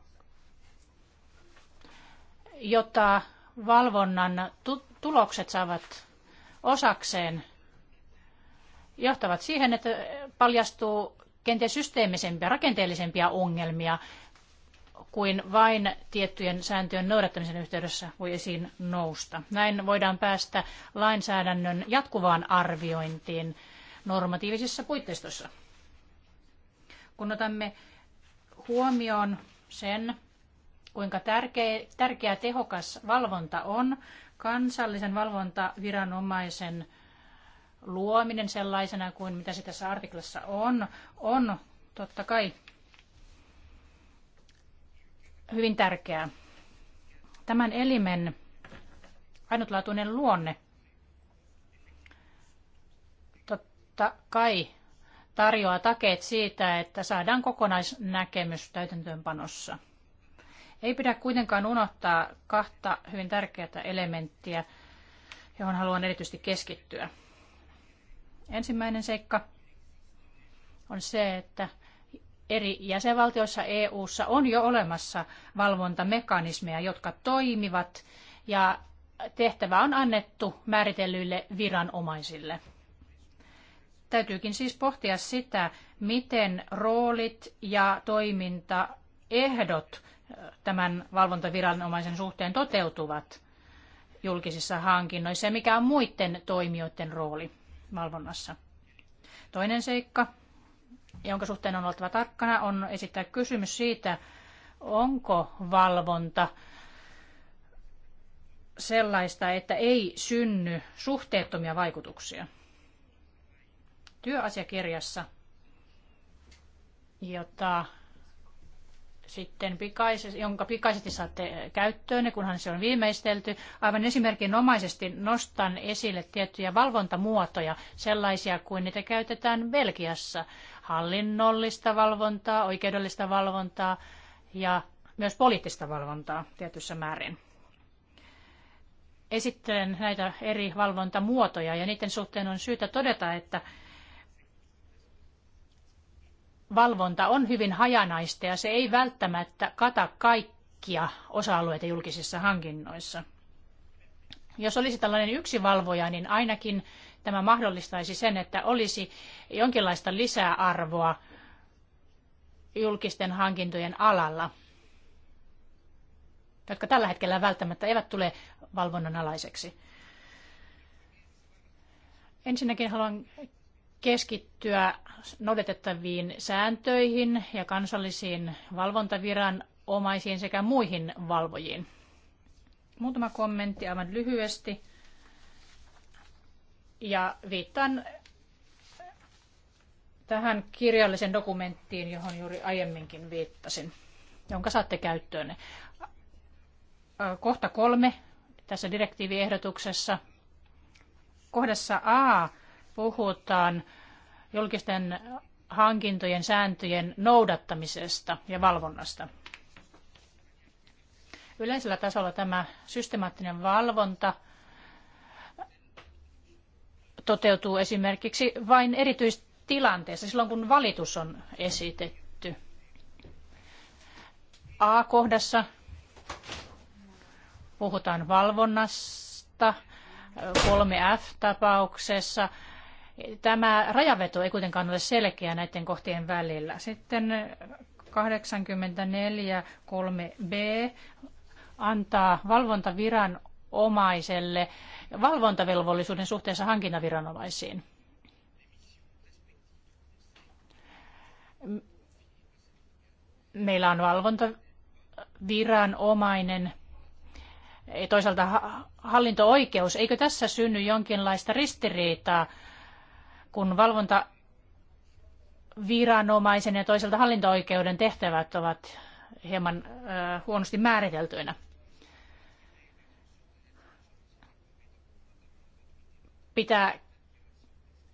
jota valvonnan tulokset saavat osakseen, johtavat siihen, että paljastuu kenties systeemisempiä, rakenteellisempia ongelmia, kuin vain tiettyjen sääntöjen noudattamisen yhteydessä voi esiin nousta. Näin voidaan päästä lainsäädännön jatkuvaan arviointiin normatiivisissa puitteistossa. Kun otamme huomioon sen, kuinka tärkeä, tärkeä tehokas valvonta on, kansallisen valvontaviranomaisen luominen sellaisena kuin mitä se tässä artiklassa on, on totta kai hyvin tärkeää. Tämän elimen ainutlaatuinen luonne totta kai tarjoaa takeet siitä, että saadaan kokonaisnäkemys täytäntöönpanossa. Ei pidä kuitenkaan unohtaa kahta hyvin tärkeää elementtiä, johon haluan erityisesti keskittyä. Ensimmäinen seikka on se, että eri jäsenvaltioissa EU:ssa on jo olemassa valvontamekanismeja, jotka toimivat ja tehtävä on annettu määritellyille viranomaisille. Täytyykin siis pohtia sitä, miten roolit ja toimintaehdot äh, tämän valvontaviranomaisen suhteen toteutuvat julkisissa hankinnoissa ja mikä on muiden toimijoiden rooli valvonnassa. Toinen seikka jonka suhteen on oltava tarkkana, on esittää kysymys siitä, onko valvonta sellaista, että ei synny suhteettomia vaikutuksia. Työasiakirjassa, jota sitten pikaisesti, jonka pikaisesti saatte käyttöön, kunhan se on viimeistelty. Aivan esimerkinomaisesti nostan esille tiettyjä valvontamuotoja, sellaisia kuin niitä käytetään Belgiassa hallinnollista valvontaa, oikeudellista valvontaa ja myös poliittista valvontaa tietyssä määrin. Esittelen näitä eri valvontamuotoja ja niiden suhteen on syytä todeta, että valvonta on hyvin hajanaista ja se ei välttämättä kata kaikkia osa-alueita julkisissa hankinnoissa. Jos olisi tällainen yksi valvoja, niin ainakin Tämä mahdollistaisi sen, että olisi jonkinlaista lisäarvoa julkisten hankintojen alalla, jotka tällä hetkellä välttämättä eivät tule valvonnan alaiseksi. Ensinnäkin haluan keskittyä noudatettaviin sääntöihin ja kansallisiin valvontaviranomaisiin sekä muihin valvojiin. Muutama kommentti aivan lyhyesti ja viittaan tähän kirjallisen dokumenttiin, johon juuri aiemminkin viittasin, jonka saatte käyttöönne. Kohta kolme tässä direktiiviehdotuksessa. Kohdassa A puhutaan julkisten hankintojen sääntöjen noudattamisesta ja valvonnasta. Yleisellä tasolla tämä systemaattinen valvonta – toteutuu esimerkiksi vain erityistilanteessa, silloin kun valitus on esitetty. A-kohdassa puhutaan valvonnasta, 3F-tapauksessa. Tämä rajaveto ei kuitenkaan ole selkeä näiden kohtien välillä. Sitten 84.3b antaa valvontaviran omaiselle valvontavelvollisuuden suhteessa hankintaviranomaisiin. Meillä on valvontaviranomainen, toisaalta hallinto-oikeus. Eikö tässä synny jonkinlaista ristiriitaa, kun valvonta viranomaisen ja toisaalta hallinto-oikeuden tehtävät ovat hieman huonosti määriteltyinä? pitää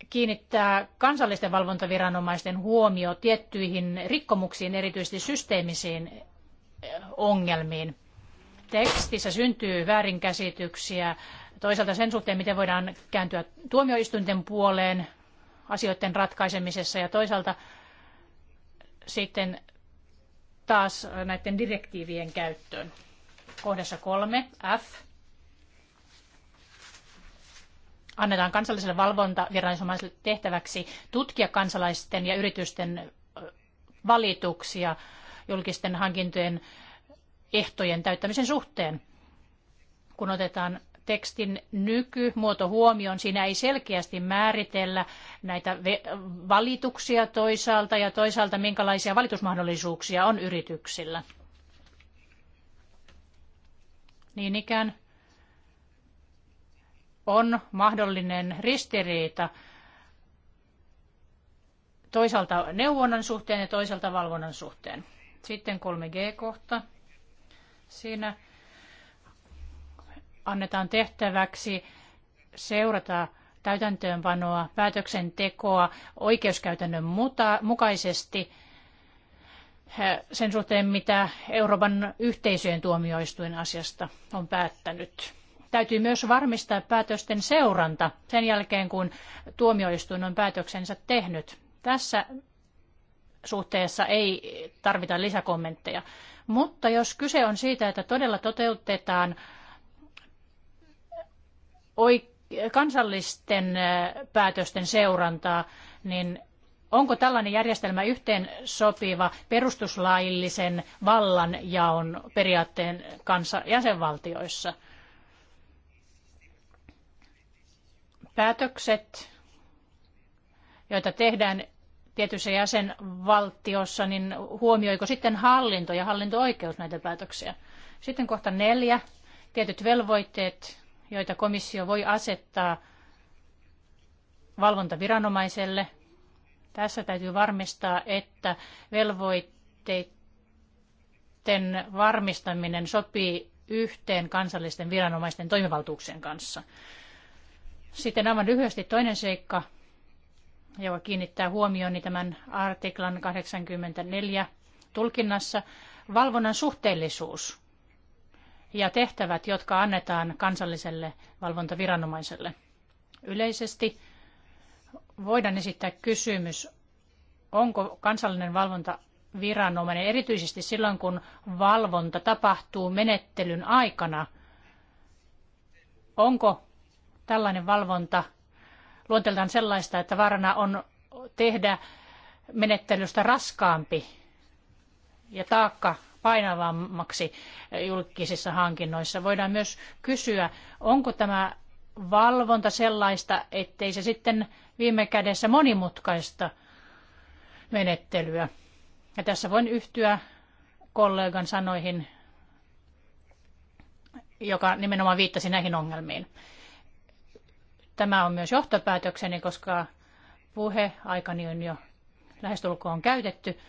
kiinnittää kansallisten valvontaviranomaisten huomio tiettyihin rikkomuksiin, erityisesti systeemisiin eh, ongelmiin. Tekstissä syntyy väärinkäsityksiä toisaalta sen suhteen, miten voidaan kääntyä tuomioistuinten puoleen asioiden ratkaisemisessa ja toisaalta sitten taas näiden direktiivien käyttöön. Kohdassa kolme, F, annetaan kansalliselle valvontaviranomaiselle tehtäväksi tutkia kansalaisten ja yritysten valituksia julkisten hankintojen ehtojen täyttämisen suhteen. Kun otetaan tekstin nykymuoto huomioon, siinä ei selkeästi määritellä näitä valituksia toisaalta ja toisaalta minkälaisia valitusmahdollisuuksia on yrityksillä. Niin ikään on mahdollinen ristiriita toisaalta neuvonnan suhteen ja toisaalta valvonnan suhteen. Sitten 3G-kohta. Siinä annetaan tehtäväksi seurata täytäntöönpanoa, päätöksentekoa oikeuskäytännön mukaisesti sen suhteen, mitä Euroopan yhteisöjen tuomioistuin asiasta on päättänyt. Täytyy myös varmistaa päätösten seuranta sen jälkeen, kun tuomioistuin on päätöksensä tehnyt. Tässä suhteessa ei tarvita lisäkommentteja. Mutta jos kyse on siitä, että todella toteutetaan kansallisten päätösten seurantaa, niin onko tällainen järjestelmä yhteen sopiva perustuslaillisen vallanjaon periaatteen kanssa jäsenvaltioissa – Päätökset, joita tehdään tietyssä jäsenvaltiossa, niin huomioiko sitten hallinto ja hallinto-oikeus näitä päätöksiä? Sitten kohta neljä, tietyt velvoitteet, joita komissio voi asettaa valvontaviranomaiselle. Tässä täytyy varmistaa, että velvoitteiden varmistaminen sopii yhteen kansallisten viranomaisten toimivaltuuksien kanssa. Sitten aivan lyhyesti toinen seikka, joka kiinnittää huomioni tämän artiklan 84 tulkinnassa, valvonnan suhteellisuus ja tehtävät, jotka annetaan kansalliselle valvontaviranomaiselle. Yleisesti voidaan esittää kysymys, onko kansallinen valvontaviranomainen, erityisesti silloin kun valvonta tapahtuu menettelyn aikana, onko tällainen valvonta luonteeltaan sellaista, että vaarana on tehdä menettelystä raskaampi ja taakka painavammaksi julkisissa hankinnoissa. Voidaan myös kysyä, onko tämä valvonta sellaista, ettei se sitten viime kädessä monimutkaista menettelyä. Ja tässä voin yhtyä kollegan sanoihin, joka nimenomaan viittasi näihin ongelmiin. Tämä on myös johtopäätökseni, koska puhe aikani on jo lähestulkoon käytetty.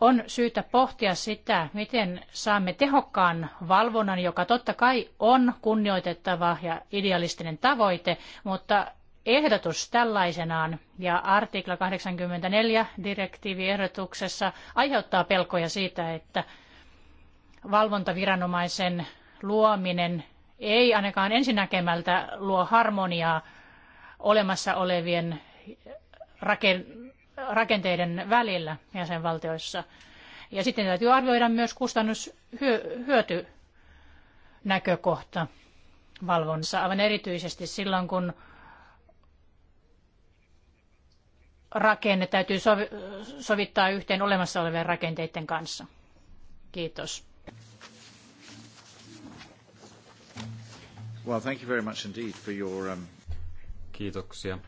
On syytä pohtia sitä, miten saamme tehokkaan valvonnan, joka totta kai on kunnioitettava ja idealistinen tavoite, mutta ehdotus tällaisenaan ja artikla 84 direktiiviehdotuksessa aiheuttaa pelkoja siitä, että valvontaviranomaisen luominen ei ainakaan ensinäkemältä luo harmoniaa olemassa olevien rakenteiden välillä jäsenvaltioissa. Ja sitten täytyy arvioida myös kustannushyötynäkökohta valvonnassa, aivan erityisesti silloin, kun rakenne täytyy sovittaa yhteen olemassa olevien rakenteiden kanssa. Kiitos. Well, thank you very much indeed for your, um... Kiitoksia.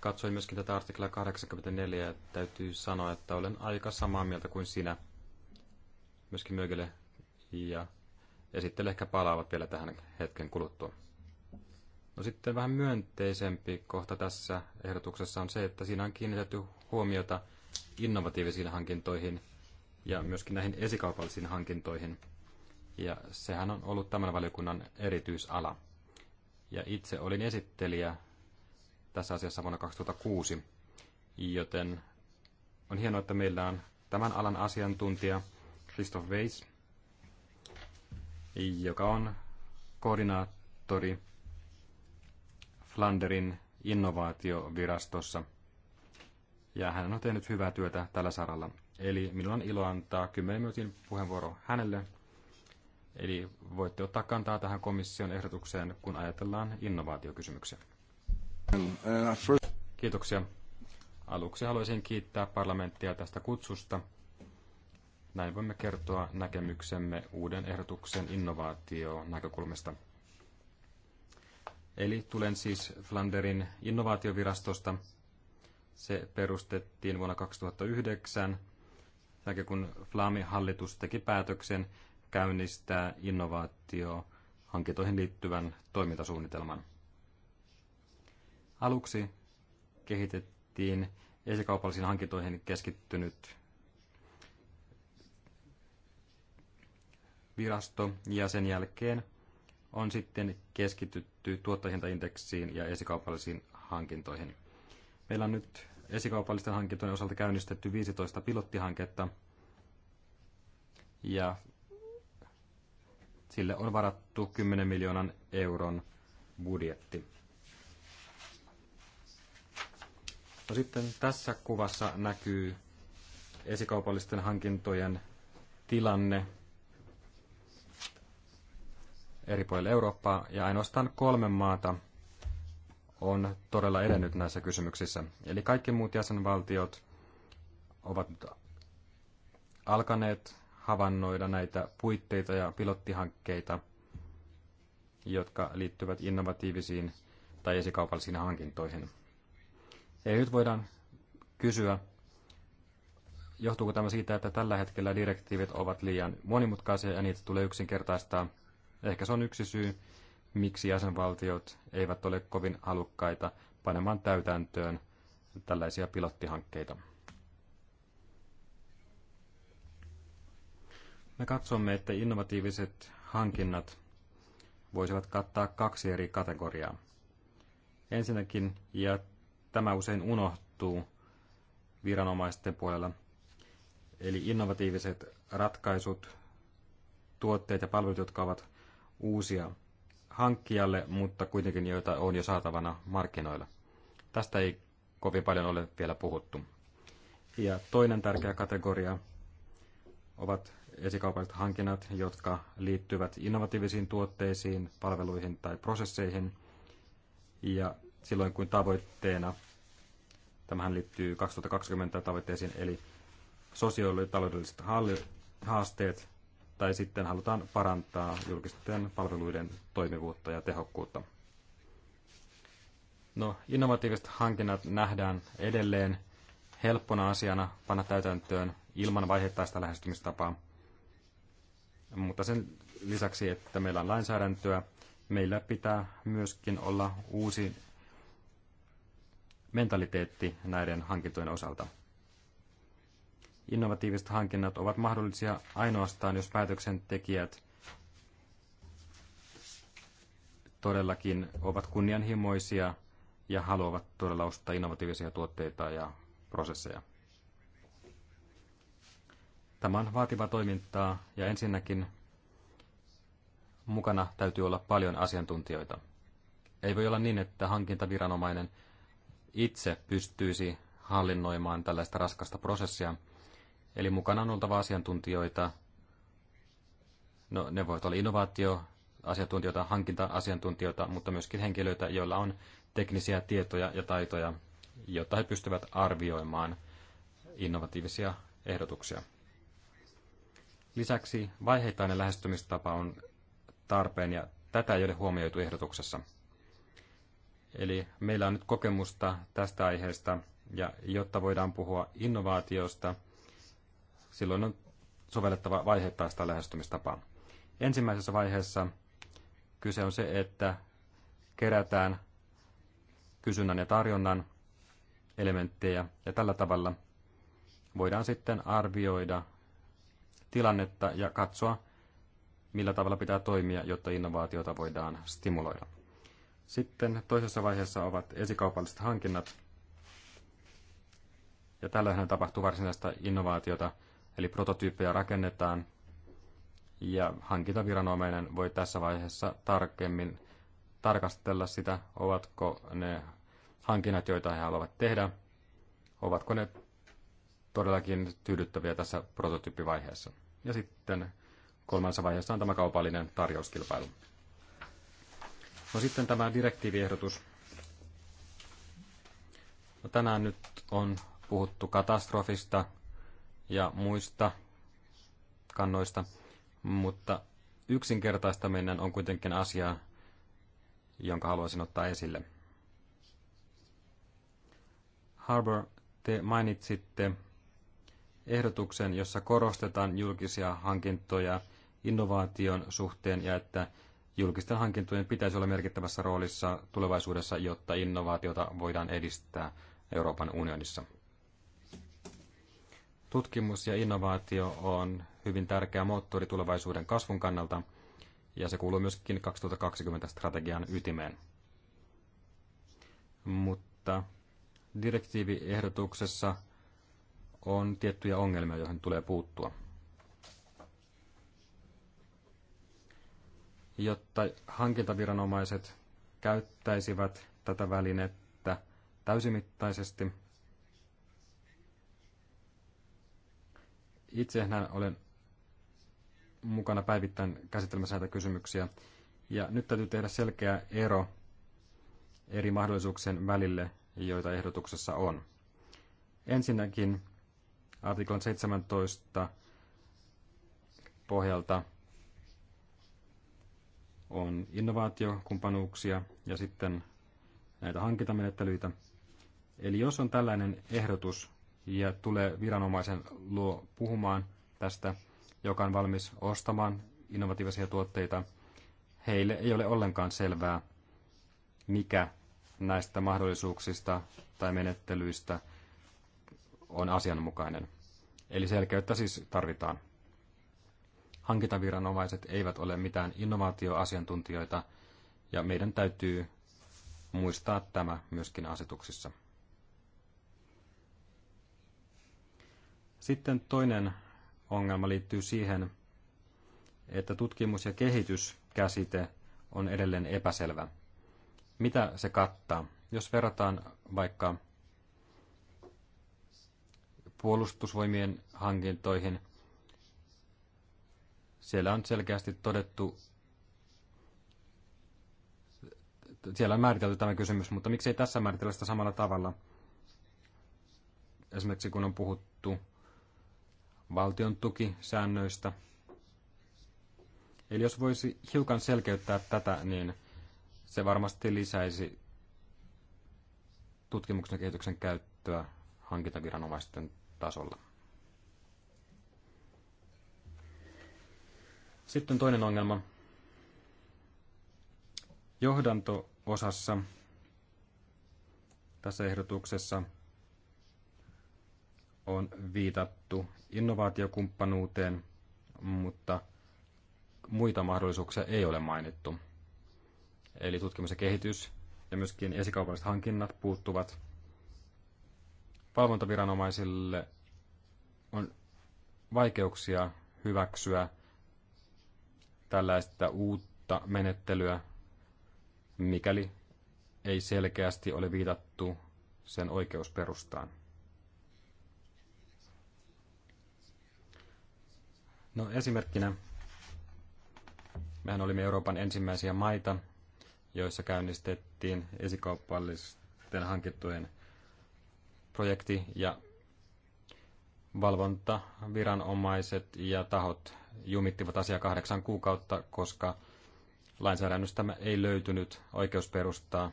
Katsoin myöskin tätä artiklaa 84 ja täytyy sanoa, että olen aika samaa mieltä kuin sinä, myöskin Mögele ja esittele ehkä palaavat vielä tähän hetken kuluttua. No sitten vähän myönteisempi kohta tässä ehdotuksessa on se, että siinä on kiinnitetty huomiota innovatiivisiin hankintoihin ja myöskin näihin esikaupallisiin hankintoihin – ja sehän on ollut tämän valiokunnan erityisala. Ja itse olin esittelijä tässä asiassa vuonna 2006, joten on hienoa, että meillä on tämän alan asiantuntija Christoph Weiss, joka on koordinaattori Flanderin innovaatiovirastossa. Ja hän on tehnyt hyvää työtä tällä saralla. Eli minulla on ilo antaa 10 minuutin puheenvuoro hänelle Eli voitte ottaa kantaa tähän komission ehdotukseen, kun ajatellaan innovaatiokysymyksiä. Kiitoksia. Aluksi haluaisin kiittää parlamenttia tästä kutsusta. Näin voimme kertoa näkemyksemme uuden ehdotuksen innovaationäkökulmasta. Eli tulen siis Flanderin innovaatiovirastosta. Se perustettiin vuonna 2009, sen kun Flaami-hallitus teki päätöksen, käynnistää innovaatiohankintoihin liittyvän toimintasuunnitelman. Aluksi kehitettiin esikaupallisiin hankintoihin keskittynyt virasto ja sen jälkeen on sitten keskitytty tuottajahintaindeksiin ja esikaupallisiin hankintoihin. Meillä on nyt esikaupallisten hankintojen osalta käynnistetty 15 pilottihanketta ja Sille on varattu 10 miljoonan euron budjetti. No sitten tässä kuvassa näkyy esikaupallisten hankintojen tilanne eri puolilla Eurooppaa, ja ainoastaan kolme maata on todella edennyt näissä kysymyksissä. Eli kaikki muut jäsenvaltiot ovat alkaneet havainnoida näitä puitteita ja pilottihankkeita, jotka liittyvät innovatiivisiin tai esikaupallisiin hankintoihin. Ei nyt voidaan kysyä, johtuuko tämä siitä, että tällä hetkellä direktiivit ovat liian monimutkaisia ja niitä tulee yksinkertaistaa. Ehkä se on yksi syy, miksi jäsenvaltiot eivät ole kovin halukkaita panemaan täytäntöön tällaisia pilottihankkeita. Me katsomme, että innovatiiviset hankinnat voisivat kattaa kaksi eri kategoriaa. Ensinnäkin, ja tämä usein unohtuu viranomaisten puolella, eli innovatiiviset ratkaisut, tuotteet ja palvelut, jotka ovat uusia hankkijalle, mutta kuitenkin joita on jo saatavana markkinoilla. Tästä ei kovin paljon ole vielä puhuttu. Ja toinen tärkeä kategoria ovat esikaupalliset hankinnat, jotka liittyvät innovatiivisiin tuotteisiin, palveluihin tai prosesseihin. Ja silloin kun tavoitteena, tämähän liittyy 2020 tavoitteisiin, eli sosiaalitaloudelliset haasteet, tai sitten halutaan parantaa julkisten palveluiden toimivuutta ja tehokkuutta. No, innovatiiviset hankinnat nähdään edelleen helppona asiana panna täytäntöön ilman vaiheittaista lähestymistapaa. Mutta sen lisäksi, että meillä on lainsäädäntöä, meillä pitää myöskin olla uusi mentaliteetti näiden hankintojen osalta. Innovatiiviset hankinnat ovat mahdollisia ainoastaan, jos päätöksentekijät todellakin ovat kunnianhimoisia ja haluavat todella ostaa innovatiivisia tuotteita ja prosesseja. Tämä on vaativaa toimintaa ja ensinnäkin mukana täytyy olla paljon asiantuntijoita. Ei voi olla niin, että hankintaviranomainen itse pystyisi hallinnoimaan tällaista raskasta prosessia. Eli mukana on oltava asiantuntijoita. No, ne voivat olla innovaatioasiantuntijoita, hankinta-asiantuntijoita, mutta myöskin henkilöitä, joilla on teknisiä tietoja ja taitoja, jotta he pystyvät arvioimaan innovatiivisia ehdotuksia. Lisäksi vaiheittainen lähestymistapa on tarpeen ja tätä ei ole huomioitu ehdotuksessa. Eli meillä on nyt kokemusta tästä aiheesta ja jotta voidaan puhua innovaatiosta, silloin on sovellettava vaiheittaista lähestymistapaa. Ensimmäisessä vaiheessa kyse on se, että kerätään kysynnän ja tarjonnan elementtejä ja tällä tavalla voidaan sitten arvioida tilannetta ja katsoa, millä tavalla pitää toimia, jotta innovaatiota voidaan stimuloida. Sitten toisessa vaiheessa ovat esikaupalliset hankinnat. Ja tällöinhän tapahtuu varsinaista innovaatiota, eli prototyyppejä rakennetaan. Ja hankintaviranomainen voi tässä vaiheessa tarkemmin tarkastella sitä, ovatko ne hankinnat, joita he haluavat tehdä, ovatko ne todellakin tyydyttäviä tässä prototyyppivaiheessa. Ja sitten kolmannessa vaiheessa on tämä kaupallinen tarjouskilpailu. No sitten tämä direktiiviehdotus. No tänään nyt on puhuttu katastrofista ja muista kannoista, mutta yksinkertaistaminen on kuitenkin asia, jonka haluaisin ottaa esille. Harbour, te mainitsitte ehdotuksen, jossa korostetaan julkisia hankintoja innovaation suhteen ja että julkisten hankintojen pitäisi olla merkittävässä roolissa tulevaisuudessa, jotta innovaatiota voidaan edistää Euroopan unionissa. Tutkimus ja innovaatio on hyvin tärkeä moottori tulevaisuuden kasvun kannalta, ja se kuuluu myöskin 2020-strategian ytimeen. Mutta direktiiviehdotuksessa on tiettyjä ongelmia, joihin tulee puuttua. Jotta hankintaviranomaiset käyttäisivät tätä välinettä täysimittaisesti, itsehän olen mukana päivittäin käsittelemässä näitä kysymyksiä. Ja nyt täytyy tehdä selkeä ero eri mahdollisuuksien välille, joita ehdotuksessa on. Ensinnäkin artiklan 17 pohjalta on innovaatiokumppanuuksia ja sitten näitä hankintamenettelyitä. Eli jos on tällainen ehdotus ja tulee viranomaisen luo puhumaan tästä, joka on valmis ostamaan innovatiivisia tuotteita, heille ei ole ollenkaan selvää, mikä näistä mahdollisuuksista tai menettelyistä – on asianmukainen. Eli selkeyttä siis tarvitaan. Hankintaviranomaiset eivät ole mitään innovaatioasiantuntijoita, ja meidän täytyy muistaa tämä myöskin asetuksissa. Sitten toinen ongelma liittyy siihen, että tutkimus- ja kehityskäsite on edelleen epäselvä. Mitä se kattaa? Jos verrataan vaikka puolustusvoimien hankintoihin. Siellä on selkeästi todettu, siellä on määritelty tämä kysymys, mutta miksei tässä määritellä sitä samalla tavalla? Esimerkiksi kun on puhuttu valtion tukisäännöistä. Eli jos voisi hiukan selkeyttää tätä, niin se varmasti lisäisi tutkimuksen ja kehityksen käyttöä hankintaviranomaisten tasolla. Sitten toinen ongelma. Johdanto-osassa tässä ehdotuksessa on viitattu innovaatiokumppanuuteen, mutta muita mahdollisuuksia ei ole mainittu. Eli tutkimus ja kehitys ja myöskin esikaupalliset hankinnat puuttuvat – valvontaviranomaisille on vaikeuksia hyväksyä tällaista uutta menettelyä, mikäli ei selkeästi ole viitattu sen oikeusperustaan. No esimerkkinä mehän olimme Euroopan ensimmäisiä maita, joissa käynnistettiin esikauppallisten hankittujen projekti ja valvonta viranomaiset ja tahot jumittivat asiaa kahdeksan kuukautta, koska lainsäädännöstä ei löytynyt oikeusperustaa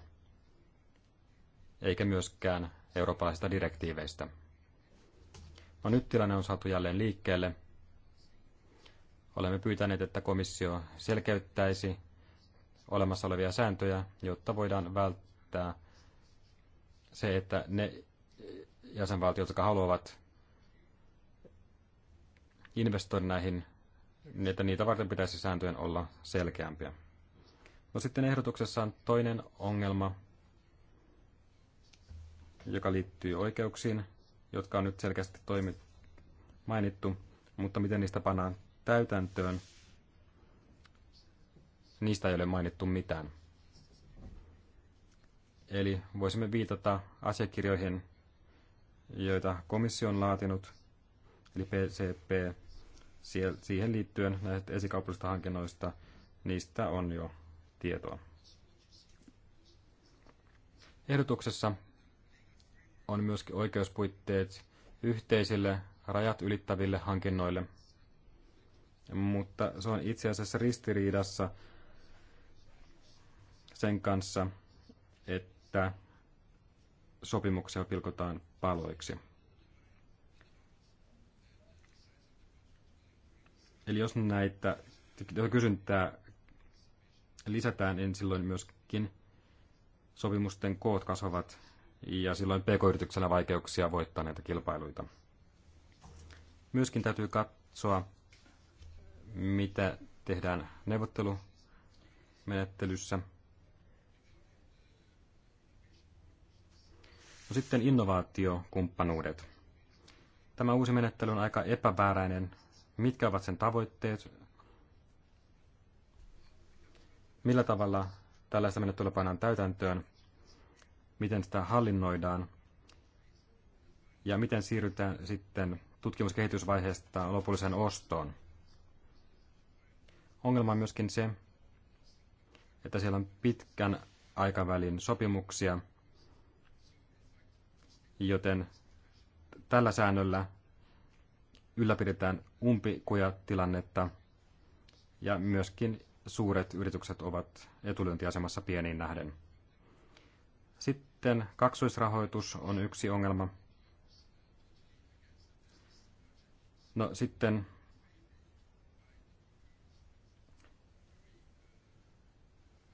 eikä myöskään eurooppalaisista direktiiveistä. No nyt tilanne on saatu jälleen liikkeelle. Olemme pyytäneet, että komissio selkeyttäisi olemassa olevia sääntöjä, jotta voidaan välttää se, että ne jäsenvaltiot, jotka haluavat investoida näihin, niin että niitä varten pitäisi sääntöjen olla selkeämpiä. No sitten ehdotuksessa on toinen ongelma, joka liittyy oikeuksiin, jotka on nyt selkeästi toimi, mainittu, mutta miten niistä pannaan täytäntöön, niistä ei ole mainittu mitään. Eli voisimme viitata asiakirjoihin, joita komissio on laatinut, eli PCP, siihen liittyen näistä esikaupallisista hankinnoista, niistä on jo tietoa. Ehdotuksessa on myöskin oikeuspuitteet yhteisille rajat ylittäville hankinnoille, mutta se on itse asiassa ristiriidassa sen kanssa, että sopimuksia pilkotaan paloiksi. Eli jos näitä jos kysyntää lisätään, niin silloin myöskin sopimusten koot kasvavat ja silloin pk-yrityksellä vaikeuksia voittaa näitä kilpailuita. Myöskin täytyy katsoa, mitä tehdään neuvottelumenettelyssä – No sitten innovaatiokumppanuudet. Tämä uusi menettely on aika epämääräinen. Mitkä ovat sen tavoitteet? Millä tavalla tällaista menettelyä pannaan täytäntöön? Miten sitä hallinnoidaan? Ja miten siirrytään sitten tutkimuskehitysvaiheesta lopulliseen ostoon? Ongelma on myöskin se, että siellä on pitkän aikavälin sopimuksia – joten tällä säännöllä ylläpidetään umpikujatilannetta ja myöskin suuret yritykset ovat etulyöntiasemassa pieniin nähden. Sitten kaksoisrahoitus on yksi ongelma. No sitten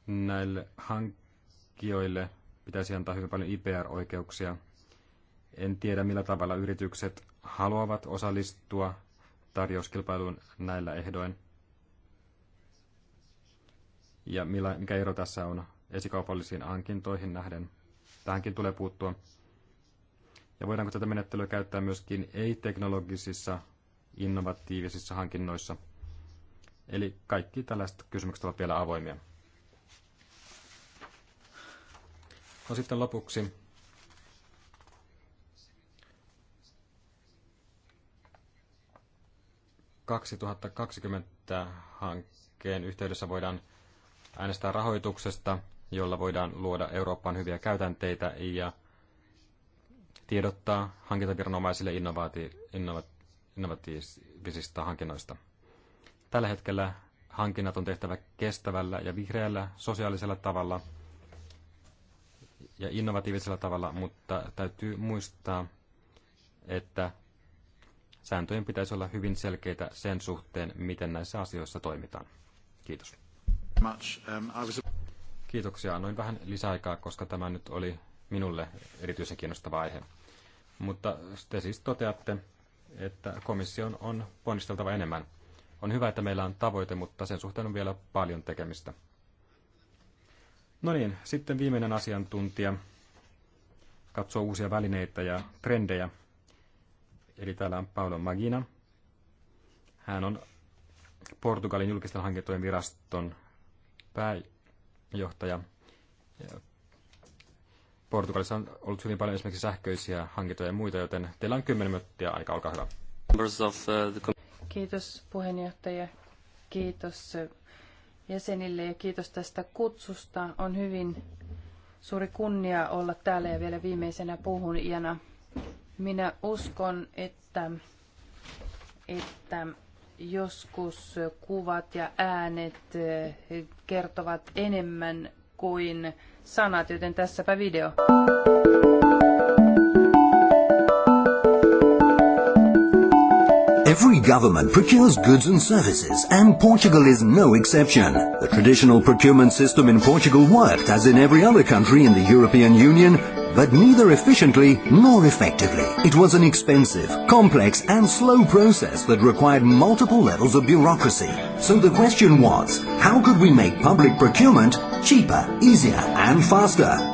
näille hankkijoille pitäisi antaa hyvin paljon IPR-oikeuksia. En tiedä, millä tavalla yritykset haluavat osallistua tarjouskilpailuun näillä ehdoin. Ja millä, mikä ero tässä on esikaupallisiin hankintoihin nähden. Tähänkin tulee puuttua. Ja voidaanko tätä menettelyä käyttää myöskin ei-teknologisissa innovatiivisissa hankinnoissa? Eli kaikki tällaiset kysymykset ovat vielä avoimia. No sitten lopuksi 2020 hankkeen yhteydessä voidaan äänestää rahoituksesta, jolla voidaan luoda Eurooppaan hyviä käytänteitä ja tiedottaa hankintaviranomaisille innovati- innovatiivisista hankinnoista. Tällä hetkellä hankinnat on tehtävä kestävällä ja vihreällä sosiaalisella tavalla ja innovatiivisella tavalla, mutta täytyy muistaa, että sääntöjen pitäisi olla hyvin selkeitä sen suhteen, miten näissä asioissa toimitaan. Kiitos. Um, Kiitoksia. Annoin vähän lisäaikaa, koska tämä nyt oli minulle erityisen kiinnostava aihe. Mutta te siis toteatte, että komission on ponnisteltava enemmän. On hyvä, että meillä on tavoite, mutta sen suhteen on vielä paljon tekemistä. No niin, sitten viimeinen asiantuntija katsoo uusia välineitä ja trendejä. Eli täällä on Paolo Magina. Hän on Portugalin julkisten hankintojen viraston pääjohtaja. Portugalissa on ollut hyvin paljon esimerkiksi sähköisiä hankintoja ja muita, joten teillä on 10 minuuttia aika, olkaa hyvä. Uh, kiitos puheenjohtaja, kiitos uh, jäsenille ja kiitos tästä kutsusta. On hyvin suuri kunnia olla täällä ja vielä viimeisenä puhujana. Minä uskon, että, että joskus kuvat ja äänet eh, kertovat enemmän kuin sanat, joten tässäpä video. Every government procures goods and services, and Portugal is no exception. The traditional procurement system in Portugal worked, as in every other country in the European Union, but neither efficiently nor effectively. It was an expensive, complex and slow process that required multiple levels of bureaucracy. So the question was, how could we make public procurement cheaper, easier and faster?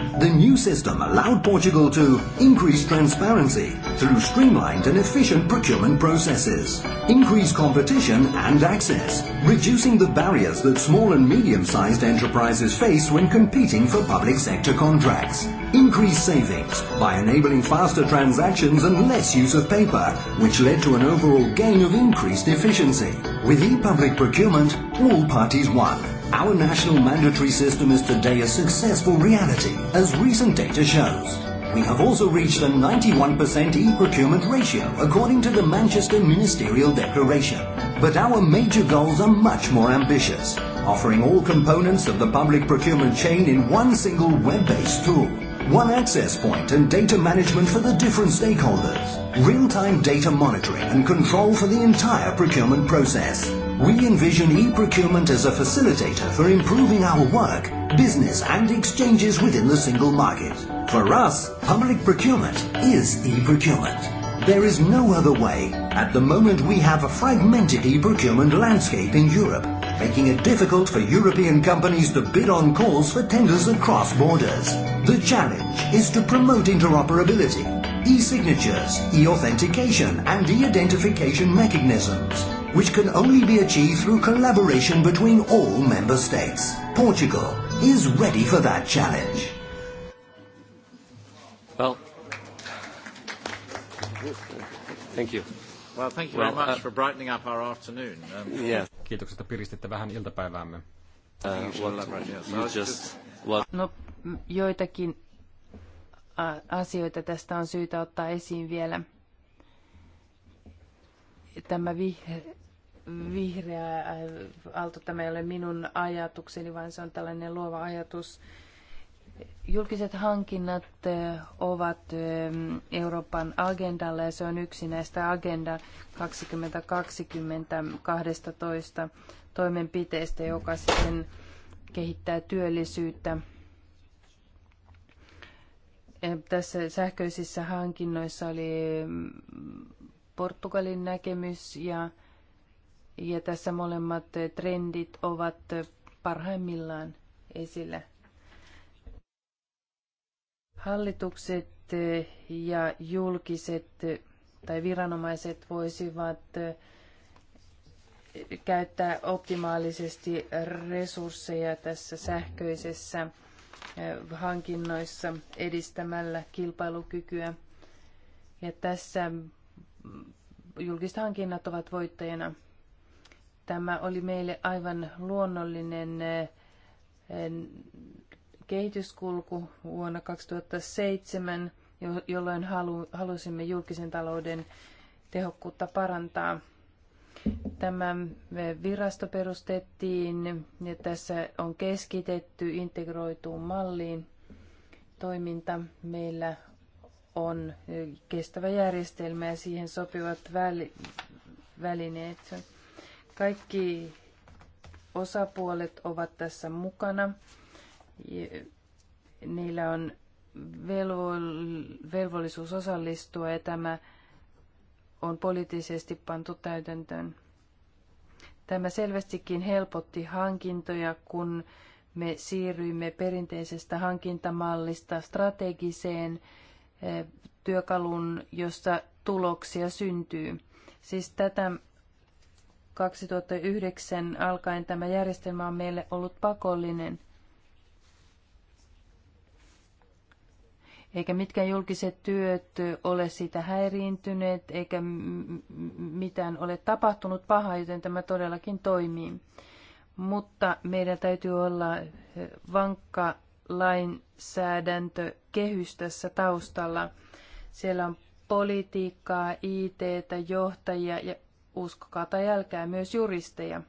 The new system allowed Portugal to increase transparency through streamlined and efficient procurement processes, increase competition and access, reducing the barriers that small and medium-sized enterprises face when competing for public sector contracts, increase savings by enabling faster transactions and less use of paper, which led to an overall gain of increased efficiency. With e-public procurement, all parties won. Our national mandatory system is today a successful reality, as recent data shows. We have also reached a 91% e-procurement ratio according to the Manchester Ministerial Declaration. But our major goals are much more ambitious, offering all components of the public procurement chain in one single web-based tool. One access point and data management for the different stakeholders. Real-time data monitoring and control for the entire procurement process. We envision e-procurement as a facilitator for improving our work, business and exchanges within the single market. For us, public procurement is e-procurement. There is no other way. At the moment we have a fragmented e-procurement landscape in Europe, making it difficult for European companies to bid on calls for tenders across borders. The challenge is to promote interoperability, e-signatures, e-authentication and e-identification mechanisms which can only be achieved through collaboration between all member states. Portugal is ready for that challenge. Well, thank you. Well, thank you very much uh, for brightening up our afternoon. Um, yeah. Kiitokset, että piristitte vähän iltapäiväämme. Uh, what, you just, what? No, joitakin asioita tästä on syytä ottaa esiin vielä. Tämä vihreä vihreä äh, aalto. Tämä ei ole minun ajatukseni, vaan se on tällainen luova ajatus. Julkiset hankinnat äh, ovat ähm, Euroopan agendalla ja se on yksi näistä Agenda 2020 12 toimenpiteistä, joka sitten kehittää työllisyyttä. Äh, tässä sähköisissä hankinnoissa oli mm, Portugalin näkemys ja ja tässä molemmat trendit ovat parhaimmillaan esillä. Hallitukset ja julkiset tai viranomaiset voisivat käyttää optimaalisesti resursseja tässä sähköisessä hankinnoissa edistämällä kilpailukykyä. Ja tässä julkiset hankinnat ovat voittajana. Tämä oli meille aivan luonnollinen eh, kehityskulku vuonna 2007, jolloin halu, halusimme julkisen talouden tehokkuutta parantaa. Tämä eh, virasto perustettiin ja tässä on keskitetty integroituun malliin toiminta. Meillä on eh, kestävä järjestelmä ja siihen sopivat välineet. Kaikki osapuolet ovat tässä mukana. Niillä on velvollisuus osallistua ja tämä on poliittisesti pantu täytäntöön. Tämä selvästikin helpotti hankintoja, kun me siirryimme perinteisestä hankintamallista strategiseen eh, työkalun, jossa tuloksia syntyy. Siis tätä 2009 alkaen tämä järjestelmä on meille ollut pakollinen. Eikä mitkään julkiset työt ole siitä häiriintyneet, eikä mitään ole tapahtunut pahaa, joten tämä todellakin toimii. Mutta meidän täytyy olla eh, vankka lainsäädäntökehys tässä taustalla. Siellä on politiikkaa, ITtä, johtajia ja uskokaa tai älkää myös juristeja.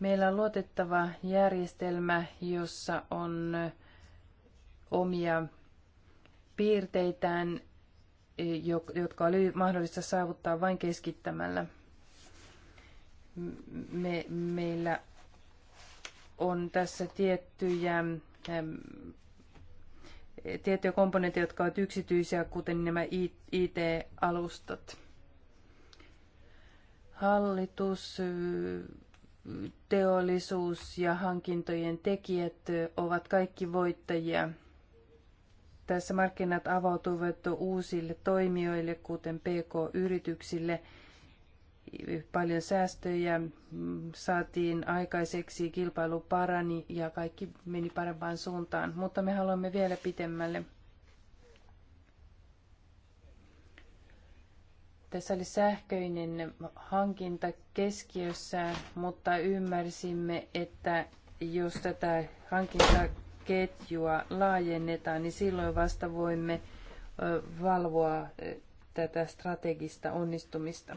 Meillä on luotettava järjestelmä, jossa on omia piirteitään, jotka oli mahdollista saavuttaa vain keskittämällä. Me, meillä on tässä tiettyjä, tiettyjä komponentteja, jotka ovat yksityisiä, kuten nämä IT-alustat. Hallitus, teollisuus ja hankintojen tekijät ovat kaikki voittajia. Tässä markkinat avautuvat uusille toimijoille, kuten PK-yrityksille. Paljon säästöjä saatiin aikaiseksi, kilpailu parani ja kaikki meni parempaan suuntaan, mutta me haluamme vielä pitemmälle – Tässä oli sähköinen hankinta keskiössä, mutta ymmärsimme, että jos tätä hankintaketjua laajennetaan, niin silloin vasta voimme valvoa tätä strategista onnistumista.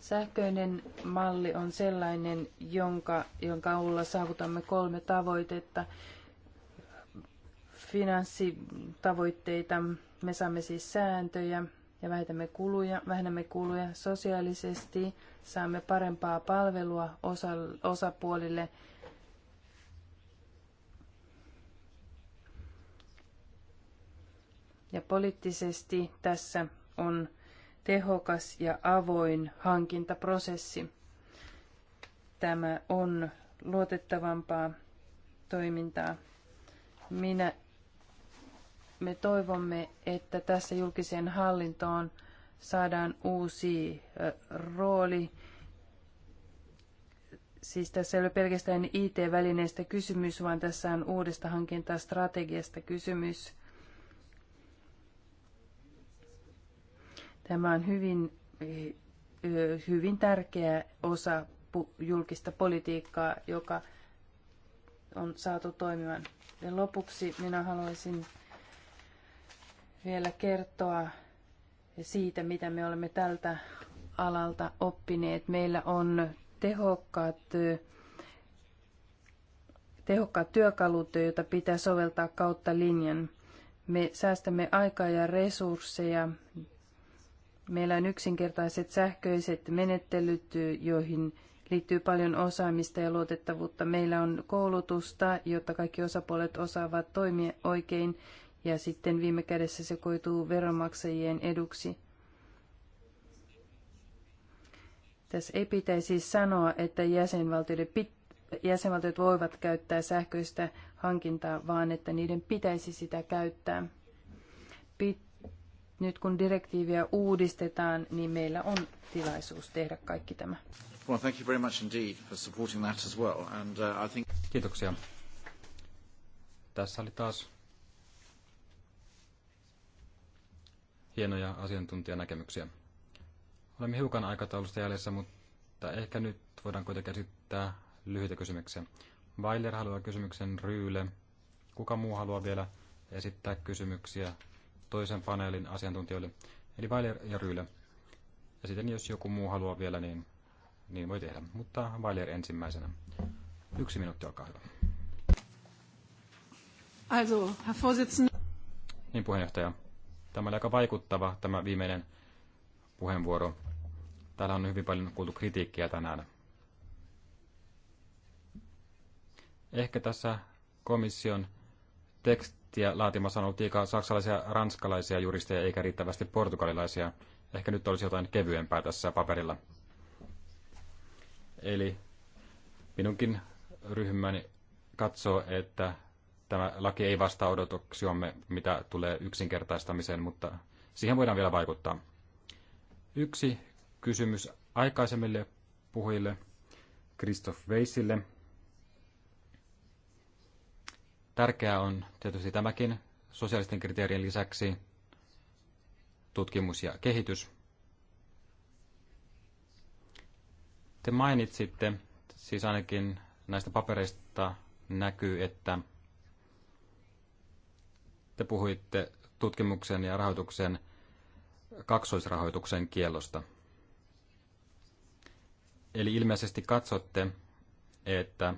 Sähköinen malli on sellainen, jonka, jonka avulla saavutamme kolme tavoitetta finanssitavoitteita. Me saamme siis sääntöjä ja vähennämme kuluja, vähennämme kuluja sosiaalisesti, saamme parempaa palvelua osa, osapuolille. Ja poliittisesti tässä on tehokas ja avoin hankintaprosessi. Tämä on luotettavampaa toimintaa. Minä me toivomme, että tässä julkiseen hallintoon saadaan uusi rooli. Siis tässä ei ole pelkästään it välineistä kysymys, vaan tässä on uudesta hankintastrategiasta kysymys. Tämä on hyvin, hyvin tärkeä osa julkista politiikkaa, joka on saatu toimimaan. Ja lopuksi minä haluaisin vielä kertoa siitä, mitä me olemme tältä alalta oppineet. Meillä on tehokkaat, tehokkaat työkalut, joita pitää soveltaa kautta linjan. Me säästämme aikaa ja resursseja. Meillä on yksinkertaiset sähköiset menettelyt, joihin liittyy paljon osaamista ja luotettavuutta. Meillä on koulutusta, jotta kaikki osapuolet osaavat toimia oikein ja sitten viime kädessä se koituu veronmaksajien eduksi. Tässä ei pitäisi sanoa, että jäsenvaltioiden pit, jäsenvaltiot voivat käyttää sähköistä hankintaa, vaan että niiden pitäisi sitä käyttää. Pit, nyt kun direktiiviä uudistetaan, niin meillä on tilaisuus tehdä kaikki tämä. Uh, Kiitoksia. Tässä oli taas hienoja asiantuntijanäkemyksiä. Olemme hiukan aikataulusta jäljessä, mutta ehkä nyt voidaan kuitenkin esittää lyhyitä kysymyksiä. Weiler haluaa kysymyksen Ryyle. Kuka muu haluaa vielä esittää kysymyksiä toisen paneelin asiantuntijoille? Eli Weiler ja Ryyle. Ja sitten jos joku muu haluaa vielä, niin, niin voi tehdä. Mutta Weiler ensimmäisenä. Yksi minuutti, olkaa hyvä. Also, Herr Vorsitzende. Niin, puheenjohtaja. Tämä oli aika vaikuttava tämä viimeinen puheenvuoro. Täällä on hyvin paljon kuultu kritiikkiä tänään. Ehkä tässä komission tekstiä laatimassa on ollut liikaa saksalaisia ja ranskalaisia juristeja eikä riittävästi portugalilaisia. Ehkä nyt olisi jotain kevyempää tässä paperilla. Eli minunkin ryhmäni katsoo, että Tämä laki ei vastaa odotuksiamme, mitä tulee yksinkertaistamiseen, mutta siihen voidaan vielä vaikuttaa. Yksi kysymys aikaisemmille puhujille, Kristoff Weissille. Tärkeää on tietysti tämäkin sosiaalisten kriteerien lisäksi tutkimus ja kehitys. Te mainitsitte, siis ainakin näistä papereista näkyy, että te puhuitte tutkimuksen ja rahoituksen kaksoisrahoituksen kielosta, Eli ilmeisesti katsotte, että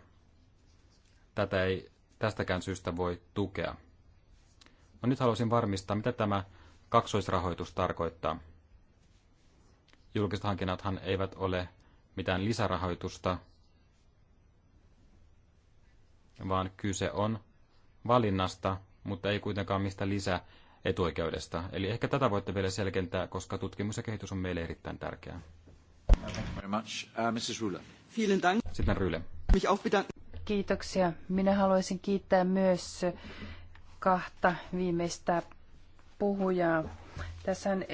tätä ei tästäkään syystä voi tukea. No nyt haluaisin varmistaa, mitä tämä kaksoisrahoitus tarkoittaa. Julkiset hankinnathan eivät ole mitään lisärahoitusta, vaan kyse on valinnasta, mutta ei kuitenkaan mistä lisää etuoikeudesta. Eli ehkä tätä voitte vielä selkentää, koska tutkimus ja kehitys on meille erittäin tärkeää. Uh, Sitten Ryle. Kiitoksia. Minä haluaisin kiittää myös kahta viimeistä puhujaa. Tässä on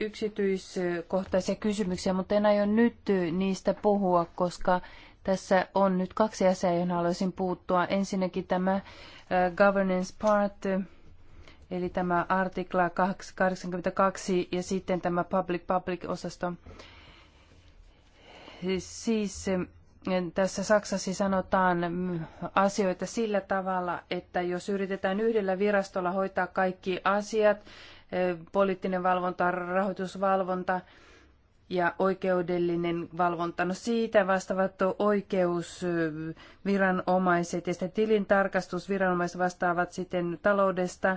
yksityiskohtaisia kysymyksiä, mutta en aio nyt niistä puhua, koska tässä on nyt kaksi asiaa, joihin haluaisin puuttua. Ensinnäkin tämä governance part, eli tämä artikla 82 ja sitten tämä public-public-osasto. Siis tässä Saksassa sanotaan asioita sillä tavalla, että jos yritetään yhdellä virastolla hoitaa kaikki asiat, poliittinen valvonta, rahoitusvalvonta, ja oikeudellinen valvonta. No siitä vastaavat oikeusviranomaiset ja sitten tilintarkastusviranomaiset vastaavat sitten taloudesta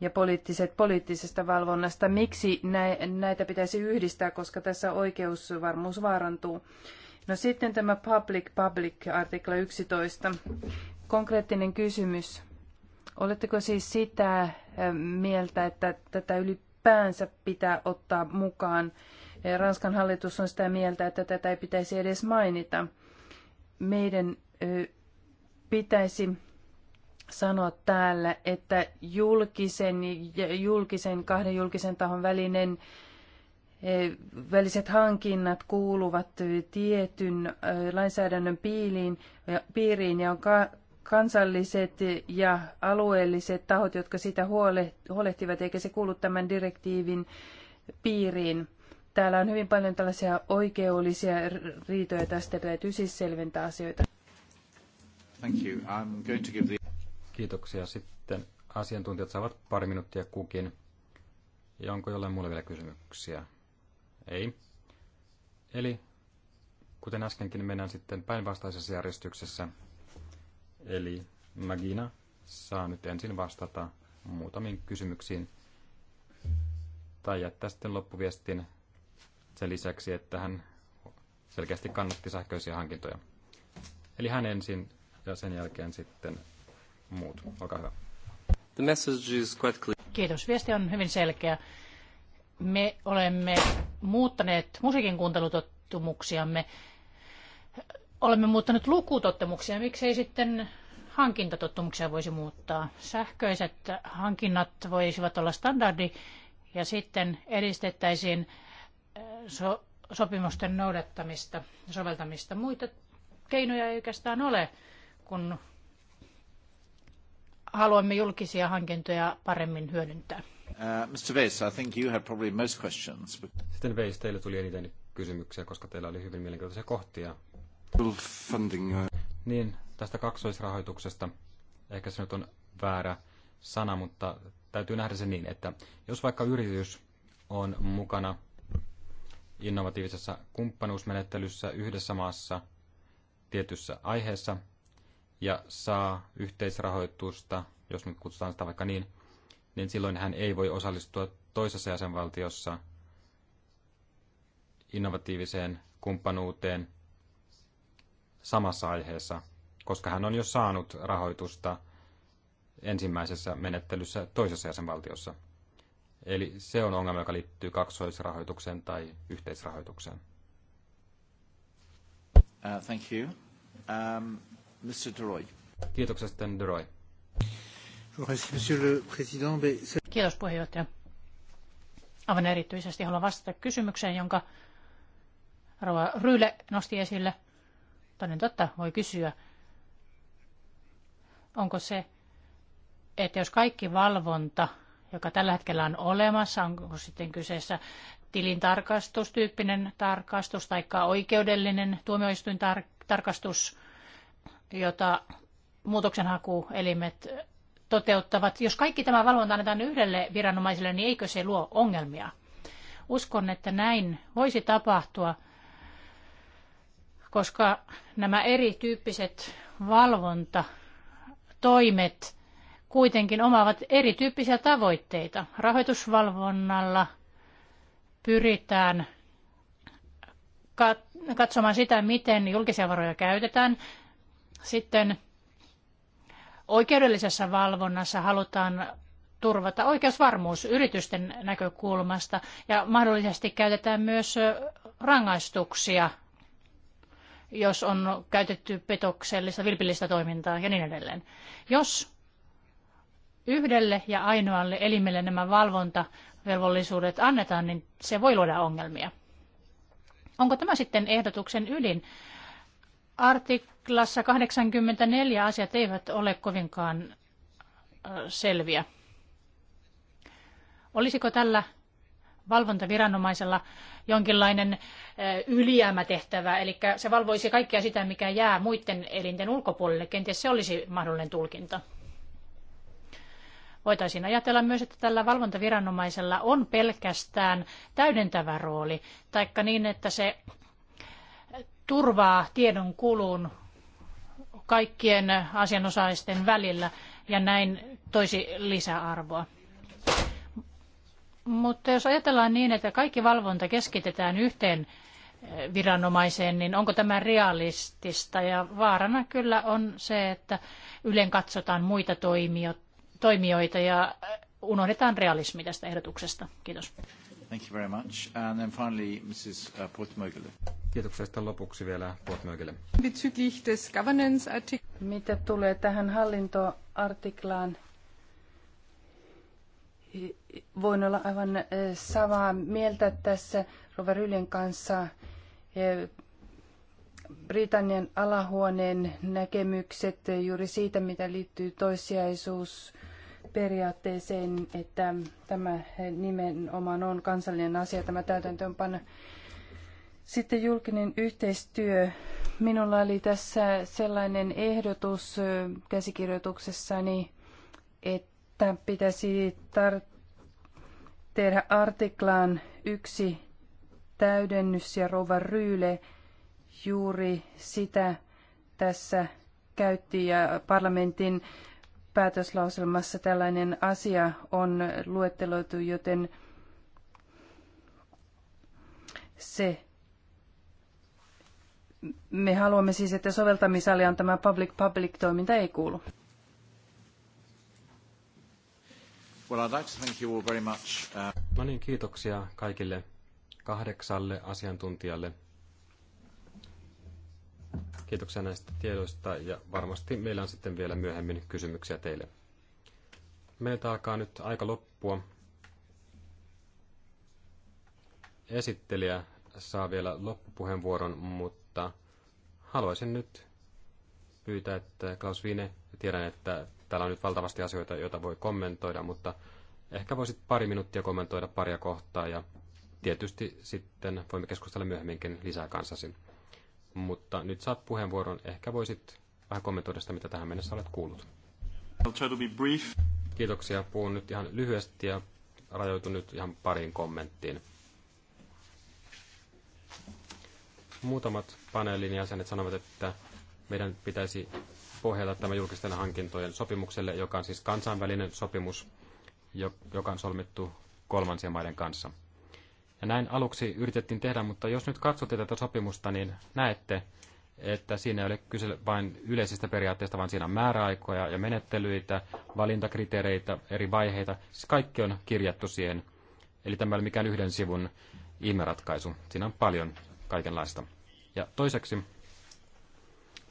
ja poliittiset poliittisesta valvonnasta. Miksi näitä pitäisi yhdistää, koska tässä oikeusvarmuus vaarantuu? No sitten tämä public public artikla 11. Konkreettinen kysymys. Oletteko siis sitä eh, mieltä, että tätä ylipäänsä pitää ottaa mukaan? Ranskan hallitus on sitä mieltä, että tätä ei pitäisi edes mainita. Meidän pitäisi sanoa täällä, että julkisen, julkisen kahden julkisen tahon välinen väliset hankinnat kuuluvat tietyn lainsäädännön piiriin, piiriin ja on kansalliset ja alueelliset tahot, jotka sitä huolehtivat, eikä se kuulu tämän direktiivin piiriin. Täällä on hyvin paljon tällaisia oikeudellisia riitoja, tästä täytyy siis selventää asioita. Thank you. I'm going to give the... Kiitoksia. Sitten asiantuntijat saavat pari minuuttia kukin. Ja onko jollain muulla vielä kysymyksiä? Ei. Eli kuten äskenkin mennään sitten päinvastaisessa järjestyksessä. Eli Magina saa nyt ensin vastata muutamiin kysymyksiin tai jättää sitten loppuviestin sen lisäksi, että hän selkeästi kannatti sähköisiä hankintoja. Eli hän ensin ja sen jälkeen sitten muut. Olkaa hyvä. The message is quite clear. Kiitos. Viesti on hyvin selkeä. Me olemme muuttaneet musiikin kuuntelutottumuksiamme. Olemme muuttaneet lukutottumuksia. Miksei sitten hankintatottumuksia voisi muuttaa? Sähköiset hankinnat voisivat olla standardi ja sitten edistettäisiin so- sopimusten noudattamista ja soveltamista. Muita keinoja ei oikeastaan ole, kun haluamme julkisia hankintoja paremmin hyödyntää. Uh, Mr. Weiss, I think you probably most questions. But... Sitten Weiss, teille tuli eniten kysymyksiä, koska teillä oli hyvin mielenkiintoisia kohtia. Funding. Uh. Niin, tästä kaksoisrahoituksesta. Ehkä se nyt on väärä sana, mutta täytyy nähdä se niin, että jos vaikka yritys on mukana innovatiivisessa kumppanuusmenettelyssä yhdessä maassa tietyssä aiheessa ja saa yhteisrahoitusta, jos nyt kutsutaan sitä vaikka niin, niin silloin hän ei voi osallistua toisessa jäsenvaltiossa innovatiiviseen kumppanuuteen samassa aiheessa, koska hän on jo saanut rahoitusta ensimmäisessä menettelyssä toisessa jäsenvaltiossa. Eli se on ongelma, joka liittyy kaksoisrahoitukseen tai yhteisrahoitukseen. Uh, thank you. Um, Mr. DeRoy. Kiitoksia sitten DeRoy. Kiitos puheenjohtaja. Aivan erityisesti haluan vastata kysymykseen, jonka Rova Ryle nosti esille. Toinen totta, voi kysyä, onko se, että jos kaikki valvonta – joka tällä hetkellä on olemassa, onko sitten kyseessä tilintarkastustyyppinen tarkastus tai oikeudellinen tarkastus, jota muutoksenhakuelimet toteuttavat. Jos kaikki tämä valvonta annetaan yhdelle viranomaiselle, niin eikö se luo ongelmia? Uskon, että näin voisi tapahtua, koska nämä erityyppiset valvontatoimet kuitenkin omaavat erityyppisiä tavoitteita. Rahoitusvalvonnalla pyritään katsomaan sitä, miten julkisia varoja käytetään. Sitten oikeudellisessa valvonnassa halutaan turvata oikeusvarmuus yritysten näkökulmasta ja mahdollisesti käytetään myös rangaistuksia, jos on käytetty petoksellista, vilpillistä toimintaa ja niin edelleen. Jos yhdelle ja ainoalle elimelle nämä valvontavelvollisuudet annetaan, niin se voi luoda ongelmia. Onko tämä sitten ehdotuksen ydin? Artiklassa 84 asiat eivät ole kovinkaan selviä. Olisiko tällä valvontaviranomaisella jonkinlainen ylijäämätehtävä, eli se valvoisi kaikkea sitä, mikä jää muiden elinten ulkopuolelle. Kenties se olisi mahdollinen tulkinta. Voitaisiin ajatella myös, että tällä valvontaviranomaisella on pelkästään täydentävä rooli, taikka niin, että se turvaa tiedon kulun kaikkien asianosaisten välillä ja näin toisi lisäarvoa. Mutta jos ajatellaan niin, että kaikki valvonta keskitetään yhteen eh, viranomaiseen, niin onko tämä realistista? Ja vaarana kyllä on se, että ylen katsotaan muita toimijoita toimijoita ja unohdetaan realismi tästä ehdotuksesta. Kiitos. Thank you very much. And then finally, Mrs. Uh, Portmögele. Kiitoksia sitten lopuksi vielä Portmögele. Mitä tulee tähän hallintoartiklaan, voin olla aivan eh, samaa mieltä tässä Roverylin kanssa. Eh, Britannian alahuoneen näkemykset eh, juuri siitä, mitä liittyy toissijaisuus periaatteeseen, että tämä nimenomaan on kansallinen asia, tämä täytäntöönpano. Sitten julkinen yhteistyö. Minulla oli tässä sellainen ehdotus käsikirjoituksessani, että pitäisi tar- tehdä artiklaan yksi täydennys ja Rova Ryyle juuri sitä tässä käytti ja parlamentin päätöslauselmassa tällainen asia on luetteloitu, joten se me haluamme siis, että soveltamisalian tämä public-public-toiminta ei kuulu. Well, I'd like to thank you all very much. Uh, no niin, kiitoksia kaikille kahdeksalle asiantuntijalle Kiitoksia näistä tiedoista ja varmasti meillä on sitten vielä myöhemmin kysymyksiä teille. Meiltä alkaa nyt aika loppua. Esittelijä saa vielä loppupuheenvuoron, mutta haluaisin nyt pyytää, että Klaus Viine, tiedän, että täällä on nyt valtavasti asioita, joita voi kommentoida, mutta ehkä voisit pari minuuttia kommentoida paria kohtaa ja tietysti sitten voimme keskustella myöhemminkin lisää kanssasi mutta nyt saat puheenvuoron. Ehkä voisit vähän kommentoida sitä, mitä tähän mennessä olet kuullut. I'll try to be brief. Kiitoksia. Puhun nyt ihan lyhyesti ja rajoitun nyt ihan pariin kommenttiin. Muutamat paneelin jäsenet sanovat, että meidän pitäisi pohjata tämä julkisten hankintojen sopimukselle, joka on siis kansainvälinen sopimus, joka on solmittu kolmansien maiden kanssa – ja näin aluksi yritettiin tehdä, mutta jos nyt katsotte tätä sopimusta, niin näette, että siinä ei ole kyse vain yleisistä periaatteista, vaan siinä on määräaikoja ja menettelyitä, valintakriteereitä, eri vaiheita. Siis kaikki on kirjattu siihen. Eli tämä ei ole mikään yhden sivun ihmeratkaisu. Siinä on paljon kaikenlaista. Ja toiseksi,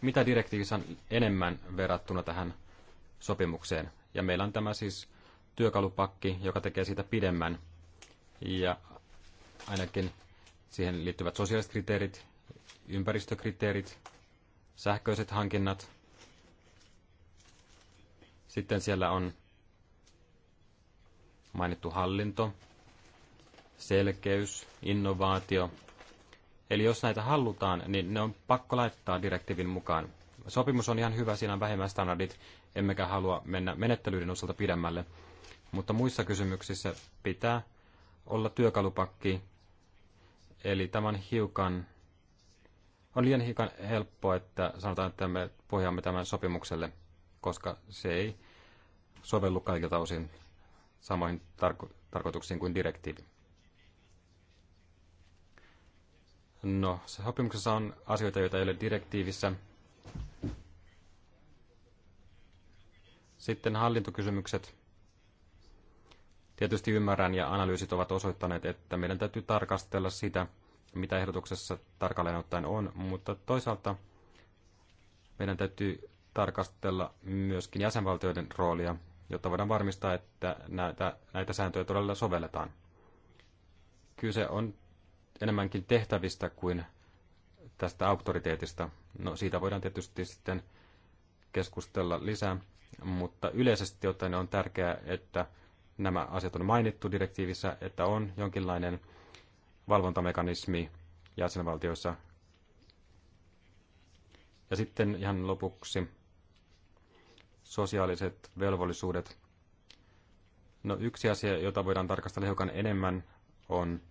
mitä direktiivissä on enemmän verrattuna tähän sopimukseen? Ja meillä on tämä siis työkalupakki, joka tekee siitä pidemmän. Ja ainakin siihen liittyvät sosiaaliset kriteerit, ympäristökriteerit, sähköiset hankinnat. Sitten siellä on mainittu hallinto, selkeys, innovaatio. Eli jos näitä halutaan, niin ne on pakko laittaa direktiivin mukaan. Sopimus on ihan hyvä, siinä on vähemmän standardit, emmekä halua mennä menettelyiden osalta pidemmälle. Mutta muissa kysymyksissä pitää olla työkalupakki, Eli tämä on hiukan, on liian hiukan helppo, että sanotaan, että me pohjaamme tämän sopimukselle, koska se ei sovellu kaikilta osin samoihin tarko- tarkoituksiin kuin direktiivi. No, sopimuksessa on asioita, joita ei ole direktiivissä. Sitten hallintokysymykset. Tietysti ymmärrän ja analyysit ovat osoittaneet, että meidän täytyy tarkastella sitä, mitä ehdotuksessa tarkalleen ottaen on, mutta toisaalta meidän täytyy tarkastella myöskin jäsenvaltioiden roolia, jotta voidaan varmistaa, että näitä, näitä sääntöjä todella sovelletaan. Kyse on enemmänkin tehtävistä kuin tästä auktoriteetista. No siitä voidaan tietysti sitten keskustella lisää, mutta yleisesti ottaen on tärkeää, että nämä asiat on mainittu direktiivissä, että on jonkinlainen valvontamekanismi jäsenvaltioissa. Ja sitten ihan lopuksi sosiaaliset velvollisuudet. No yksi asia, jota voidaan tarkastella hiukan enemmän, on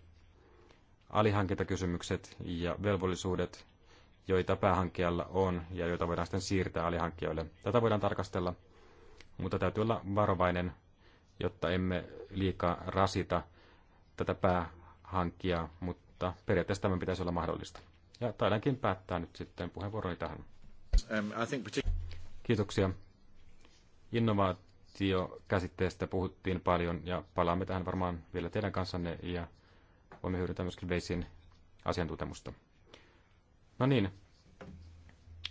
alihankintakysymykset ja velvollisuudet, joita päähankkijalla on ja joita voidaan sitten siirtää alihankkijoille. Tätä voidaan tarkastella, mutta täytyy olla varovainen, jotta emme liikaa rasita tätä päähankkia, mutta periaatteessa tämän pitäisi olla mahdollista. Ja taidankin päättää nyt sitten puheenvuoroni tähän. Um, Kiitoksia. Innovaatiokäsitteestä puhuttiin paljon ja palaamme tähän varmaan vielä teidän kanssanne ja voimme hyödyntää myöskin Veisin asiantuntemusta. No niin,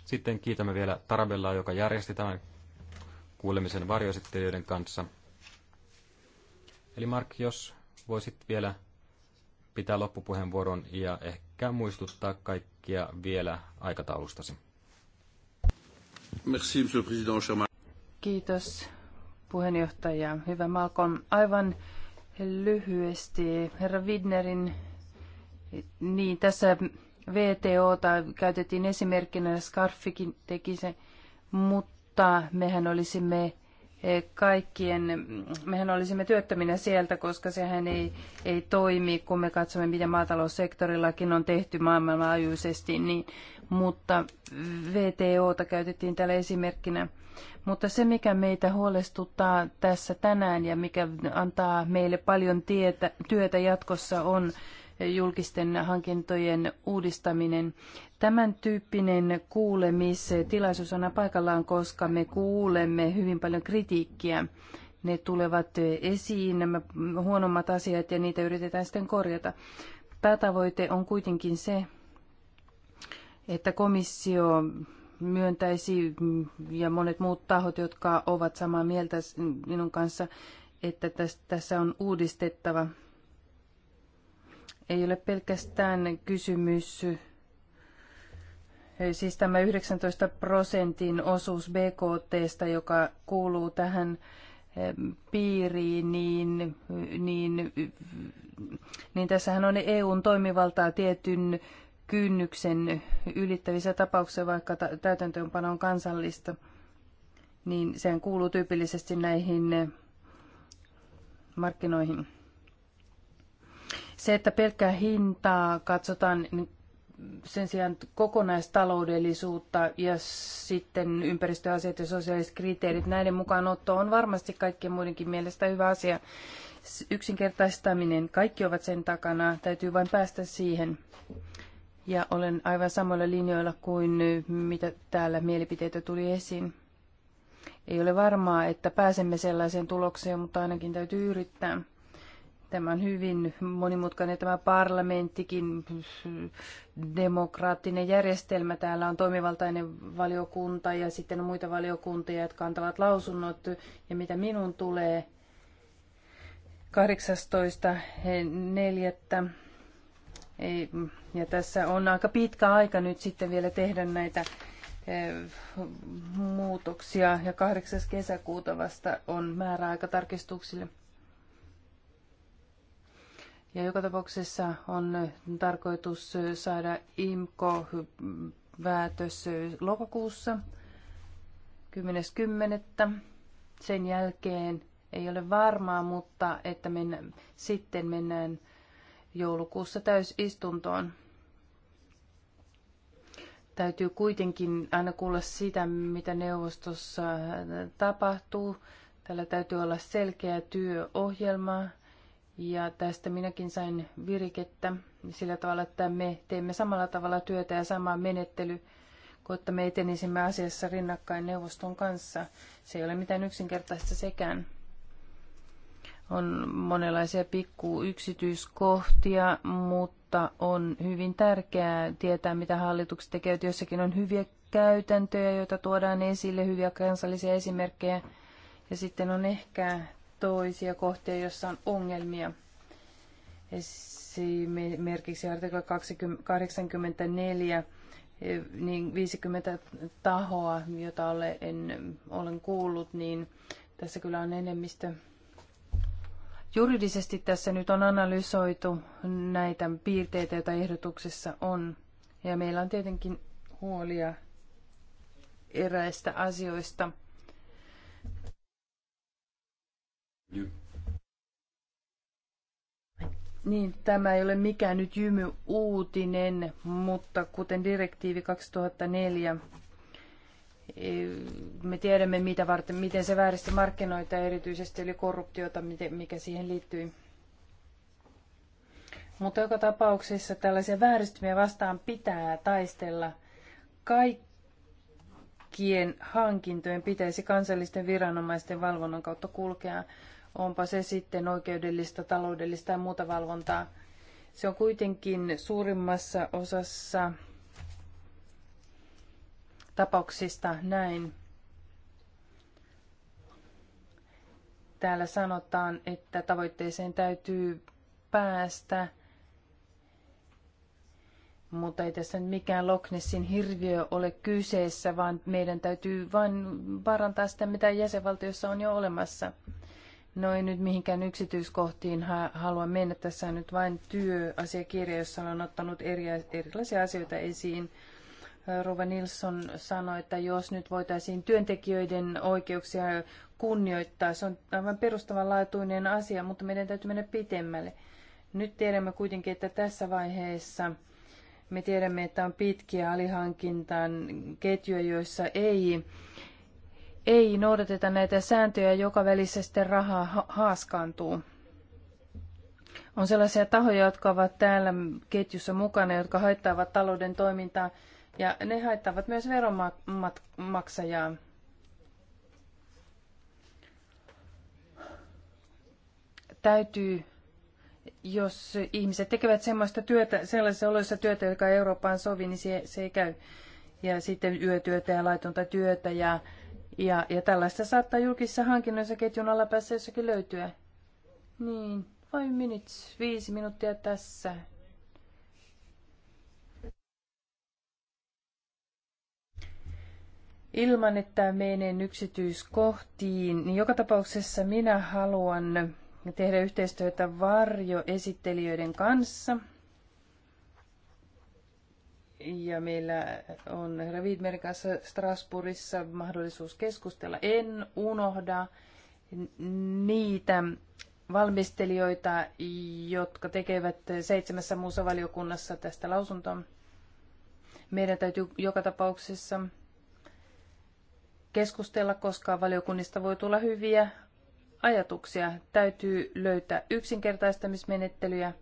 sitten kiitämme vielä Tarabellaa, joka järjesti tämän kuulemisen varjoesittelijöiden kanssa – Eli Mark, jos voisit vielä pitää loppupuheenvuoron ja ehkä muistuttaa kaikkia vielä aikataulustasi. Merci, monsieur président. Kiitos puheenjohtaja. Hyvä Malcolm. Aivan lyhyesti herra Widnerin, niin tässä VTO käytettiin esimerkkinä, Scarfikin teki se, mutta mehän olisimme kaikkien, mehän olisimme työttöminä sieltä, koska sehän ei, ei toimi, kun me katsomme, mitä maataloussektorillakin on tehty maailmanlaajuisesti, niin, mutta VTOta käytettiin täällä esimerkkinä. Mutta se, mikä meitä huolestuttaa tässä tänään ja mikä antaa meille paljon tietä, työtä jatkossa, on julkisten hankintojen uudistaminen. Tämän tyyppinen kuulemistilaisuus on paikallaan, koska me kuulemme hyvin paljon kritiikkiä. Ne tulevat esiin, nämä huonommat asiat, ja niitä yritetään sitten korjata. Päätavoite on kuitenkin se, että komissio myöntäisi ja monet muut tahot, jotka ovat samaa mieltä minun kanssa, että tässä on uudistettava. Ei ole pelkästään kysymys Siis tämä 19 prosentin osuus BKTstä, joka kuuluu tähän eh, piiriin, niin, niin, niin tässähän on EUn toimivaltaa tietyn kynnyksen ylittävissä tapauksissa, vaikka täytäntöönpano on kansallista, niin sehän kuuluu tyypillisesti näihin eh, markkinoihin. Se, että pelkkää hintaa katsotaan, niin sen sijaan kokonaistaloudellisuutta ja sitten ympäristöasiat ja sosiaaliset kriteerit, näiden mukaanotto on varmasti kaikkien muidenkin mielestä hyvä asia. Yksinkertaistaminen, kaikki ovat sen takana, täytyy vain päästä siihen. Ja olen aivan samoilla linjoilla kuin mitä täällä mielipiteitä tuli esiin. Ei ole varmaa, että pääsemme sellaiseen tulokseen, mutta ainakin täytyy yrittää. Tämä on hyvin monimutkainen tämä parlamenttikin, demokraattinen järjestelmä. Täällä on toimivaltainen valiokunta ja sitten on muita valiokuntia, jotka antavat lausunnot. Ja mitä minun tulee 18.4. Ja tässä on aika pitkä aika nyt sitten vielä tehdä näitä e, muutoksia ja 8. kesäkuuta vasta on määräaika tarkistuksille. Ja joka tapauksessa on tarkoitus saada IMKO-päätös lokakuussa 10.10. Sen jälkeen ei ole varmaa, mutta että mennään, sitten mennään joulukuussa täysistuntoon. Täytyy kuitenkin aina kuulla sitä, mitä neuvostossa tapahtuu. Tällä täytyy olla selkeä työohjelma ja tästä minäkin sain virikettä sillä tavalla, että me teemme samalla tavalla työtä ja sama menettely, kun että me etenisimme asiassa rinnakkain neuvoston kanssa. Se ei ole mitään yksinkertaista sekään. On monenlaisia pikku yksityiskohtia, mutta on hyvin tärkeää tietää, mitä hallitukset tekevät. Jossakin on hyviä käytäntöjä, joita tuodaan esille, hyviä kansallisia esimerkkejä. Ja sitten on ehkä toisia kohtia, joissa on ongelmia. Esimerkiksi artikla 84, niin 50 tahoa, jota olen, olen kuullut, niin tässä kyllä on enemmistö. Juridisesti tässä nyt on analysoitu näitä piirteitä, joita ehdotuksessa on. Ja meillä on tietenkin huolia eräistä asioista – Niin, tämä ei ole mikään nyt uutinen, mutta kuten direktiivi 2004, eh, me tiedämme, mitä varten, miten se vääristi markkinoita, erityisesti eli korruptiota, mikä siihen liittyi. Mutta joka tapauksessa tällaisia vääristymiä vastaan pitää taistella. Kaikkien hankintojen pitäisi kansallisten viranomaisten valvonnan kautta kulkea onpa se sitten oikeudellista, taloudellista tai muuta valvontaa. Se on kuitenkin suurimmassa osassa tapauksista näin. Täällä sanotaan, että tavoitteeseen täytyy päästä, mutta ei tässä nyt mikään Loch Nessin hirviö ole kyseessä, vaan meidän täytyy vain parantaa sitä, mitä jäsenvaltiossa on jo olemassa. No ei nyt mihinkään yksityiskohtiin halua mennä. Tässä on nyt vain työasiakirja, jossa on ottanut eri, erilaisia asioita esiin. Rova Nilsson sanoi, että jos nyt voitaisiin työntekijöiden oikeuksia kunnioittaa, se on aivan perustavanlaatuinen asia, mutta meidän täytyy mennä pitemmälle. Nyt tiedämme kuitenkin, että tässä vaiheessa me tiedämme, että on pitkiä alihankintaan ketjuja, joissa ei ei noudateta näitä sääntöjä, joka välissä sitten rahaa haaskaantuu. On sellaisia tahoja, jotka ovat täällä ketjussa mukana, jotka haittaavat talouden toimintaa ja ne haittaavat myös veronmaksajaa. Täytyy, jos ihmiset tekevät semmoista työtä, sellaisissa oloissa työtä, joka Eurooppaan sovi, niin se, se ei käy. Ja sitten yötyötä ja laitonta työtä ja, ja, ja tällaista saattaa julkisissa hankinnoissa ketjun alapäässä jossakin löytyä. Niin, five minutes, viisi minuuttia tässä. Ilman, että menen yksityiskohtiin, niin joka tapauksessa minä haluan tehdä yhteistyötä varjoesittelijöiden kanssa – ja meillä on herra Wiedmerin kanssa Strasbourgissa mahdollisuus keskustella. En unohda niitä valmistelijoita, jotka tekevät seitsemässä muussa valiokunnassa tästä lausuntoa. Meidän täytyy joka tapauksessa keskustella, koska valiokunnista voi tulla hyviä ajatuksia. Täytyy löytää yksinkertaistamismenettelyjä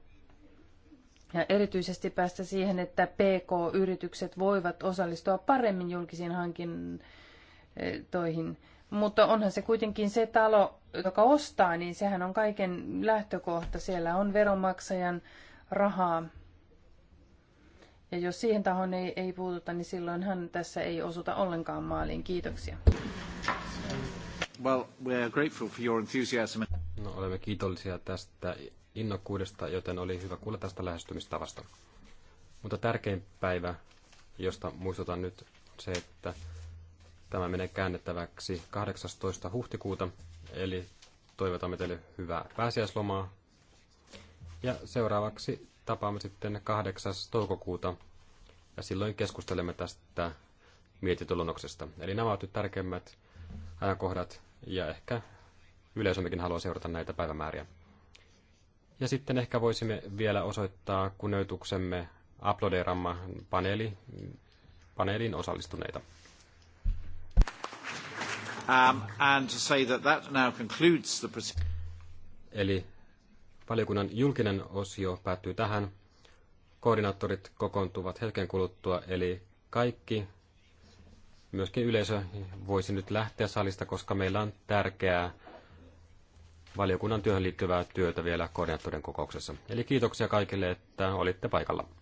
ja erityisesti päästä siihen, että PK-yritykset voivat osallistua paremmin julkisiin hankintoihin. Mutta onhan se kuitenkin se talo, joka ostaa, niin sehän on kaiken lähtökohta. Siellä on veronmaksajan rahaa. Ja jos siihen tahon ei, ei puututa, niin silloinhan tässä ei osuta ollenkaan maaliin. Kiitoksia. Well, we're grateful for your enthusiasm. No, olemme kiitollisia tästä innokkuudesta, joten oli hyvä kuulla tästä lähestymistavasta. Mutta tärkein päivä, josta muistutan nyt, se, että tämä menee käännettäväksi 18. huhtikuuta, eli toivotamme teille hyvää pääsiäislomaa. Ja seuraavaksi tapaamme sitten 8. toukokuuta, ja silloin keskustelemme tästä mietitulonnoksesta. Eli nämä ovat nyt tärkeimmät ajankohdat, ja ehkä yleisömmekin haluaa seurata näitä päivämääriä. Ja sitten ehkä voisimme vielä osoittaa kunnioituksemme aplodeeramma paneeli, paneelin osallistuneita. Um, and to say that that now concludes the... Eli valiokunnan julkinen osio päättyy tähän. Koordinaattorit kokoontuvat hetken kuluttua, eli kaikki, myöskin yleisö, voisi nyt lähteä salista, koska meillä on tärkeää valiokunnan työhön liittyvää työtä vielä koordinaattorin kokouksessa. Eli kiitoksia kaikille, että olitte paikalla.